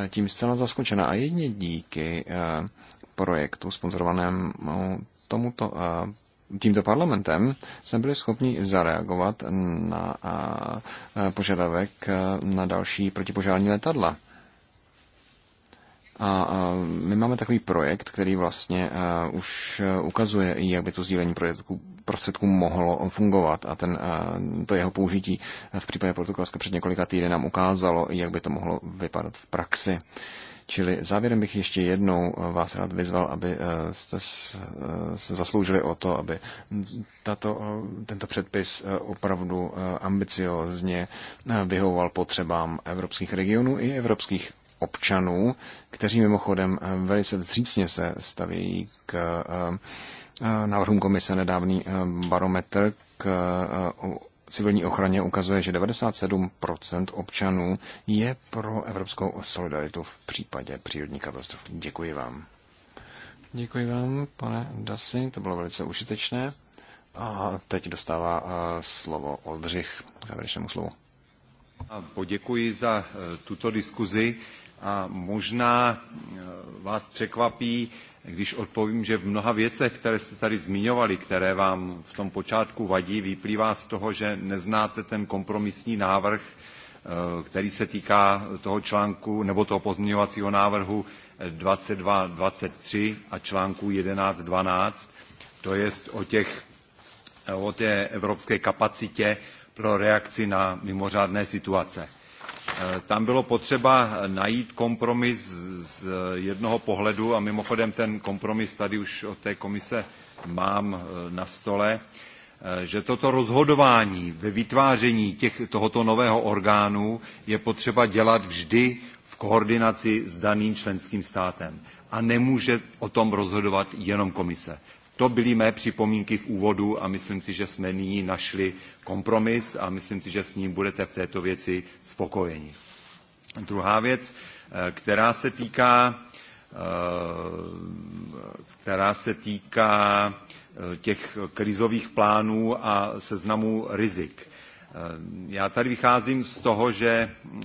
tím zcela zaskočena a jedně díky projektu sponzorovanému tomuto tímto parlamentem jsme byli schopni zareagovat na požadavek na další protipožární letadla. A my máme takový projekt, který vlastně už e, ukazuje, jak by to sdílení projektu prostředků mohlo fungovat a ten, to jeho použití v případě Portugalska před několika týdny nám ukázalo, jak by to mohlo vypadat v praxi. Čili závěrem bych ještě jednou e, vás rád vyzval, aby e, jste se zasloužili o to, aby tato, tento předpis opravdu ambiciozně vyhovoval potřebám evropských regionů i evropských občanů, kteří mimochodem eh, velice vzřícně se stavějí k eh, eh, návrhům komise. Nedávný barometr k civilní ochraně ukazuje, že 97% občanů je pro evropskou solidaritu v případě přírodní katastrof. Děkuji vám. Děkuji vám, pane Dasi, to bylo velice užitečné. A teď dostává slovo Oldřich k závěrečnému slovu. A poděkuji za tuto diskuzi a možná eh, vás překvapí, když odpovím, že v mnoha věcech, které jste tady zmiňovali, které vám v tom počátku vadí, vyplývá z toho, že neznáte ten kompromisní návrh, eh, který se týká toho článku nebo toho pozměňovacího návrhu 22.23 a článku 11.12, to jest o, těch, eh, o té evropské kapacitě pro reakci na mimořádné situace. Eh, tam bylo potřeba eh, najít kompromis z jednoho pohledu a mimochodem ten kompromis tady už od té komise mám eh, na stole, že toto rozhodování ve vytváření těch, tohoto nového orgánu je potřeba dělat vždy v koordinaci s daným členským státem a nemůže o tom rozhodovat jenom komise. To byly mé připomínky v úvodu a myslím si, že jsme nyní našli kompromis a myslím si, že s ním budete v této věci spokojeni. Druhá věc, eh, která se týká, eh, která se týká eh, těch krizových plánů a seznamu rizik. Eh, já tady vycházím z toho, že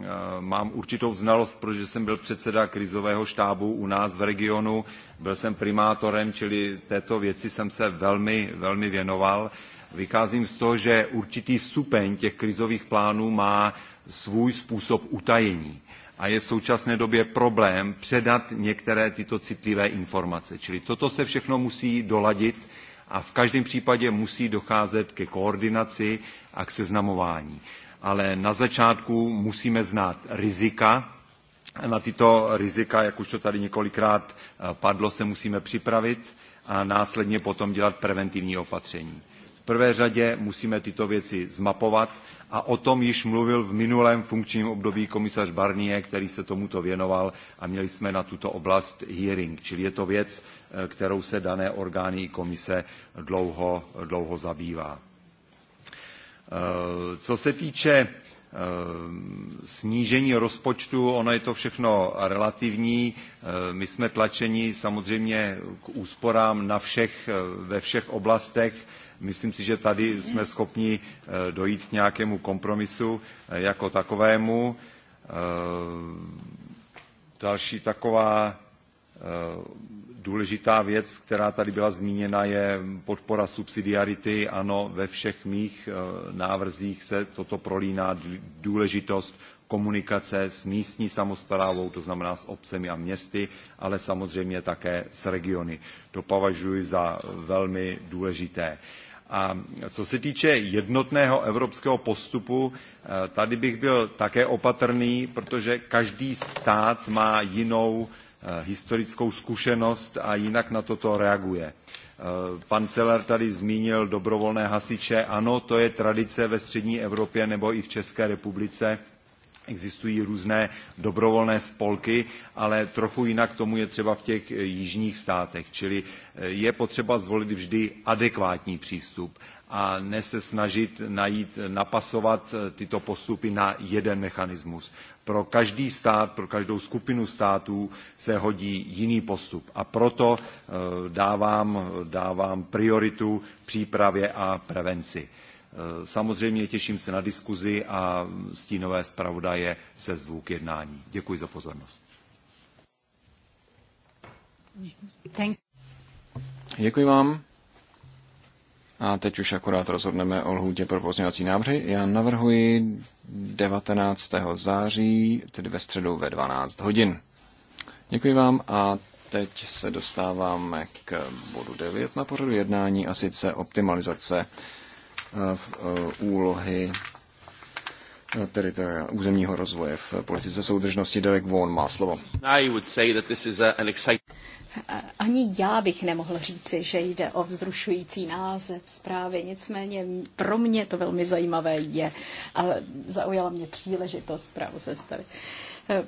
eh, mám určitou znalost, protože jsem byl předseda krizového štábu u nás v regionu, byl jsem primátorem, čili této věci jsem se velmi, velmi věnoval. Vycházím z toho, že určitý stupeň těch krizových plánů má svůj způsob utajení a je v současné době problém předat některé tyto citlivé informace. Čili toto se všechno musí doladit a v každém případě musí docházet ke koordinaci a k seznamování. Ale na začátku musíme znát rizika. Na tyto rizika, jak už to tady několikrát eh, padlo, se musíme připravit a následně potom dělat preventivní opatření. V prvé řadě musíme tyto věci zmapovat a o tom již mluvil v minulém funkčním období komisař Barnier, který se tomuto věnoval a měli jsme na tuto oblast hearing, čili je to věc, eh, kterou se dané orgány i komise dlouho, dlouho zabývá. Eh, co se týče eh, snížení rozpočtu, ono je to všechno relativní. Eh, my jsme tlačeni samozřejmě k úsporám na všech, ve všech oblastech. Myslím si, že tady jsme schopni dojít k nějakému kompromisu jako takovému. Další taková Důležitá věc, která tady byla zmíněna, je podpora subsidiarity. Ano, ve všech mých eh, návrzích se toto prolíná důležitost komunikace s místní samosprávou, to znamená s obcemi a městy, ale samozřejmě také s regiony. To považuji za velmi důležité. A co se týče jednotného evropského postupu, eh, tady bych byl také opatrný, protože každý stát má jinou Eh, historickou zkušenost a jinak na toto reaguje. Eh, pan Celer tady zmínil dobrovolné hasiče. Ano, to je tradice ve střední Evropě nebo i v České republice. Existují různé dobrovolné spolky, ale trochu jinak tomu je třeba v těch jižních státech. Čili eh, je potřeba zvolit vždy adekvátní přístup a ne se snažit najít, napasovat tyto postupy na jeden mechanismus pro každý stát, pro každou skupinu států se hodí jiný postup. A proto eh, dávám, dávám prioritu přípravě a prevenci. Eh, samozřejmě těším se na diskuzi a stínové zpravodaje se zvuk jednání. Děkuji za pozornost. Děkuji vám. A teď už akorát rozhodneme o lhůtě pro pozměňovací návrhy. Já navrhuji 19. září, tedy ve středu ve 12 hodin. Děkuji vám a teď se dostáváme k bodu 9 na pořadu jednání a sice optimalizace eh, v eh, úlohy eh, teritoria územního rozvoje v politice soudržnosti. Derek Vaughan má slovo. Ani já bych nemohl říci, že jde o vzrušující název zprávy, nicméně pro mě to velmi zajímavé je a zaujala mě příležitost zprávu sestavit. Eh,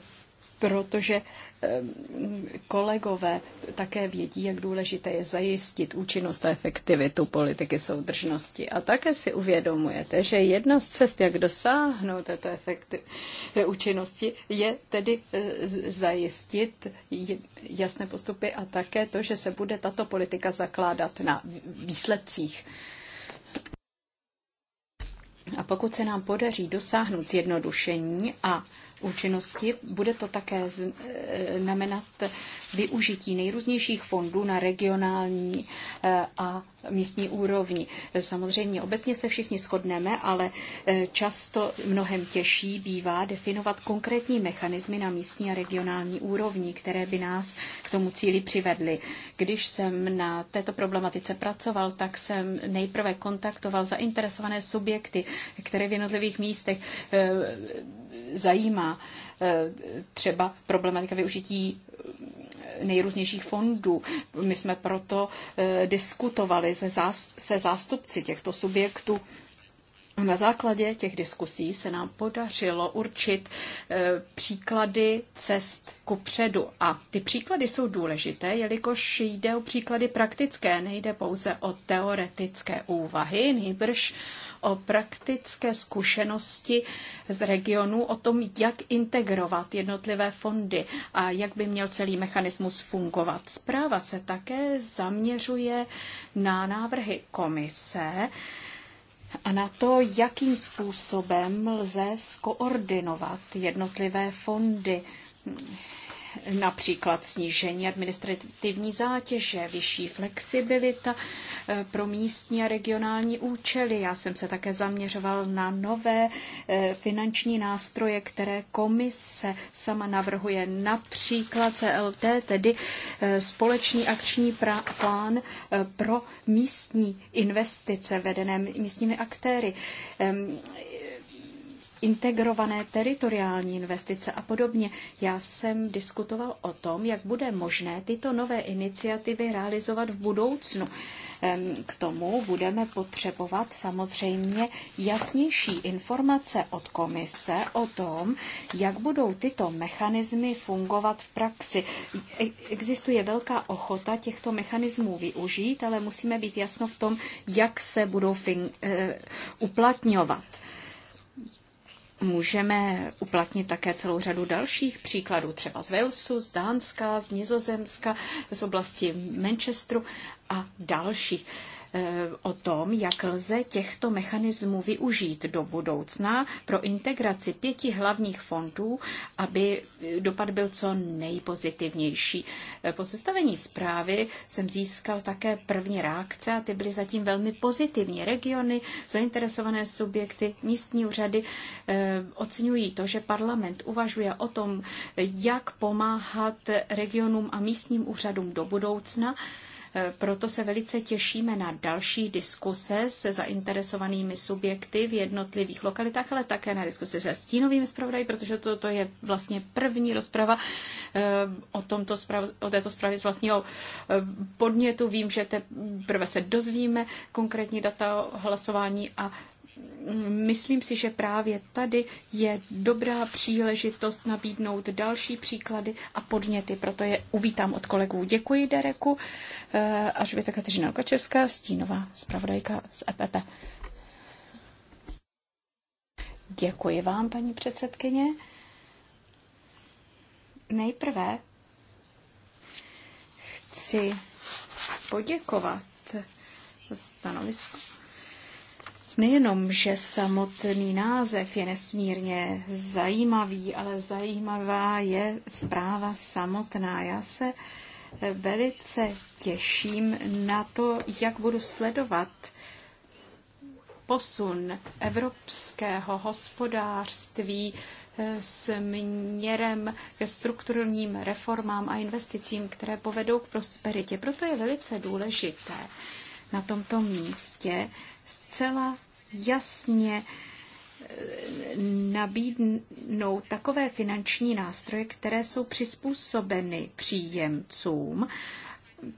protože Ehm, kolegové také vědí, jak důležité je zajistit účinnost a efektivitu politiky soudržnosti. A také si uvědomujete, že jedna z cest, jak dosáhnout této účinnosti, je tedy e, zajistit jasné postupy a také to, že se bude tato politika zakládat na výsledcích. A pokud se nám podaří dosáhnout zjednodušení a účinnosti, bude to také e, znamenat využití nejrůznějších fondů na regionální e, a místní úrovni. Samozřejmě obecně se všichni shodneme, ale eh, často mnohem těžší bývá definovat konkrétní mechanismy na místní a regionální úrovni, které by nás k tomu cíli přivedly. Když jsem na této problematice pracoval, tak jsem nejprve kontaktoval zainteresované subjekty, které v jednotlivých místech eh, zajímá eh, třeba problematika využití nejrůznějších fondů. My jsme proto eh, diskutovali se zástupci těchto subjektů. Na základě těch diskusí se nám podařilo určit eh, příklady cest ku předu. A ty příklady jsou důležité, jelikož jde o příklady praktické, nejde pouze o teoretické úvahy, nejbrž o praktické zkušenosti z regionu o tom, jak integrovat jednotlivé fondy a jak by měl celý mechanismus fungovat. Zpráva se také zaměřuje na návrhy komise, a na to, jakým způsobem lze skoordinovat jednotlivé fondy například snížení administrativní zátěže, vyšší flexibilita eh, pro místní a regionální účely. Já jsem se také zaměřoval na nové eh, finanční nástroje, které komise sama navrhuje, například CLT, tedy eh, společný akční plán pro místní investice vedené místními aktéry integrované teritoriální investice a podobně. Já jsem diskutoval o tom, jak bude možné tyto nové iniciativy realizovat v budoucnu. K tomu budeme potřebovat samozřejmě jasnější informace od komise o tom, jak budou tyto mechanismy fungovat v praxi. E, existuje velká ochota těchto mechanismů využít, ale musíme být jasno v tom, jak se budou fin- e, uplatňovat můžeme uplatnit také celou řadu dalších příkladů, třeba z Walesu, z Dánska, z Nizozemska, z oblasti Manchesteru a dalších. Eh, o tom, jak lze těchto mechanismů využít do budoucna pro integraci pěti hlavních fondů, aby eh, dopad byl co nejpozitivnější. Eh, po sestavení zprávy jsem získal také první reakce a ty byly zatím velmi pozitivní. Regiony, zainteresované subjekty, místní úřady oceňují to, že parlament uvažuje o tom, jak pomáhat regionům a místním úřadům do budoucna, proto se velice těšíme na další diskuse se zainteresovanými subjekty v jednotlivých lokalitách, ale také na diskuse se stínovými zpravodaji, protože toto to je vlastně první rozprava eh, o, tomto zprav, o této zprávě z vlastního eh, podnětu. Vím, že teprve se dozvíme konkrétní data o hlasování a myslím si, že právě tady je dobrá příležitost nabídnout další příklady a podněty. Proto je uvítám od kolegů. Děkuji, Dereku. Eh, až by Kateřina Lukačevská, stínová zpravodajka z EPP. Děkuji vám, paní předsedkyně. Nejprve chci poděkovat stanovisku Nejenom, že samotný název je nesmírně zajímavý, ale zajímavá je zpráva samotná. Já se eh, velice těším na to, jak budu sledovat posun evropského hospodářství eh, směrem ke strukturním reformám a investicím, které povedou k prosperitě. Proto je velice důležité na tomto místě zcela jasně eh, nabídnout takové finanční nástroje, které jsou přizpůsobeny příjemcům,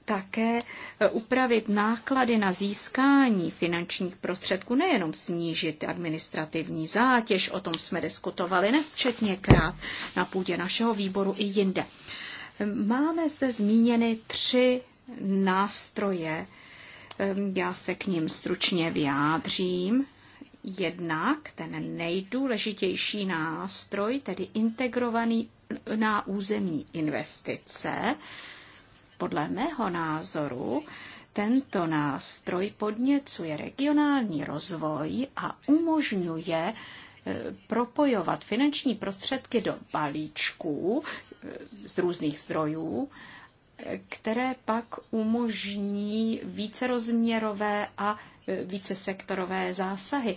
také eh, upravit náklady na získání finančních prostředků, nejenom snížit administrativní zátěž, o tom jsme diskutovali nesčetněkrát na půdě našeho výboru i jinde. Máme zde zmíněny tři nástroje, Ehm, já se k ním stručně vyjádřím. Jednak ten nejdůležitější nástroj, tedy integrovaný na územní investice, podle mého názoru, tento nástroj podněcuje regionální rozvoj a umožňuje eh, propojovat finanční prostředky do balíčků eh, z různých zdrojů, které pak umožní vícerozměrové a vícesektorové zásahy.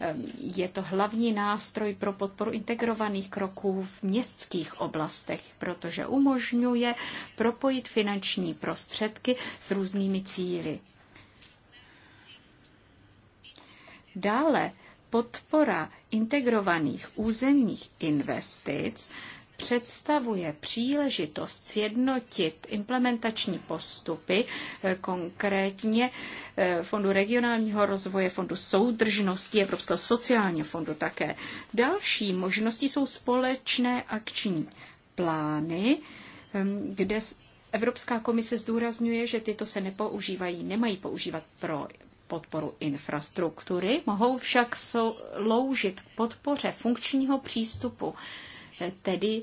Ehm, je to hlavní nástroj pro podporu integrovaných kroků v městských oblastech, protože umožňuje propojit finanční prostředky s různými cíly. Dále podpora integrovaných územních investic představuje příležitost sjednotit implementační postupy, eh, konkrétně eh, Fondu regionálního rozvoje, Fondu soudržnosti, Evropského sociálního fondu také. Další možnosti jsou společné akční plány, ehm, kde Evropská komise zdůrazňuje, že tyto se nepoužívají, nemají používat pro podporu infrastruktury, mohou však sloužit k podpoře funkčního přístupu tedy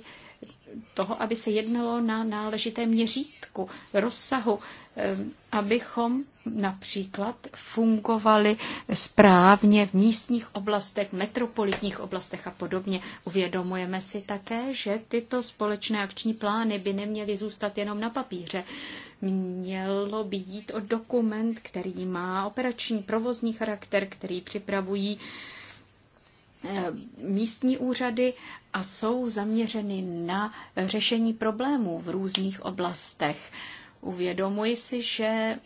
toho, aby se jednalo na náležité měřítku, rozsahu, ehm, abychom například fungovali správně v místních oblastech, metropolitních oblastech a podobně. Uvědomujeme si také, že tyto společné akční plány by neměly zůstat jenom na papíře. Mělo by jít o dokument, který má operační provozní charakter, který připravují ehm, místní úřady a jsou zaměřeny na řešení problémů v různých oblastech. Uvědomuji si, že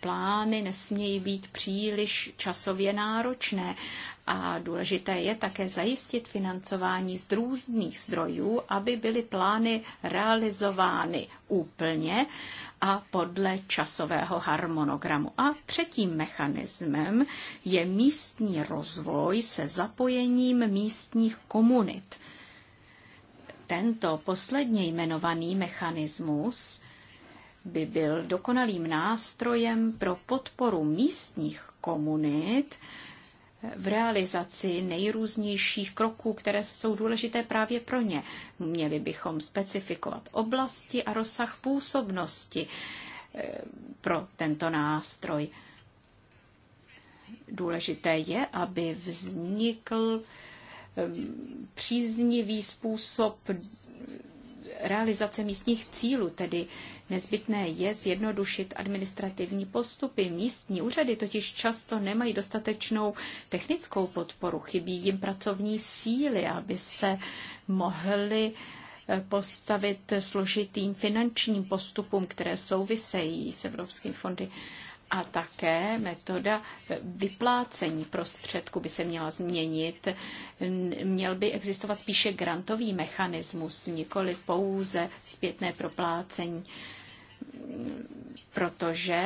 plány nesmějí být příliš časově náročné a důležité je také zajistit financování z různých zdrojů, aby byly plány realizovány úplně a podle časového harmonogramu. A třetím mechanismem je místní rozvoj se zapojením místních komunit. Tento posledně jmenovaný mechanismus by byl dokonalým nástrojem pro podporu místních komunit, v realizaci nejrůznějších kroků, které jsou důležité právě pro ně. Měli bychom specifikovat oblasti a rozsah působnosti eh, pro tento nástroj. Důležité je, aby vznikl eh, příznivý způsob realizace místních cílů, tedy Nezbytné je zjednodušit administrativní postupy. Místní úřady totiž často nemají dostatečnou technickou podporu, chybí jim pracovní síly, aby se mohly eh, postavit složitým finančním postupům, které souvisejí s Evropským fondy. A také metoda eh, vyplácení prostředku by se měla změnit. Měl by existovat spíše grantový mechanismus, nikoli pouze zpětné proplácení protože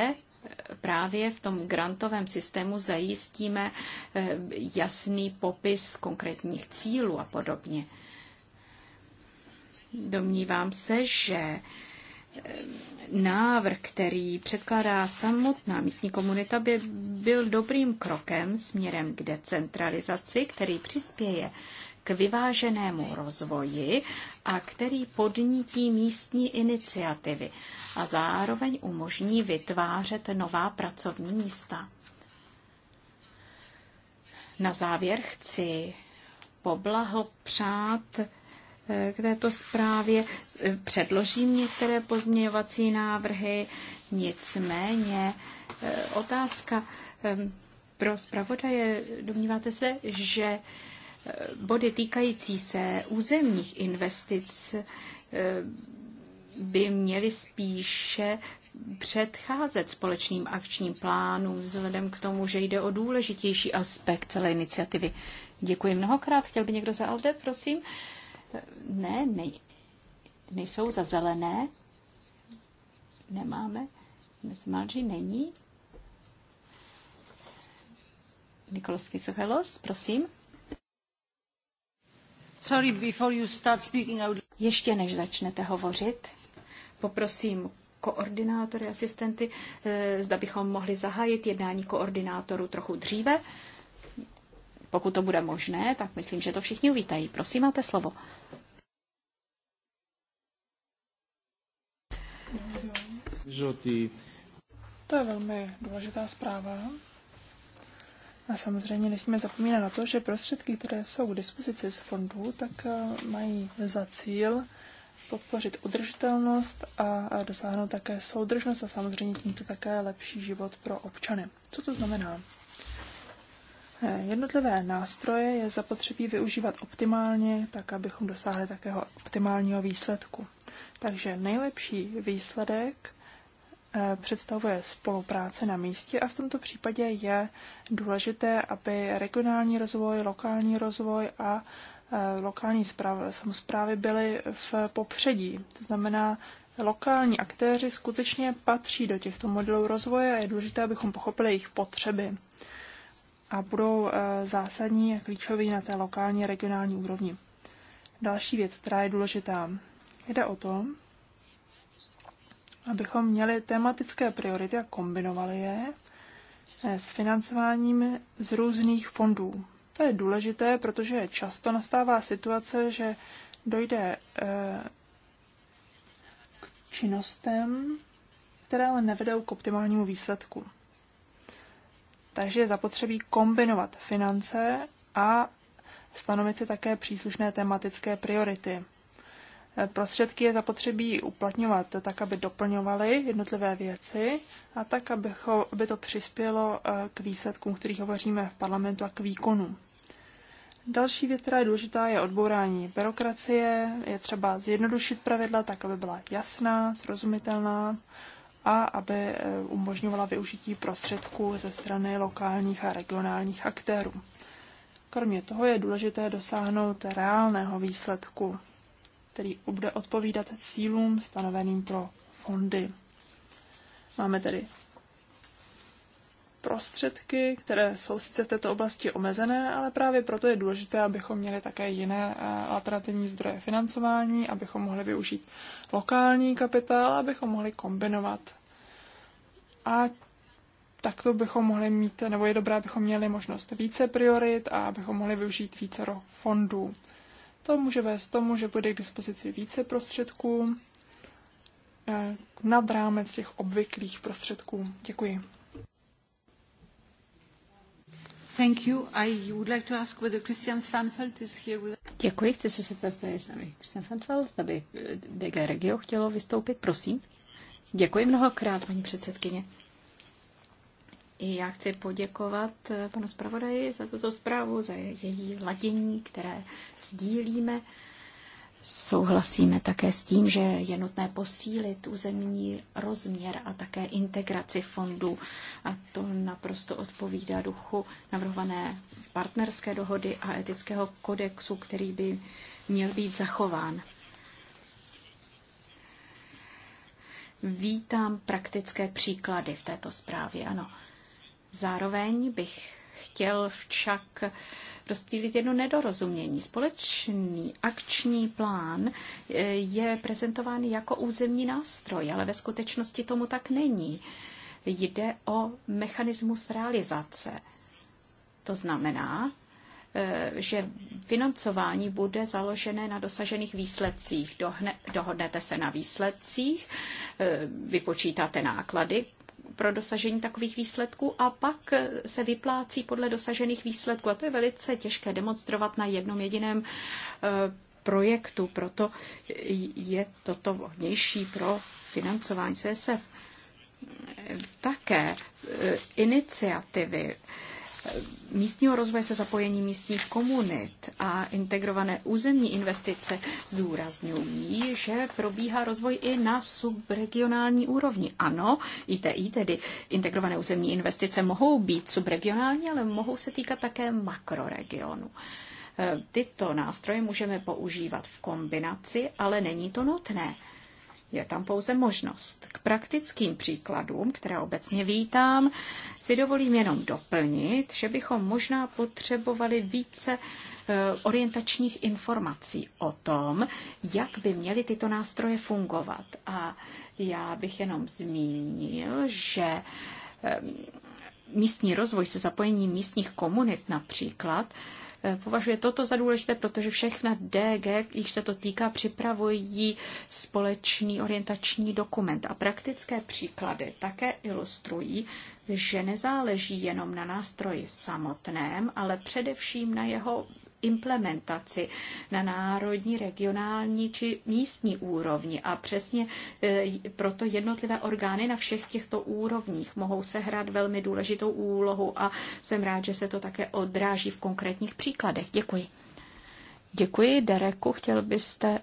právě v tom grantovém systému zajistíme eh, jasný popis konkrétních cílů a podobně. Domnívám se, že eh, návrh, který předkládá samotná místní komunita, by byl dobrým krokem směrem k decentralizaci, který přispěje k vyváženému rozvoji a který podnítí místní iniciativy a zároveň umožní vytvářet nová pracovní místa. Na závěr chci poblahopřát eh, k této zprávě. Předložím některé pozměňovací návrhy, nicméně eh, otázka ehm, pro zpravodaje. Domníváte se, že Eh, body týkající se územních investic eh, by měly spíše předcházet společným akčním plánům vzhledem k tomu, že jde o důležitější aspekt celé iniciativy. Děkuji mnohokrát. Chtěl by někdo za ALDE, prosím? Eh, ne, ne, nejsou za zelené. Nemáme. Dnes Malži není. Nikolovský Sochelos, prosím. Sorry, Ještě než začnete hovořit, poprosím koordinátory, asistenty, eh, zda bychom mohli zahájit jednání koordinátorů trochu dříve. Pokud to bude možné, tak myslím, že to všichni uvítají. Prosím, máte slovo. To je velmi důležitá zpráva, a samozřejmě nesmíme zapomínat na to, že prostředky, které jsou k dispozici z fondů, tak eh, mají za cíl podpořit udržitelnost a dosáhnout také soudržnost a samozřejmě tímto také lepší život pro občany. Co to znamená? Eh, jednotlivé nástroje je zapotřebí využívat optimálně, tak abychom dosáhli takého optimálního výsledku. Takže nejlepší výsledek představuje spolupráce na místě a v tomto případě je důležité, aby regionální rozvoj, lokální rozvoj a e, lokální samozprávy byly v popředí. To znamená, lokální aktéři skutečně patří do těchto modelů rozvoje a je důležité, abychom pochopili jejich potřeby a budou e, zásadní a klíčoví na té lokální regionální úrovni. Další věc, která je důležitá, jde o to, abychom měli tematické priority a kombinovali je eh, s financováním z různých fondů. To je důležité, protože často nastává situace, že dojde eh, k činnostem, které ale nevedou k optimálnímu výsledku. Takže je zapotřebí kombinovat finance a stanovit si také příslušné tematické priority prostředky je zapotřebí uplatňovat tak, aby doplňovaly jednotlivé věci a tak, abycho, aby to přispělo eh, k výsledkům, kterých hovoříme v parlamentu a k výkonu. Další věc, která je důležitá, je odbourání byrokracie. Je třeba zjednodušit pravidla tak, aby byla jasná, srozumitelná a aby eh, umožňovala využití prostředků ze strany lokálních a regionálních aktérů. Kromě toho je důležité dosáhnout reálného výsledku který bude odpovídat cílům stanoveným pro fondy. Máme tedy prostředky, které jsou sice v této oblasti omezené, ale právě proto je důležité, abychom měli také jiné eh, alternativní zdroje financování, abychom mohli využít lokální kapitál, abychom mohli kombinovat. A takto bychom mohli mít, nebo je dobré, abychom měli možnost více priorit a abychom mohli využít více fondů. To může vést tomu, že bude k dispozici více prostředků eh, nad rámec těch obvyklých prostředků. Děkuji. Thank you. I would like to ask whether Christian Svanfeld is here with us. Děkuji, chci se zeptat, zda je s námi Christian Svanfeld, zda by eh, DG Regio chtělo vystoupit, prosím. Děkuji mnohokrát, paní předsedkyně. I já chci poděkovat eh, panu zpravodaji za tuto zprávu, za její ladění, které sdílíme. Souhlasíme také s tím, že je nutné posílit územní rozměr a také integraci fondů. A to naprosto odpovídá duchu navrhované partnerské dohody a etického kodexu, který by měl být zachován. Vítám praktické příklady v této zprávě, ano. Zároveň bych chtěl však rozptýlit jedno nedorozumění. Společný akční plán eh, je prezentován jako územní nástroj, ale ve skutečnosti tomu tak není. Jde o mechanismus realizace. To znamená, eh, že financování bude založené na dosažených výsledcích. Dohne, dohodnete se na výsledcích, eh, vypočítáte náklady, pro dosažení takových výsledků a pak se vyplácí podle dosažených výsledků. A to je velice těžké demonstrovat na jednom jediném eh, projektu, proto je toto vhodnější pro financování CSF. Také eh, iniciativy místního rozvoje se zapojení místních komunit a integrované územní investice zdůrazňují, že probíhá rozvoj i na subregionální úrovni. Ano, ITI, tedy integrované územní investice, mohou být subregionální, ale mohou se týkat také makroregionu. E, tyto nástroje můžeme používat v kombinaci, ale není to nutné. Je tam pouze možnost. K praktickým příkladům, které obecně vítám, si dovolím jenom doplnit, že bychom možná potřebovali více e, orientačních informací o tom, jak by měly tyto nástroje fungovat. A já bych jenom zmínil, že e, místní rozvoj se zapojením místních komunit například Eh, považuje toto za důležité, protože všechna DG, již se to týká, připravují společný orientační dokument. A praktické příklady také ilustrují, že nezáleží jenom na nástroji samotném, ale především na jeho implementaci na národní, regionální či místní úrovni. A přesně e, proto jednotlivé orgány na všech těchto úrovních mohou sehrát velmi důležitou úlohu a jsem rád, že se to také odráží v konkrétních příkladech. Děkuji. Děkuji, Dereku. Chtěl byste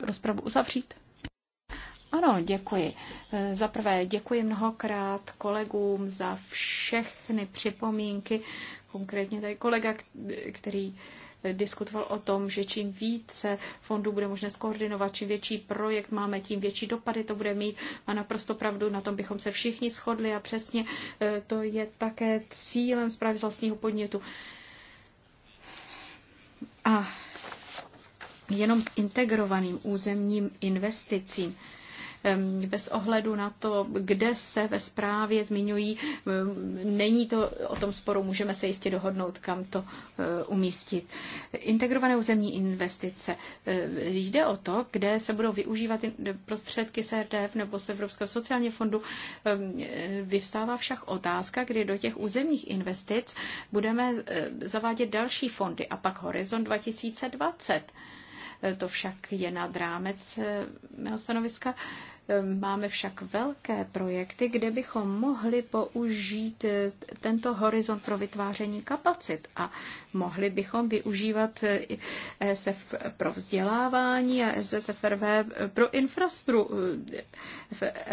rozpravu uzavřít? Ano, děkuji. E, za prvé děkuji mnohokrát kolegům za všechny připomínky, konkrétně tady kolega, který diskutoval o tom, že čím více fondů bude možné skoordinovat, čím větší projekt máme, tím větší dopady to bude mít. A naprosto pravdu, na tom bychom se všichni shodli a přesně eh, to je také cílem zprávy z vlastního podnětu. A jenom k integrovaným územním investicím bez ohledu na to, kde se ve zprávě zmiňují. Není to o tom sporu, můžeme se jistě dohodnout, kam to eh, umístit. Integrované územní investice. Eh, jde o to, kde se budou využívat prostředky z RDF nebo z Evropského sociálního fondu. Eh, vyvstává však otázka, kdy do těch územních investic budeme zavádět další fondy a pak Horizon 2020. To však je nad rámec eh, mého stanoviska. Ehm, máme však velké projekty, kde bychom mohli použít eh, tento horizont pro vytváření kapacit a mohli bychom využívat ESF eh, e pro vzdělávání a SZFRV e pro infrastru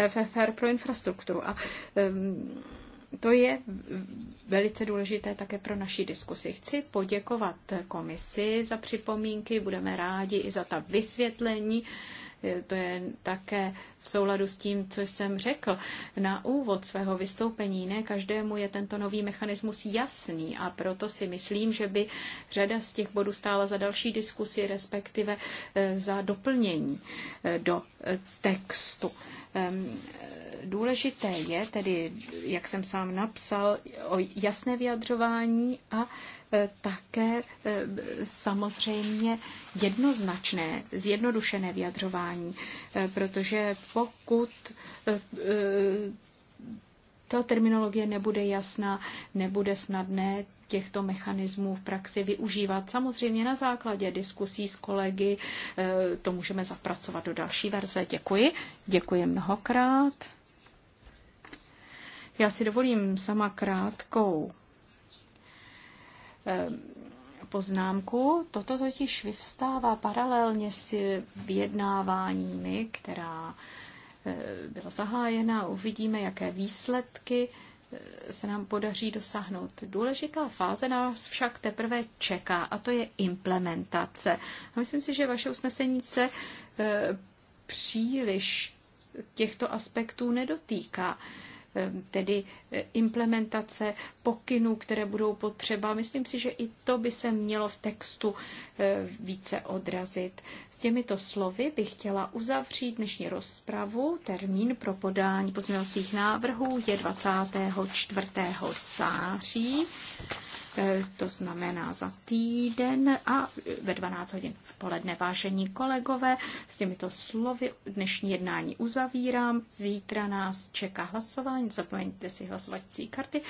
FFR pro infrastrukturu. A ehm, to je velice důležité také pro naší diskusi. Chci poděkovat komisi za připomínky, budeme rádi i za ta vysvětlení. To je také v souladu s tím, co jsem řekl. Na úvod svého vystoupení ne každému je tento nový mechanismus jasný a proto si myslím, že by řada z těch bodů stála za další diskusi, respektive e, za doplnění e, do e, textu důležité je tedy, jak jsem sám napsal, o jasné vyjadřování a e, také e, samozřejmě jednoznačné, zjednodušené vyjadřování, e, protože pokud ta terminologie nebude jasná, nebude snadné těchto mechanismů v praxi využívat. Samozřejmě na základě diskusí s kolegy to můžeme zapracovat do další verze. Děkuji. Děkuji mnohokrát. Já si dovolím sama krátkou eh, poznámku. Toto totiž vyvstává paralelně s vyjednáváními, která eh, byla zahájena. Uvidíme, jaké výsledky eh, se nám podaří dosáhnout. Důležitá fáze nás však teprve čeká a to je implementace. A myslím si, že vaše usnesení se příliš těchto aspektů nedotýká. Ehm, tedy e, implementace pokynů, které budou potřeba. Myslím si, že i to by se mělo v textu e, více odrazit. S těmito slovy bych chtěla uzavřít dnešní rozpravu. Termín pro podání pozměňovacích návrhů je 24. září. E, to znamená za týden a ve 12 hodin v poledne. Vážení kolegové, s těmito slovy dnešní jednání uzavírám. Zítra nás čeká hlasování, zapomeňte si hlasovací karty.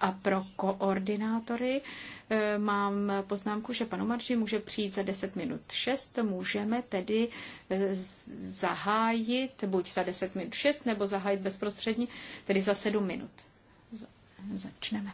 A pro koordinátory e, mám poznámku, že panu Marži může přijít za 10 minut 6. Můžeme tedy e, zahájit buď za 10 minut 6, nebo zahájit bezprostředně, tedy za 7 minut. Začneme.